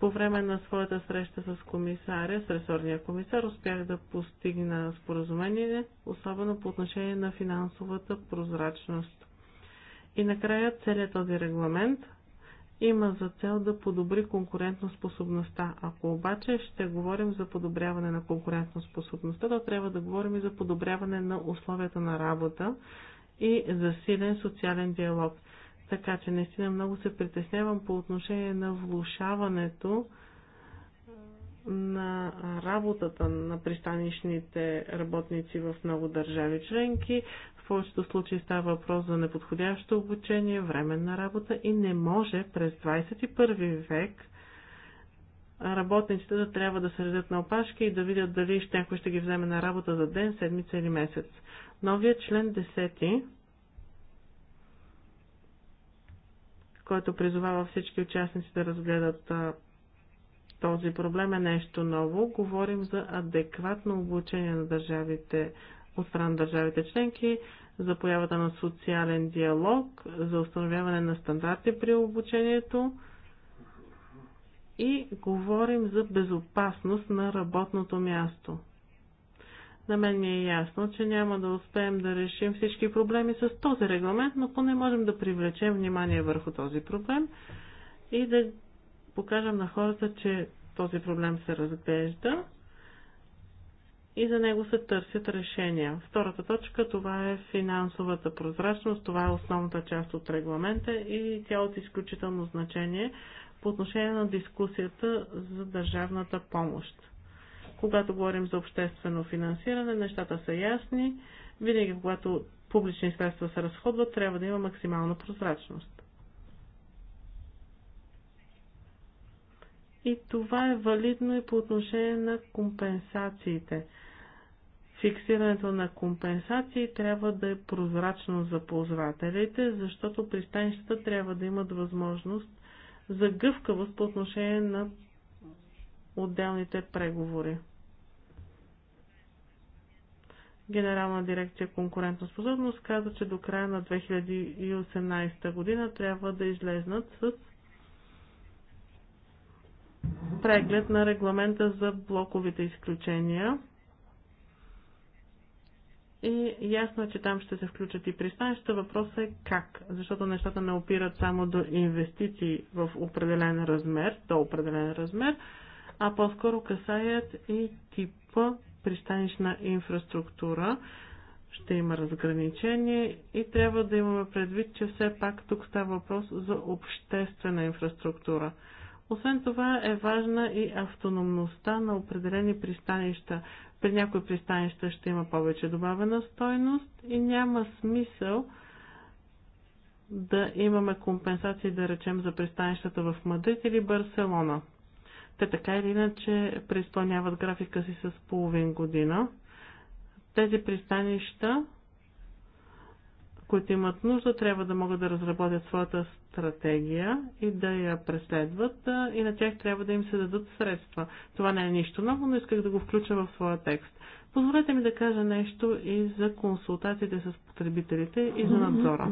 По време на своята среща с комисаря, с ресорния комисар, успях да постигна споразумение, особено по отношение на финансовата прозрачност. И накрая целият този регламент има за цел да подобри конкурентоспособността. Ако обаче ще говорим за подобряване на конкурентоспособността, то трябва да говорим и за подобряване на условията на работа и за силен социален диалог. Така че наистина много се притеснявам по отношение на влушаването на работата на пристанищните работници в много държави членки. В повечето случаи става въпрос за неподходящо обучение, временна работа и не може през 21 век работниците да трябва да се редят на опашки и да видят дали ще, някой ще ги вземе на работа за ден, седмица или месец. Новия член 10 който призовава всички участници да разгледат този проблем е нещо ново. Говорим за адекватно обучение на държавите, от страна на държавите членки, за появата на социален диалог, за установяване на стандарти при обучението и говорим за безопасност на работното място. На мен ми е ясно, че няма да успеем да решим всички проблеми с този регламент, но поне можем да привлечем внимание върху този проблем и да покажем на хората, че този проблем се разглежда и за него се търсят решения. Втората точка, това е финансовата прозрачност, това е основната част от регламента и тя е от изключително значение по отношение на дискусията за държавната помощ. Когато говорим за обществено финансиране, нещата са ясни. Винаги, когато публични средства се разходват, трябва да има максимална прозрачност. И това е валидно и по отношение на компенсациите. Фиксирането на компенсации трябва да е прозрачно за ползвателите, защото пристанищата трябва да имат възможност за гъвкавост по отношение на отделните преговори. Генерална дирекция конкурентна способност каза, че до края на 2018 година трябва да излезнат с преглед на регламента за блоковите изключения. И ясно е, че там ще се включат и пристанища. Въпросът е как, защото нещата не опират само до инвестиции в определен размер, до определен размер, а по-скоро касаят и типа пристанищна инфраструктура. Ще има разграничение и трябва да имаме предвид, че все пак тук става въпрос за обществена инфраструктура – освен това е важна и автономността на определени пристанища. При някои пристанища ще има повече добавена стойност и няма смисъл да имаме компенсации, да речем, за пристанищата в Мадрид или Барселона. Те така или иначе преизпълняват графика си с половин година. Тези пристанища които имат нужда, трябва да могат да разработят своята стратегия и да я преследват и на тях трябва да им се дадат средства. Това не е нищо ново, но исках да го включа в своя текст. Позволете ми да кажа нещо и за консултациите с потребителите и за надзора.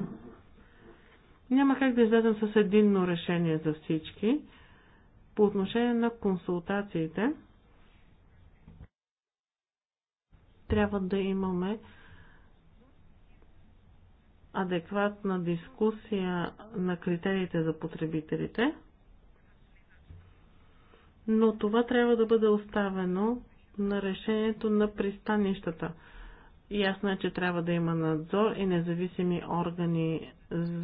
Няма как да излезем с единно решение за всички. По отношение на консултациите, трябва да имаме адекватна дискусия на критериите за потребителите, но това трябва да бъде оставено на решението на пристанищата. Ясно е, че трябва да има надзор и независими органи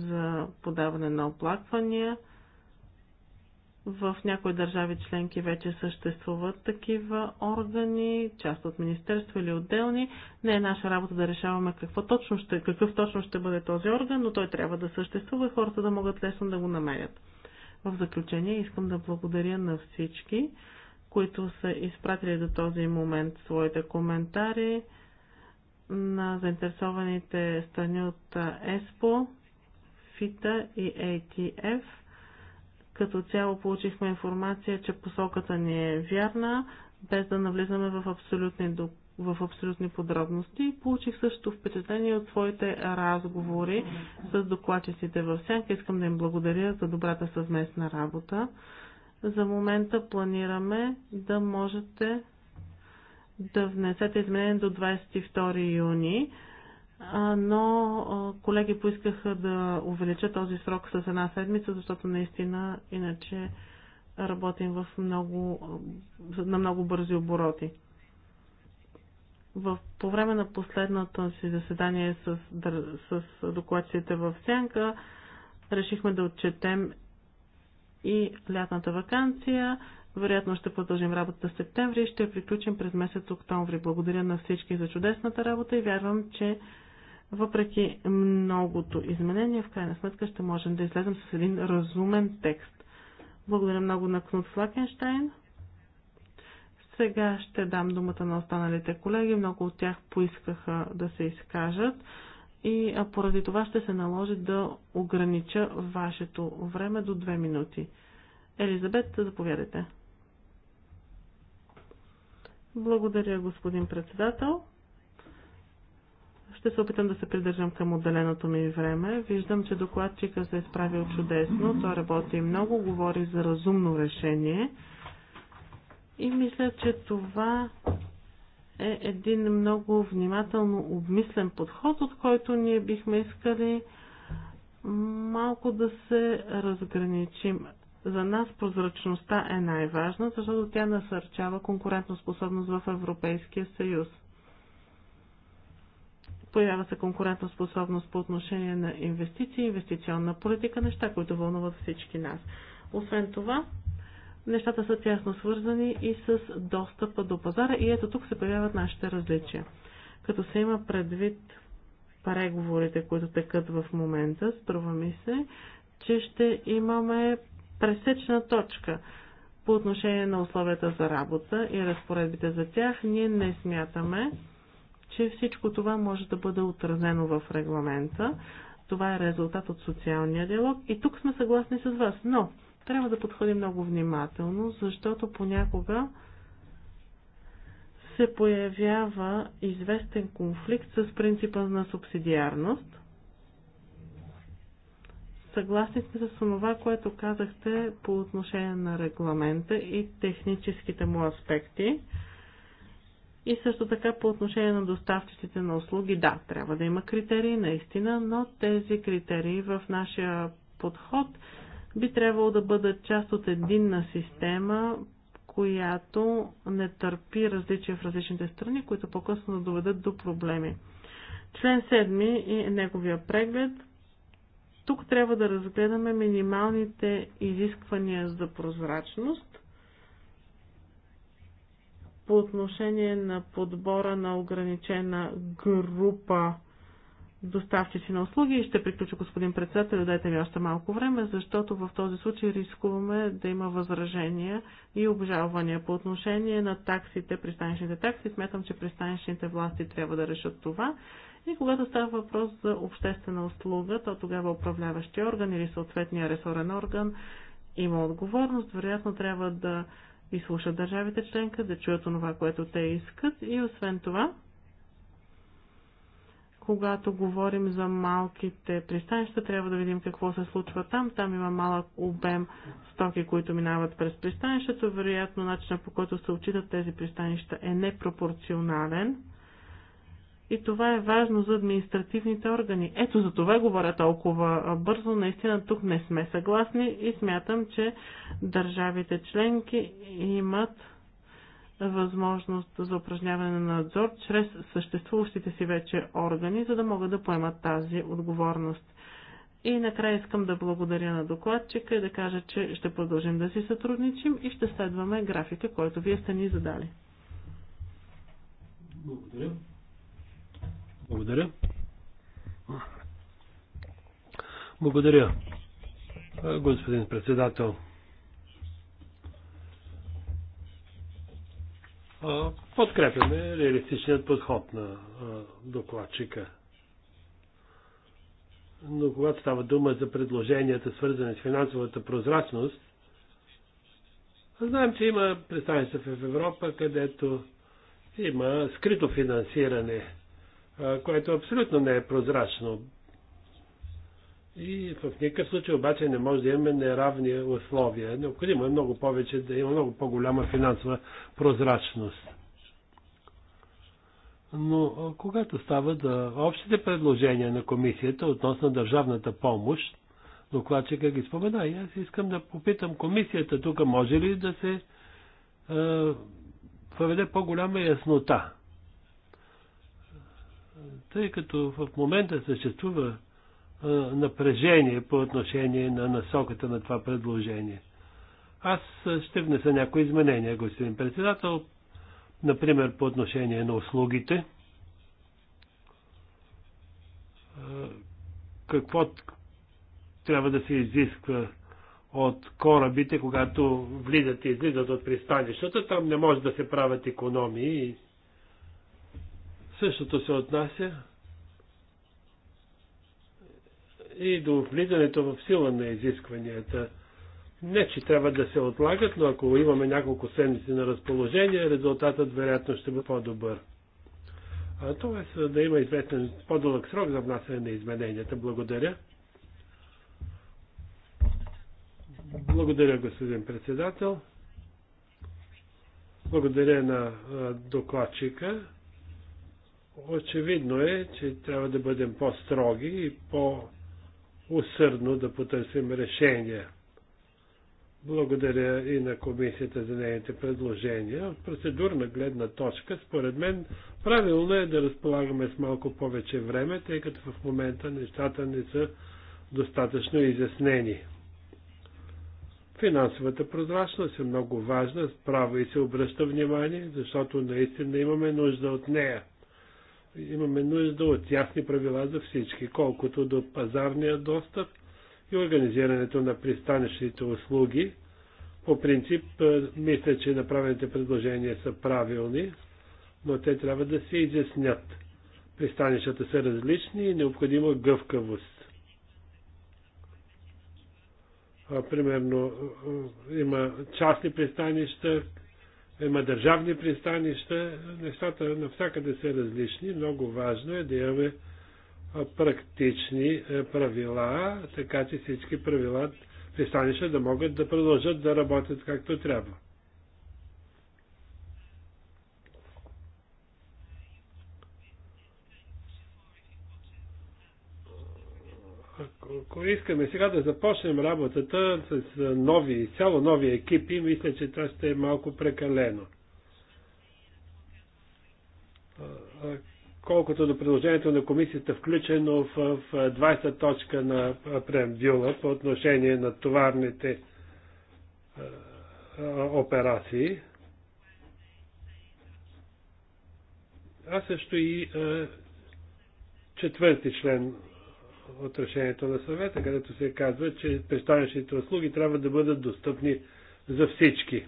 за подаване на оплаквания – в някои държави членки вече съществуват такива органи, част от министерства или отделни. Не е наша работа да решаваме какво точно ще, какъв точно ще бъде този орган, но той трябва да съществува и хората да могат лесно да го намерят. В заключение искам да благодаря на всички, които са изпратили до този момент своите коментари на заинтересованите страни от ЕСПО, ФИТА и ATF е – като цяло получихме информация, че посоката ни е вярна, без да навлизаме в абсолютни, в абсолютни подробности. Получих също впечатление от своите разговори с докладчиците в Сянка. Искам да им благодаря за добрата съвместна работа. За момента планираме да можете да внесете изменение до 22 юни но колеги поискаха да увелича този срок с една седмица, защото наистина иначе работим в много, на много бързи обороти. В, по време на последното си заседание с, с докладците в Сянка решихме да отчетем и лятната вакансия. Вероятно ще продължим работа в септември и ще приключим през месец октомври. Благодаря на всички за чудесната работа и вярвам, че въпреки многото изменения, в крайна сметка ще можем да излезем с един разумен текст. Благодаря много на Кнут Флакенштайн. Сега ще дам думата на останалите колеги. Много от тях поискаха да се изкажат и поради това ще се наложи да огранича вашето време до две минути. Елизабет, заповядайте. Благодаря, господин председател. Ще се опитам да се придържам към отделеното ми време. Виждам, че докладчика се е справил чудесно. Той работи много, говори за разумно решение. И мисля, че това е един много внимателно обмислен подход, от който ние бихме искали малко да се разграничим. За нас прозрачността е най-важна, защото тя насърчава конкурентоспособност в Европейския съюз. Появява се конкурентна способност по отношение на инвестиции, инвестиционна политика, неща, които вълнуват всички нас. Освен това, нещата са тясно свързани и с достъпа до пазара и ето тук се появяват нашите различия. Като се има предвид преговорите, които текат в момента, струва ми се, че ще имаме пресечна точка по отношение на условията за работа и разпоредбите за тях. Ние не смятаме, че всичко това може да бъде отразено в регламента. Това е резултат от социалния диалог и тук сме съгласни с вас. Но трябва да подходим много внимателно, защото понякога се появява известен конфликт с принципа на субсидиарност. Съгласни сме с това, което казахте по отношение на регламента и техническите му аспекти. И също така по отношение на доставчиците на услуги, да, трябва да има критерии, наистина, но тези критерии в нашия подход би трябвало да бъдат част от единна система, която не търпи различия в различните страни, които по-късно да доведат до проблеми. Член 7 и неговия преглед. Тук трябва да разгледаме минималните изисквания за прозрачност по отношение на подбора на ограничена група доставчици на услуги. И ще приключа, господин председател, дайте ми още малко време, защото в този случай рискуваме да има възражения и обжалвания по отношение на таксите, пристанищните такси. Смятам, че пристанищните власти трябва да решат това. И когато става въпрос за обществена услуга, то тогава управляващия орган или съответния ресорен орган има отговорност. Вероятно трябва да изслушат държавите членка, да чуят това, което те искат и освен това, когато говорим за малките пристанища, трябва да видим какво се случва там. Там има малък обем стоки, които минават през пристанището. Вероятно, начинът по който се отчитат тези пристанища е непропорционален. И това е важно за административните органи. Ето за това говоря толкова бързо. Наистина тук не сме съгласни и смятам, че държавите членки имат възможност за упражняване на надзор чрез съществуващите си вече органи, за да могат да поемат тази отговорност. И накрая искам да благодаря на докладчика и да кажа, че ще продължим да си сътрудничим и ще следваме графика, който вие сте ни задали. Благодаря. Благодаря. Благодаря, господин председател. Подкрепяме реалистичният подход на докладчика. Но когато става дума за предложенията, свързани с финансовата прозрачност, знаем, че има представенства в Европа, където има скрито финансиране което абсолютно не е прозрачно. И в никакъв случай обаче не може да имаме неравни условия. Необходимо е много повече, да има много по-голяма финансова прозрачност. Но когато става да общите предложения на комисията относно държавната помощ, докладчика ги спомена и аз искам да попитам комисията тук може ли да се е, въведе по-голяма яснота тъй като в момента съществува напрежение по отношение на насоката на това предложение. Аз ще внеса някои изменения, господин председател, например по отношение на услугите. Какво трябва да се изисква от корабите, когато влизат и излизат от пристанищата, там не може да се правят економии и Същото се отнася и до влизането в сила на изискванията. Не, че трябва да се отлагат, но ако имаме няколко седмици на разположение, резултатът вероятно ще бъде по-добър. Тоест да има известен по-дълъг срок за внасяне на измененията. Благодаря. Благодаря, господин председател. Благодаря на докладчика. Очевидно е, че трябва да бъдем по-строги и по-усърдно да потърсим решения. Благодаря и на комисията за нейните предложения. От процедурна гледна точка, според мен, правилно е да разполагаме с малко повече време, тъй като в момента нещата не са достатъчно изяснени. Финансовата прозрачност е много важна, справа и се обръща внимание, защото наистина имаме нужда от нея имаме нужда от ясни правила за всички, колкото до пазарния достъп и организирането на пристанищните услуги. По принцип, е, мисля, че направените предложения са правилни, но те трябва да се изяснят. Пристанищата са различни и необходима гъвкавост. А, примерно, е, е, има частни пристанища, има държавни пристанища, нещата навсякъде са различни. Много важно е да имаме практични е, правила, така че всички правила пристанища да могат да продължат да работят както трябва. искаме сега да започнем работата с нови, цяло нови екипи, мисля, че това ще е малко прекалено. Колкото до предложението на комисията, включено в 20 точка на преамбюла по отношение на товарните операции, а също и четвърти член от решението на съвета, където се казва, че пристанищните услуги трябва да бъдат достъпни за всички.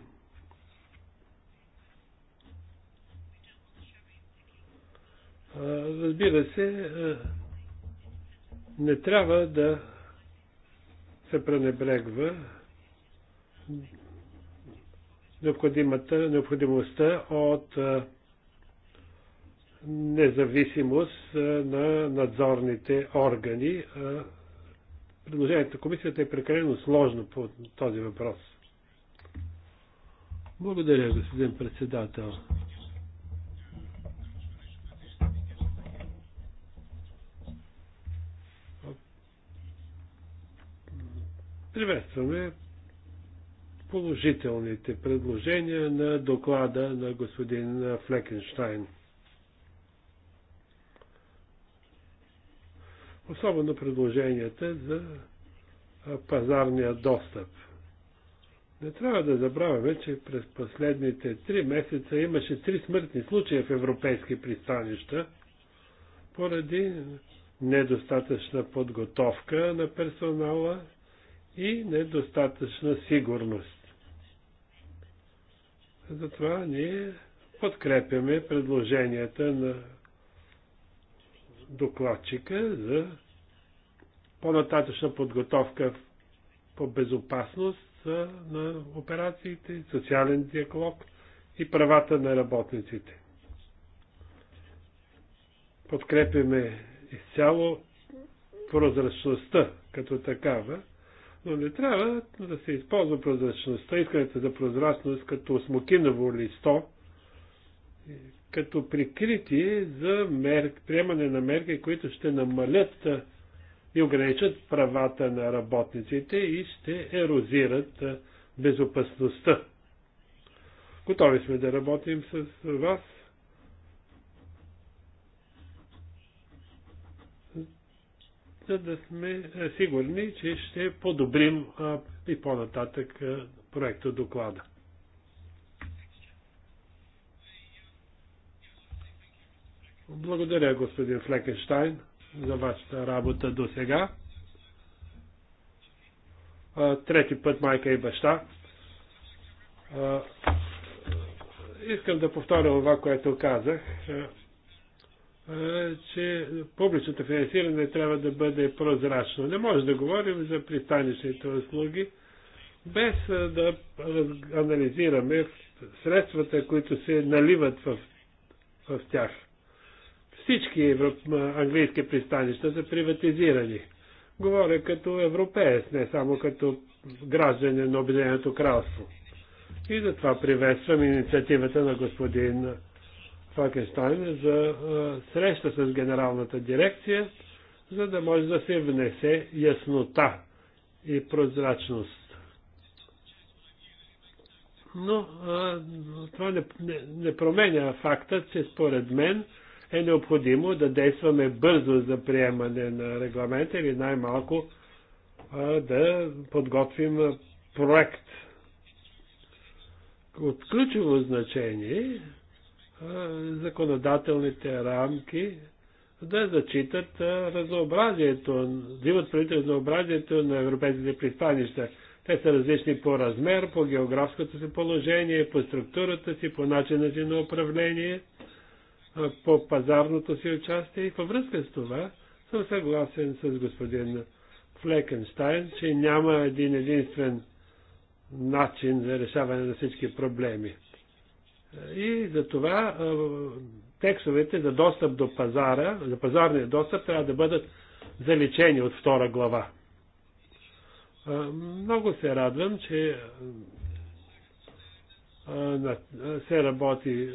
Разбира се, не трябва да се пренебрегва необходимата, необходимостта от независимост на надзорните органи. Предложението на комисията е прекалено сложно по този въпрос. Благодаря, господин председател. Приветстваме положителните предложения на доклада на господин Флекенштайн. Особено предложенията за пазарния достъп. Не трябва да забравяме, че през последните три месеца имаше три смъртни случая в европейски пристанища поради недостатъчна подготовка на персонала и недостатъчна сигурност. Затова ние подкрепяме предложенията на докладчика за по-нататъчна подготовка по безопасност на операциите, социален диалог и правата на работниците. Подкрепяме изцяло прозрачността като такава, но не трябва да се използва прозрачността, искането за прозрачност като смокиново листо, като прикритие за мер... приемане на мерки, които ще намалят и ограничат правата на работниците и ще ерозират безопасността. Готови сме да работим с вас. за да сме сигурни, че ще подобрим и по-нататък проекта доклада. Благодаря, господин Флекенштайн, за вашата работа до сега. Трети път майка и баща. Искам да повторя това, което казах, че публичното финансиране трябва да бъде прозрачно. Не може да говорим за пристанищните услуги, без да анализираме средствата, които се наливат в, в тях. Всички европ... английски пристанища са приватизирани. Говоря като европеец, не само като гражданин на Обединеното кралство. И затова приветствам инициативата на господин Факенштайн за среща с генералната дирекция, за да може да се внесе яснота и прозрачност. Но а, това не, не, не променя факта, че според мен е необходимо да действаме бързо за приемане на регламента или най-малко да подготвим проект. От ключово значение законодателните рамки да зачитат разнообразието, да имат предвид разнообразието на европейските пристанища. Те са различни по размер, по географското си положение, по структурата си, по начина си на управление по пазарното си участие и във връзка с това съм съгласен с господин Флекенштайн, че няма един единствен начин за решаване на всички проблеми. И за това текстовете за достъп до пазара, за пазарния достъп трябва да бъдат заличени от втора глава. Много се радвам, че се работи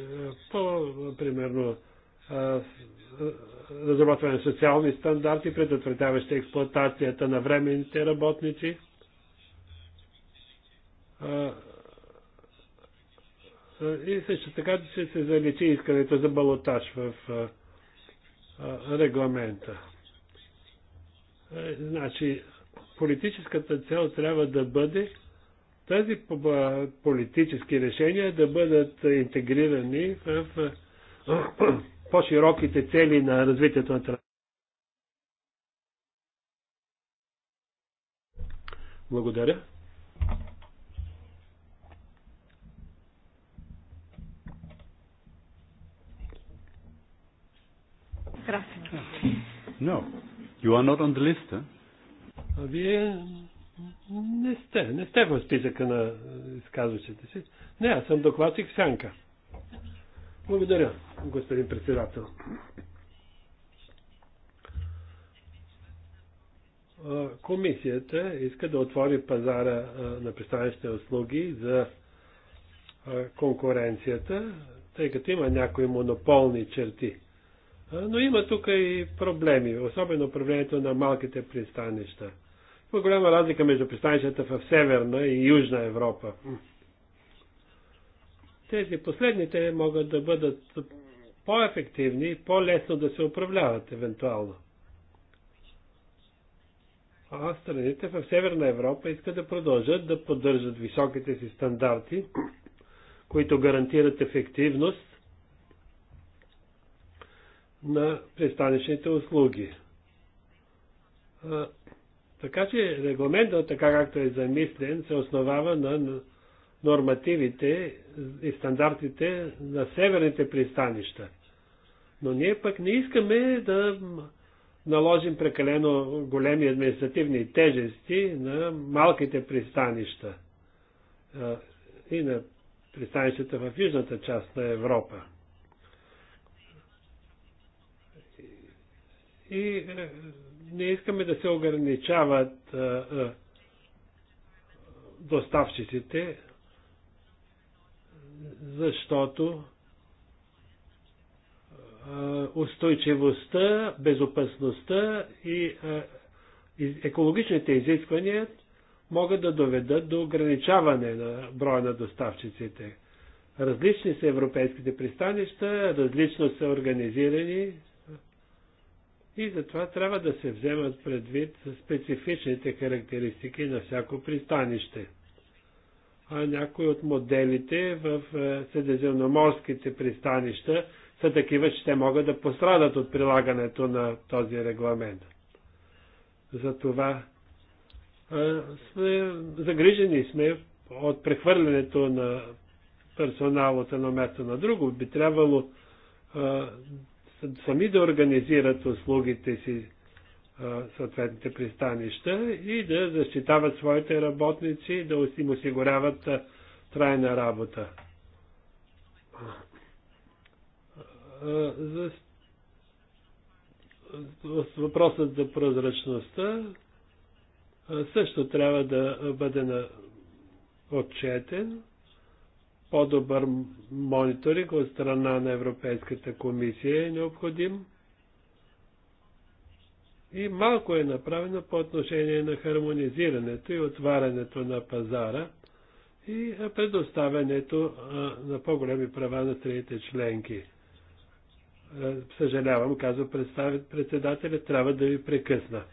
по, примерно, разработване на социални стандарти, предотвратяващи експлуатацията на временните работници, и също така че се заличи искането за балотаж в регламента. Значи, политическата цел трябва да бъде тези политически решения да бъдат интегрирани в *clears throat* по-широките цели на развитието на Благодаря. Красиво. No, you are not on the list, huh? Вие не сте, не сте в списъка на изказващите си. Не, аз съм докладчик Сянка. Благодаря, господин председател. Комисията иска да отвори пазара на пристанищни услуги за конкуренцията, тъй като има някои монополни черти. Но има тук и проблеми, особено управлението на малките пристанища – има голяма разлика между пристанищата в Северна и Южна Европа. Тези последните могат да бъдат по-ефективни и по-лесно да се управляват евентуално. А страните в Северна Европа искат да продължат да поддържат високите си стандарти, които гарантират ефективност на пристанищните услуги. Така че регламентът, така както е замислен, се основава на нормативите и стандартите на северните пристанища. Но ние пък не искаме да наложим прекалено големи административни тежести на малките пристанища и на пристанищата в южната част на Европа. И не искаме да се ограничават доставчиците, защото устойчивостта, безопасността и екологичните изисквания могат да доведат до ограничаване на броя на доставчиците. Различни са европейските пристанища, различно са организирани, и затова трябва да се вземат предвид специфичните характеристики на всяко пристанище. А някои от моделите в е, средиземноморските пристанища са такива, че те могат да пострадат от прилагането на този регламент. Затова е, сме, загрижени сме от прехвърлянето на персонал от едно място на друго. Би трябвало а, е, сами да организират услугите си съответните пристанища и да защитават своите работници, да им осигуряват трайна работа. За въпросът за прозрачността също трябва да бъде на отчетен. По-добър мониторинг от страна на Европейската комисия е необходим. И малко е направено по отношение на хармонизирането и отварянето на пазара и предоставянето на по-големи права на страните членки. Съжалявам, казва председателя, трябва да ви прекъсна.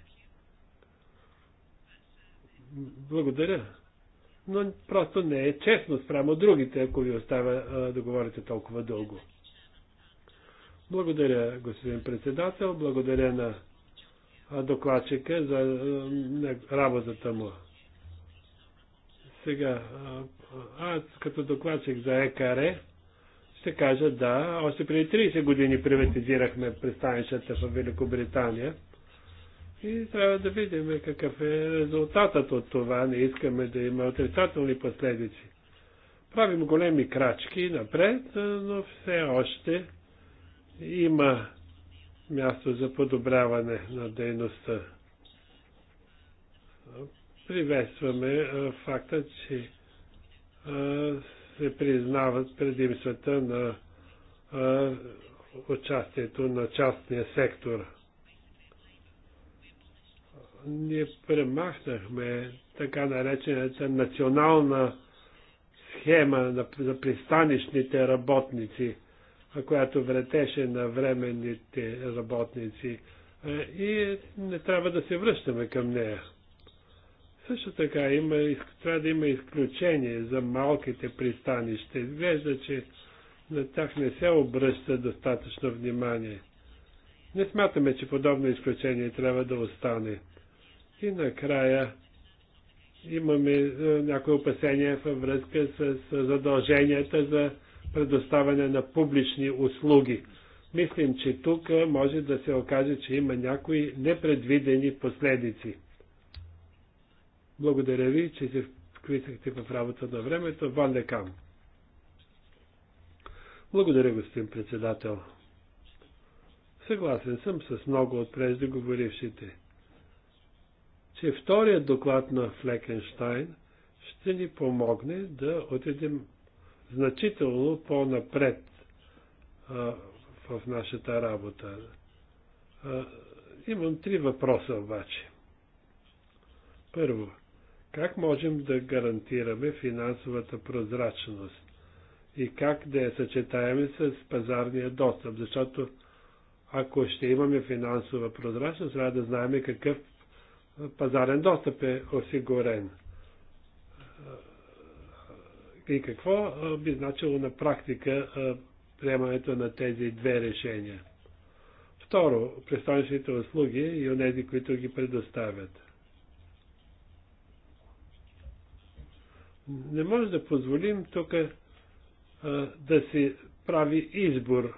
Благодаря но просто не е честно спрямо другите, ако ви оставя да говорите толкова дълго. Благодаря, господин председател, благодаря на докладчика за работата му. Сега, аз като докладчик за ЕКР ще кажа да, още преди 30 години приватизирахме пристанищата в Великобритания – и трябва да видим какъв е резултатът от това. Не искаме да има отрицателни последици. Правим големи крачки напред, но все още има място за подобряване на дейността. Приветстваме факта, че се признават предимствата на участието на частния сектор – ние премахнахме така наречената национална схема за пристанищните работници, която вретеше на временните работници. Е, и не трябва да се връщаме към нея. Също така има, трябва да има изключение за малките пристанища. Изглежда, че на тях не се обръща достатъчно внимание. Не смятаме, че подобно изключение трябва да остане. И накрая имаме е, някои опасения във връзка с задълженията за предоставяне на публични услуги. Мислим, че тук може да се окаже, че има някои непредвидени последици. Благодаря ви, че се вклисахте в работа на времето. Ван Лекам. Благодаря, господин председател. Съгласен съм с много от преждеговорившите че вторият доклад на Флекенштайн ще ни помогне да отидем значително по-напред в нашата работа. А, имам три въпроса обаче. Първо, как можем да гарантираме финансовата прозрачност и как да я съчетаеме с пазарния достъп? Защото ако ще имаме финансова прозрачност, трябва да знаем какъв пазарен достъп е осигурен. И какво би значило на практика приемането на тези две решения? Второ, пристанищните услуги и онези, които ги предоставят. Не може да позволим тук да се прави избор,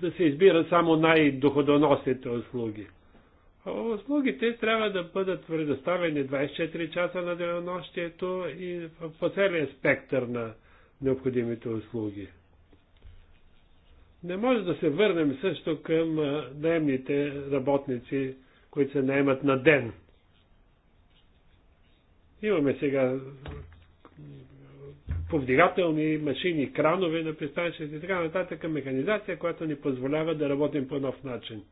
да се избира само най-доходоносните услуги. Услугите трябва да бъдат предоставени 24 часа на денонощието и по целия спектър на необходимите услуги. Не може да се върнем също към наемните работници, които се наемат на ден. Имаме сега повдигателни машини, кранове на пристанищата и така нататък, механизация, която ни позволява да работим по нов начин.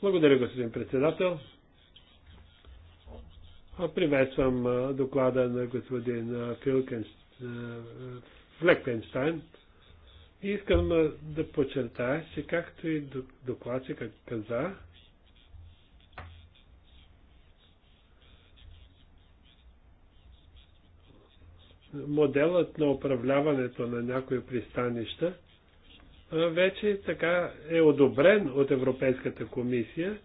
Благодаря, господин председател. Приветствам доклада на господин Флекенштайн И искам да подчертая, че както и докладчика каза, моделът на управляването на някои пристанища вече така е одобрен от Европейската комисия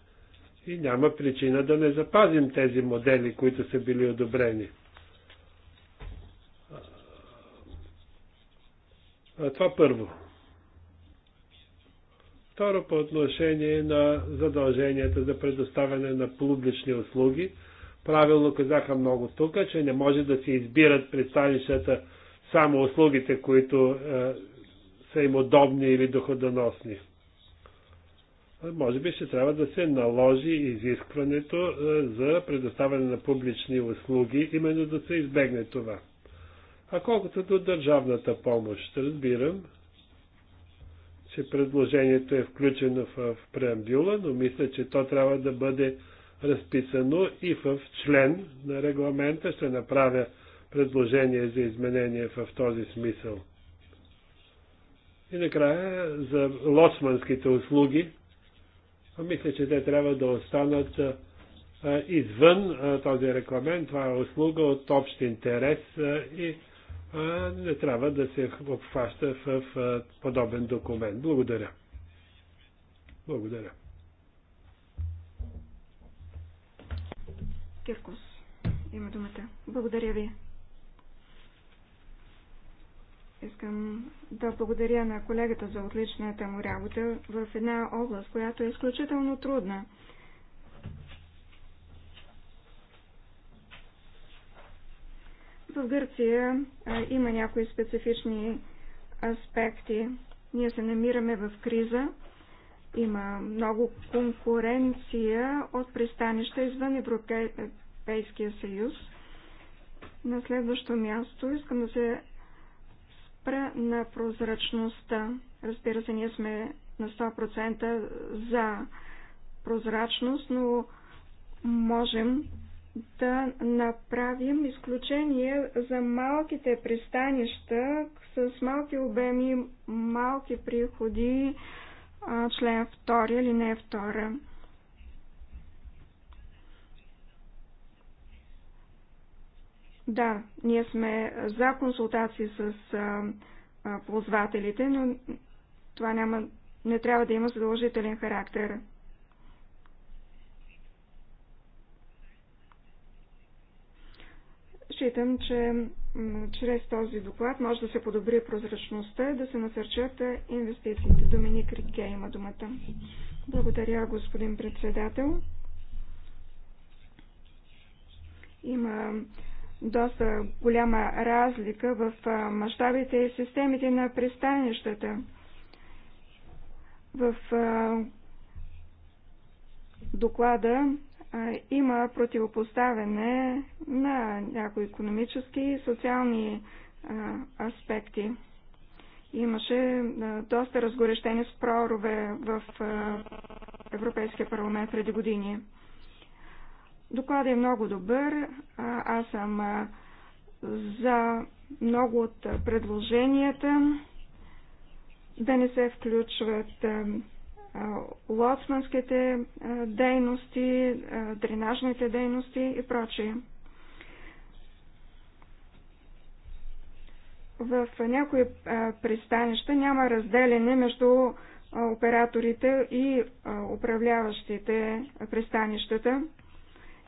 и няма причина да не запазим тези модели, които са били одобрени. А това първо. Второ по отношение на задълженията за предоставяне на публични услуги. Правилно казаха много тук, че не може да се избират пристанищата само услугите, които е, са им удобни или доходоносни. Може би ще трябва да се наложи изискването за предоставяне на публични услуги, именно да се избегне това. А колкото до държавната помощ, разбирам, че предложението е включено в преамбюла, но мисля, че то трябва да бъде разписано и в член на регламента. Ще направя предложение за изменение в този смисъл. И накрая за лоцманските услуги. Мисля, че те трябва да останат извън този рекламент. Това е услуга от общ интерес и не трябва да се обхваща в подобен документ. Благодаря. Благодаря. Киркус, има думата. Благодаря ви. Искам да благодаря на колегата за отличната му работа в една област, която е изключително трудна. В Гърция а, има някои специфични аспекти. Ние се намираме в криза. Има много конкуренция от пристанища извън Европейския съюз. На следващо място искам да се спра на прозрачността. Разбира се, ние сме на 100% за прозрачност, но можем да направим изключение за малките пристанища с малки обеми, малки приходи, член 2 или не 2. Да, ние сме за консултации с а, а, ползвателите, но това няма, не трябва да има задължителен характер. Считам, че чрез този доклад може да се подобри прозрачността, да се насърчат инвестициите. Доминик Рикке има думата. Благодаря, господин председател. Има доста голяма разлика в мащабите и системите на пристанищата. В доклада има противопоставяне на някои економически и социални аспекти. Имаше доста разгорещени спорове в Европейския парламент преди години. Докладът е много добър. Аз съм за много от предложенията да не се включват лоцманските дейности, дренажните дейности и прочие. В някои пристанища няма разделене между операторите и управляващите пристанищата.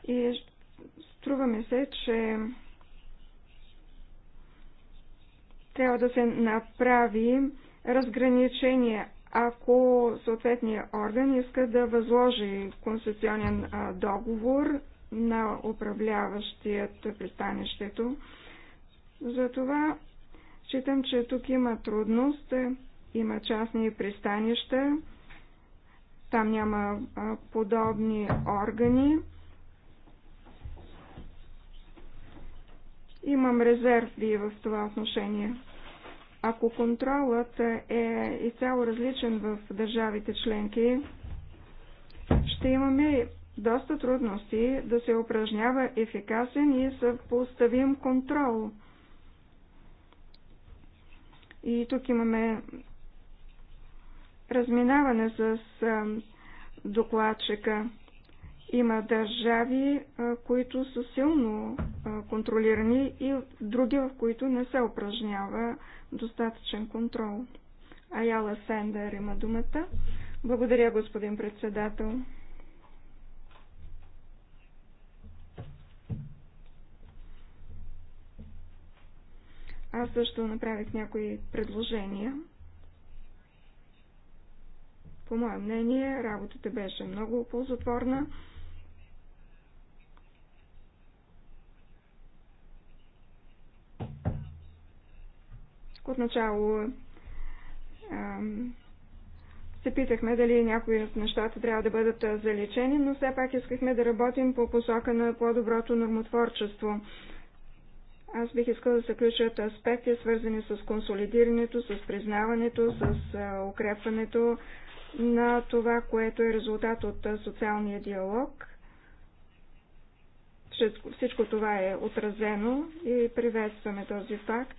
И струва ми се, че трябва да се направи разграничение, ако съответният орган иска да възложи концесионен договор на управляващият пристанището. Затова считам, че тук има трудност, има частни пристанища, там няма подобни органи. Имам резерви в това отношение. Ако контролът е изцяло различен в държавите членки, ще имаме доста трудности да се упражнява ефикасен и съпоставим контрол. И тук имаме разминаване с докладчика. Има държави, които са силно контролирани и други, в които не се упражнява достатъчен контрол. Аяла Сендер има думата. Благодаря, господин председател. Аз също направих някои предложения. По мое мнение, работата беше много ползотворна. Отначало се питахме дали някои от нещата трябва да бъдат залечени, но все пак искахме да работим по посока на по-доброто нормотворчество. Аз бих искал да се включат аспекти, свързани с консолидирането, с признаването, с укрепването на това, което е резултат от социалния диалог. Всичко това е отразено и приветстваме този факт.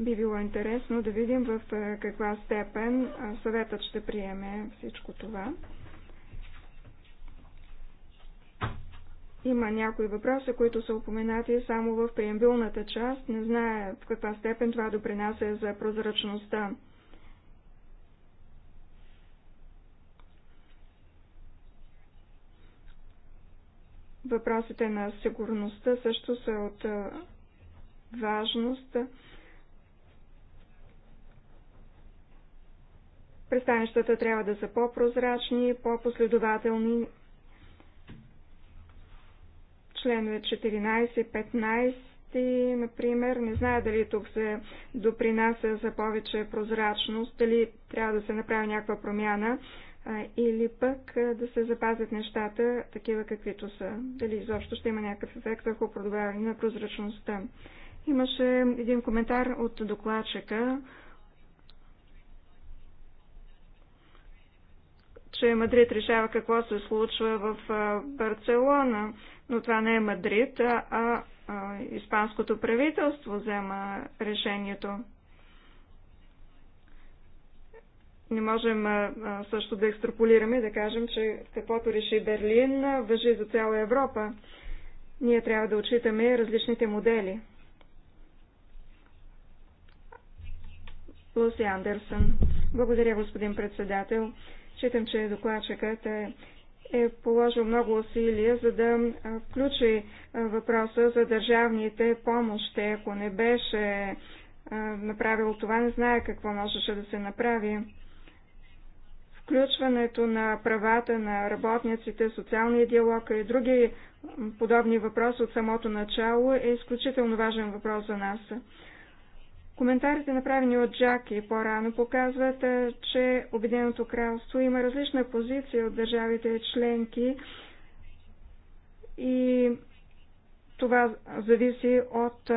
Би било интересно да видим в каква степен съветът ще приеме всичко това. Има някои въпроси, които са упоменати само в преембилната част. Не знае в каква степен това допринася за прозрачността. Въпросите на сигурността също са от важност. Пристанищата трябва да са по-прозрачни, по-последователни. Членове 14, 15, например, не зная дали тук се допринася за повече прозрачност, дали трябва да се направи някаква промяна или пък да се запазят нещата такива каквито са. Дали изобщо ще има някакъв ефект върху продобаване на прозрачността. Имаше един коментар от докладчика че Мадрид решава какво се случва в Барселона, но това не е Мадрид, а, а, а испанското правителство взема решението. Не можем а, също да екстраполираме и да кажем, че каквото реши Берлин, въжи за цяла Европа. Ние трябва да отчитаме различните модели. Луси Андерсън. Благодаря, господин председател. Считам, че докладчикът е, е положил много усилия, за да включи въпроса за държавните помощи. Ако не беше направил това, не знае какво можеше да се направи. Включването на правата на работниците, социалния диалог и други подобни въпроси от самото начало е изключително важен въпрос за нас. Коментарите, направени от Джаки по-рано, показват, че Обединеното кралство има различна позиция от държавите членки и това зависи от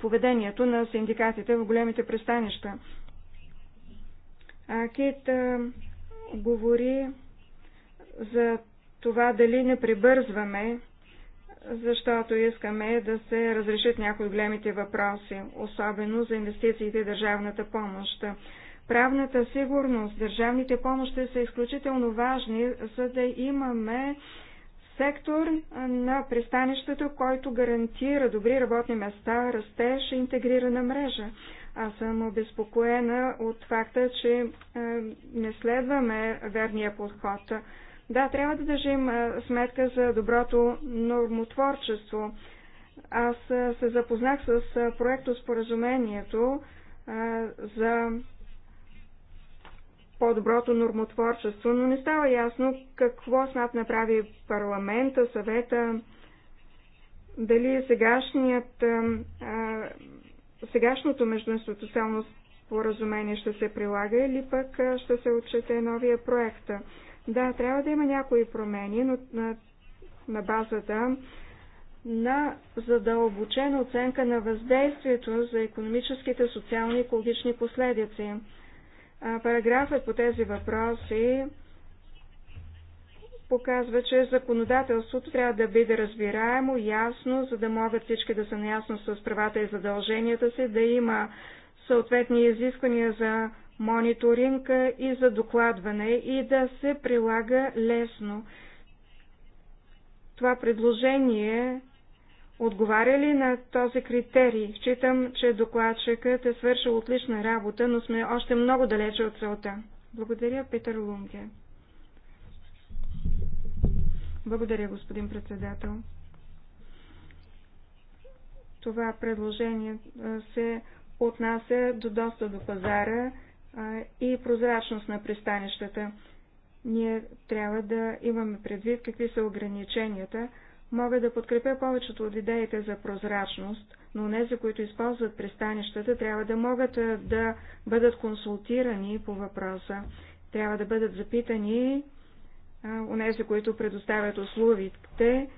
поведението на синдикатите в големите пристанища. Кит говори за това дали не прибързваме защото искаме да се разрешат някои големите въпроси, особено за инвестициите и държавната помощ. Правната сигурност, държавните помощи са изключително важни, за да имаме сектор на пристанището, който гарантира добри работни места, растеж и интегрирана мрежа. Аз съм обезпокоена от факта, че е, не следваме верния подход. Да, трябва да държим сметка за доброто нормотворчество. Аз се запознах с проекто споразумението за по-доброто нормотворчество, но не става ясно какво снат направи парламента, съвета, дали сегашният, сегашното междуинституционно споразумение ще се прилага или пък ще се отчете новия проект. Да, трябва да има някои промени, но на, на базата на задълбочена оценка на въздействието за економическите, социални и екологични последици. Параграфът по тези въпроси показва, че законодателството трябва да бъде разбираемо, ясно, за да могат всички да са наясно с правата и задълженията си, да има съответни изисквания за мониторинг и за докладване и да се прилага лесно. Това предложение отговаря ли на този критерий? Считам, че докладчикът е свършил отлична работа, но сме още много далече от целта. Благодаря, Петър Лунге. Благодаря, господин председател. Това предложение се отнася до доста до пазара и прозрачност на пристанищата. Ние трябва да имаме предвид какви са ограниченията. Мога да подкрепя повечето от идеите за прозрачност, но не за които използват пристанищата, трябва да могат да бъдат консултирани по въпроса. Трябва да бъдат запитани онези, които предоставят услугите,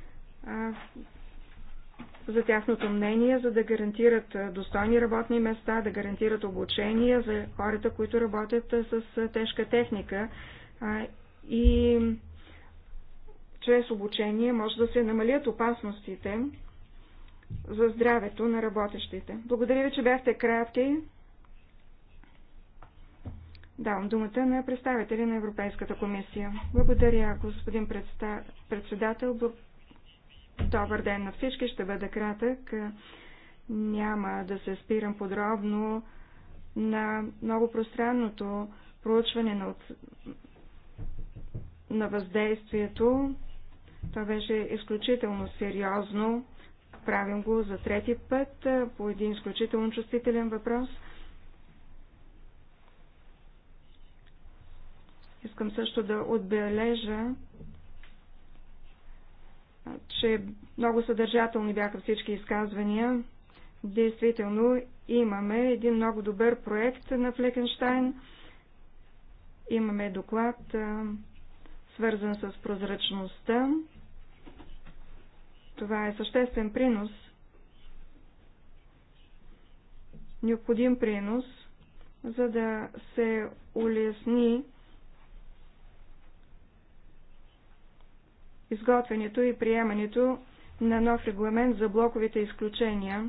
за тяхното мнение, за да гарантират достойни работни места, да гарантират обучение за хората, които работят с тежка техника и чрез обучение може да се намалят опасностите за здравето на работещите. Благодаря ви, че бяхте кратки. Давам думата на представители на Европейската комисия. Благодаря, господин председател. Добър ден на всички, ще бъда кратък. Няма да се спирам подробно на много пространното проучване на, от... на въздействието. Това беше изключително сериозно. Правим го за трети път по един изключително чувствителен въпрос. Искам също да отбележа, че много съдържателни бяха всички изказвания. Действително имаме един много добър проект на Флекенштайн. Имаме доклад, свързан с прозрачността. Това е съществен принос, необходим принос, за да се улесни изготвянето и приемането на нов регламент за блоковите изключения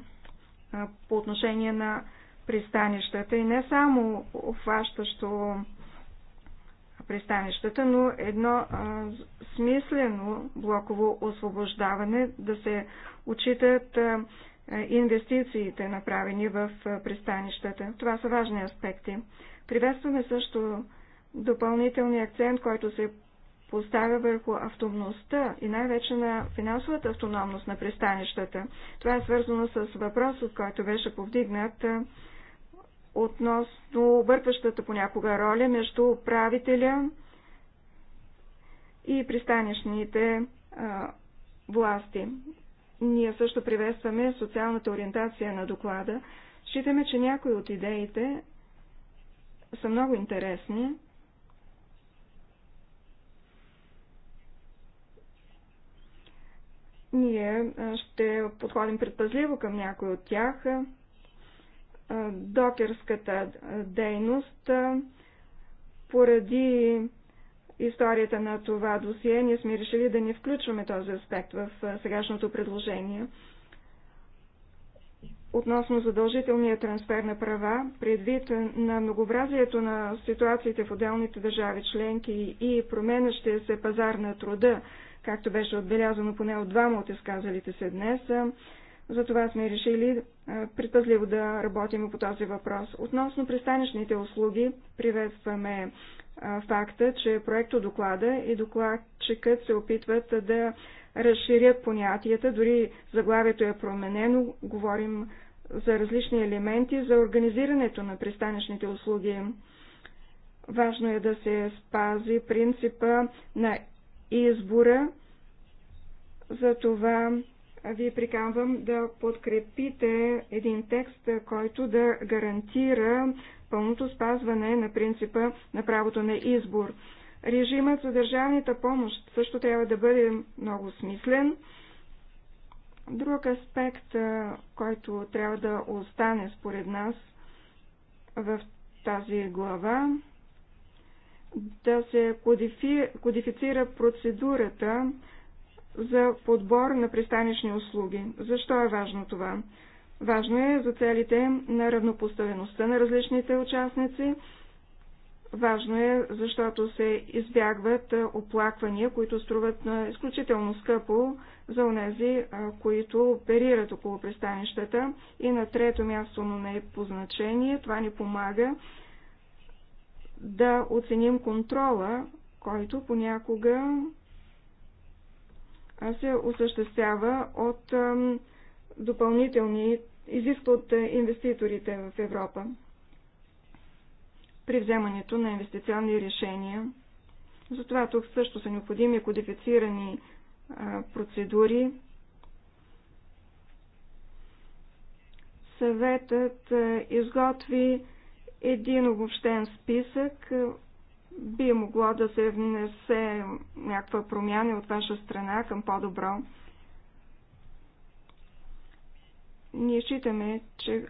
по отношение на пристанищата и не само обхващащо пристанищата, но едно а, смислено блоково освобождаване да се отчитат а, инвестициите, направени в а, пристанищата. Това са важни аспекти. Приветстваме също допълнителния акцент, който се поставя върху автономността и най-вече на финансовата автономност на пристанищата. Това е свързано с въпросът, който беше повдигнат относно объркващата понякога роля между управителя и пристанищните а, власти. Ние също приветстваме социалната ориентация на доклада. Считаме, че някои от идеите са много интересни. Ние ще подходим предпазливо към някой от тях. Докерската дейност поради историята на това досие, ние сме решили да не включваме този аспект в сегашното предложение. Относно задължителния трансфер на права, предвид на многообразието на ситуациите в отделните държави членки и променящия се пазар на труда, както беше отбелязано поне от двама от изказалите се днес. Затова сме решили предпазливо да работим по този въпрос. Относно пристанищните услуги, приветстваме факта, че проекто доклада и докладчикът се опитват да разширят понятията, дори заглавието е променено, говорим за различни елементи, за организирането на пристанищните услуги. Важно е да се спази принципа на избора. Затова ви приканвам да подкрепите един текст, който да гарантира пълното спазване на принципа на правото на избор. Режимът за държавната помощ също трябва да бъде много смислен. Друг аспект, който трябва да остане според нас в тази глава, да се кодифи, кодифицира процедурата за подбор на пристанищни услуги. Защо е важно това? Важно е за целите на равнопоставеността на различните участници. Важно е, защото се избягват оплаквания, които струват изключително скъпо за онези, които оперират около пристанищата. И на трето място, но не е по значение, това ни помага да оценим контрола, който понякога се осъществява от допълнителни, изисква от инвеститорите в Европа при вземането на инвестиционни решения. Затова тук също са необходими кодифицирани процедури. Съветът изготви един обобщен списък би могло да се внесе някаква промяна от ваша страна към по-добро. Ние считаме, че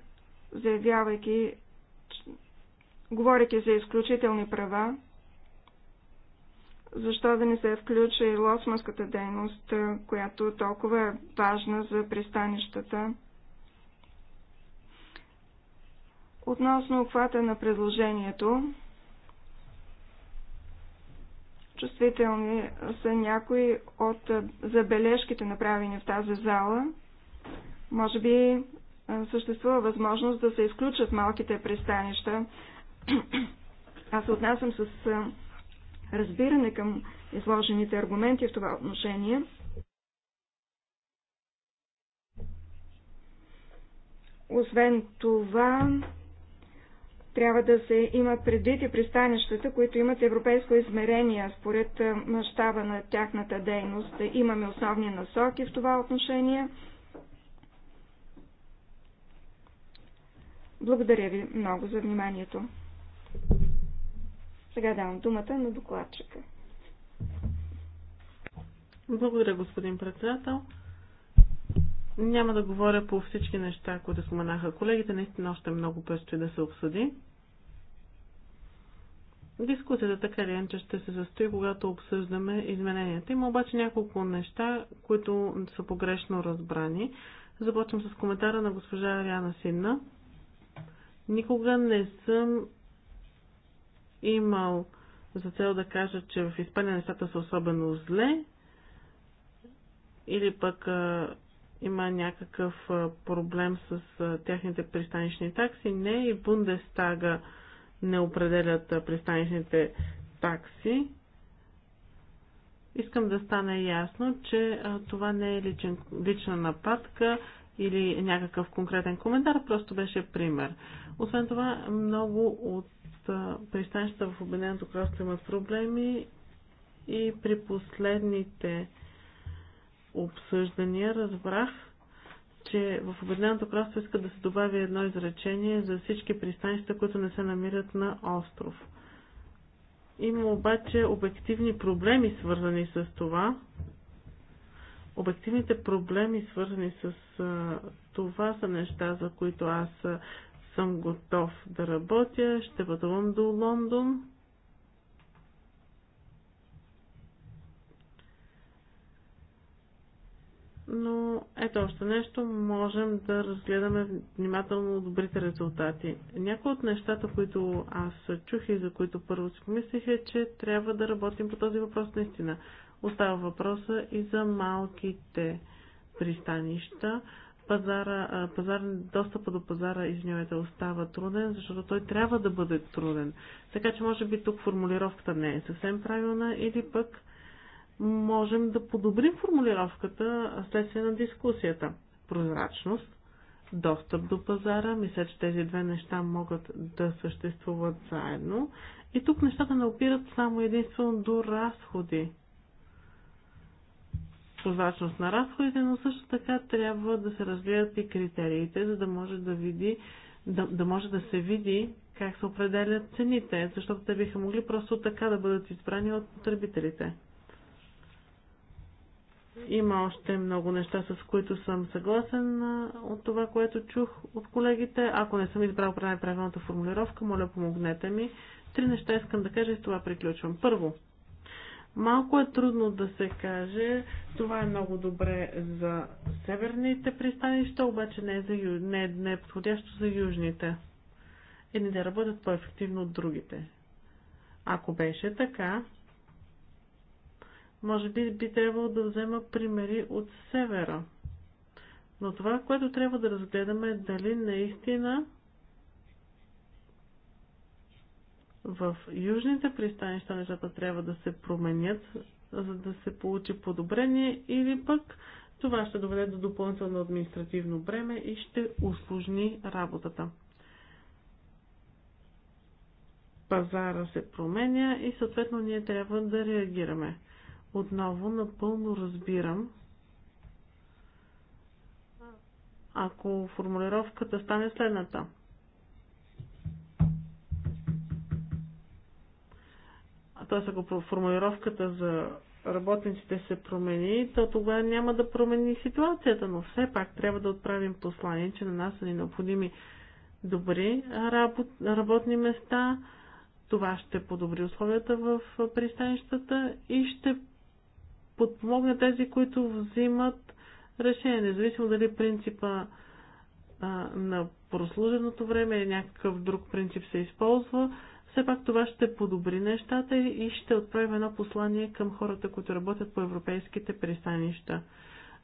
заявявайки, говоряки за изключителни права, защо да не се включи лосманската дейност, която е толкова е важна за пристанищата. Относно обхвата на предложението, чувствителни са някои от забележките, направени в тази зала. Може би съществува възможност да се изключат малките пристанища. *clears throat* Аз се отнасям с разбиране към изложените аргументи в това отношение. Освен това, трябва да се имат предвид и пристанищата, които имат европейско измерение според мащаба на тяхната дейност. Имаме основни насоки в това отношение. Благодаря ви много за вниманието. Сега давам думата на докладчика. Благодаря, господин председател. Няма да говоря по всички неща, които споменаха колегите. Наистина още много предстои да се обсъди. Дискусията е така или иначе ще се състои, когато обсъждаме измененията. Има обаче няколко неща, които са погрешно разбрани. Започвам с коментара на госпожа Ариана Синна. Никога не съм имал за цел да кажа, че в Испания нещата са особено зле или пък а, има някакъв а, проблем с а, тяхните пристанищни такси. Не и Бундестага не определят пристанищните такси. Искам да стане ясно, че това не е личен, лична нападка или някакъв конкретен коментар, просто беше пример. Освен това, много от пристанищата в Обединеното кралство имат проблеми и при последните обсъждания разбрах, че в Обединеното кралство иска да се добави едно изречение за всички пристанища, които не се намират на остров. Има обаче обективни проблеми, свързани с това. Обективните проблеми, свързани с това, са неща, за които аз съм готов да работя. Ще пътувам до Лондон Но ето още нещо, можем да разгледаме внимателно добрите резултати. Някои от нещата, които аз чух и за които първо си помислих е, че трябва да работим по този въпрос наистина. Остава въпроса и за малките пристанища. Пазара, пазар, достъпа до пазара, извинявайте, остава труден, защото той трябва да бъде труден. Така че може би тук формулировката не е съвсем правилна или пък можем да подобрим формулировката следствие на дискусията. Прозрачност, достъп до пазара, мисля, че тези две неща могат да съществуват заедно. И тук нещата не опират само единствено до разходи. Прозрачност на разходите, но също така трябва да се разгледат и критериите, за да може да види, да, да може да се види как се определят цените, защото те биха могли просто така да бъдат избрани от потребителите. Има още много неща, с които съм съгласен от това, което чух от колегите. Ако не съм избрал правилната формулировка, моля помогнете ми. Три неща искам да кажа и с това приключвам. Първо, Малко е трудно да се каже, това е много добре за северните пристанища, обаче не е, за, ю... не е, не е подходящо за южните. не да работят по-ефективно от другите. Ако беше така, може би би трябвало да взема примери от севера. Но това, което трябва да разгледаме е дали наистина в южните пристанища нещата трябва да се променят, за да се получи подобрение или пък това ще доведе до допълнително административно бреме и ще усложни работата. Пазара се променя и съответно ние трябва да реагираме. Отново напълно разбирам, ако формулировката стане следната. Т.е. ако формулировката за работниците се промени, то тогава няма да промени ситуацията, но все пак трябва да отправим послание, че на нас са ни необходими добри работ, работни места, това ще подобри условията в пристанищата и ще подпомогне тези, които взимат решение, независимо дали принципа а, на прослуженото време или някакъв друг принцип се използва, все пак това ще подобри нещата и ще отправим едно послание към хората, които работят по европейските пристанища.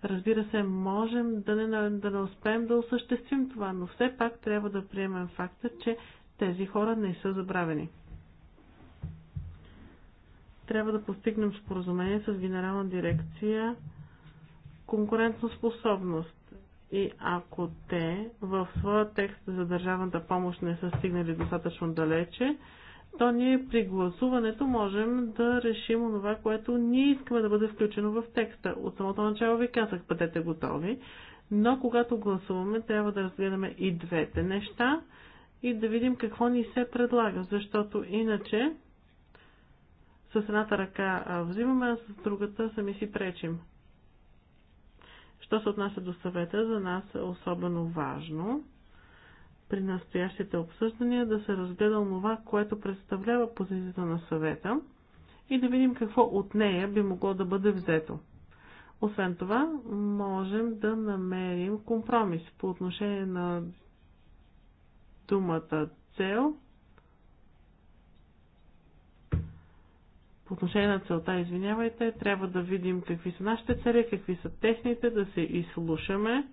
Разбира се, можем да не, да не успеем да осъществим това, но все пак трябва да приемем факта, че тези хора не са забравени трябва да постигнем споразумение с Генерална дирекция конкурентоспособност. И ако те в своя текст за държавната помощ не са стигнали достатъчно далече, то ние при гласуването можем да решим онова, което ние искаме да бъде включено в текста. От самото начало ви казах, бъдете готови, но когато гласуваме, трябва да разгледаме и двете неща и да видим какво ни се предлага, защото иначе с едната ръка взимаме, а с другата сами си пречим. Що се отнася до съвета, за нас е особено важно при настоящите обсъждания да се разгледа това, което представлява позицията на съвета и да видим какво от нея би могло да бъде взето. Освен това, можем да намерим компромис по отношение на думата цел отношение на целта, извинявайте, трябва да видим какви са нашите цели, какви са техните, да се изслушаме.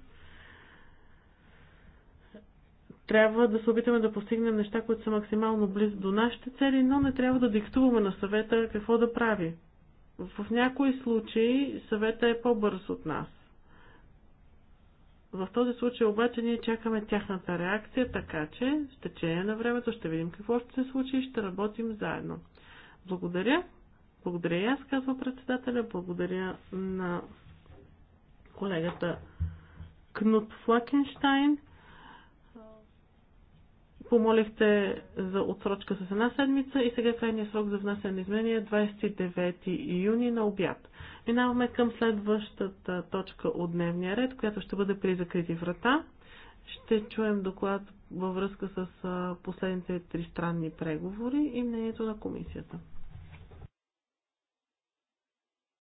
Трябва да се опитаме да постигнем неща, които са максимално близо до нашите цели, но не трябва да диктуваме на съвета какво да прави. В някои случаи съвета е по-бърз от нас. В този случай обаче ние чакаме тяхната реакция, така че с течение на времето ще видим какво ще се случи и ще работим заедно. Благодаря. Благодаря и аз, казва председателя. Благодаря на колегата Кнут Флакенштайн. Помолихте за отсрочка с една седмица и сега крайният срок за внасяне на изменения 29 е юни на обяд. Минаваме към следващата точка от дневния ред, която ще бъде при закрити врата. Ще чуем доклад във връзка с последните тристранни преговори и мнението на комисията.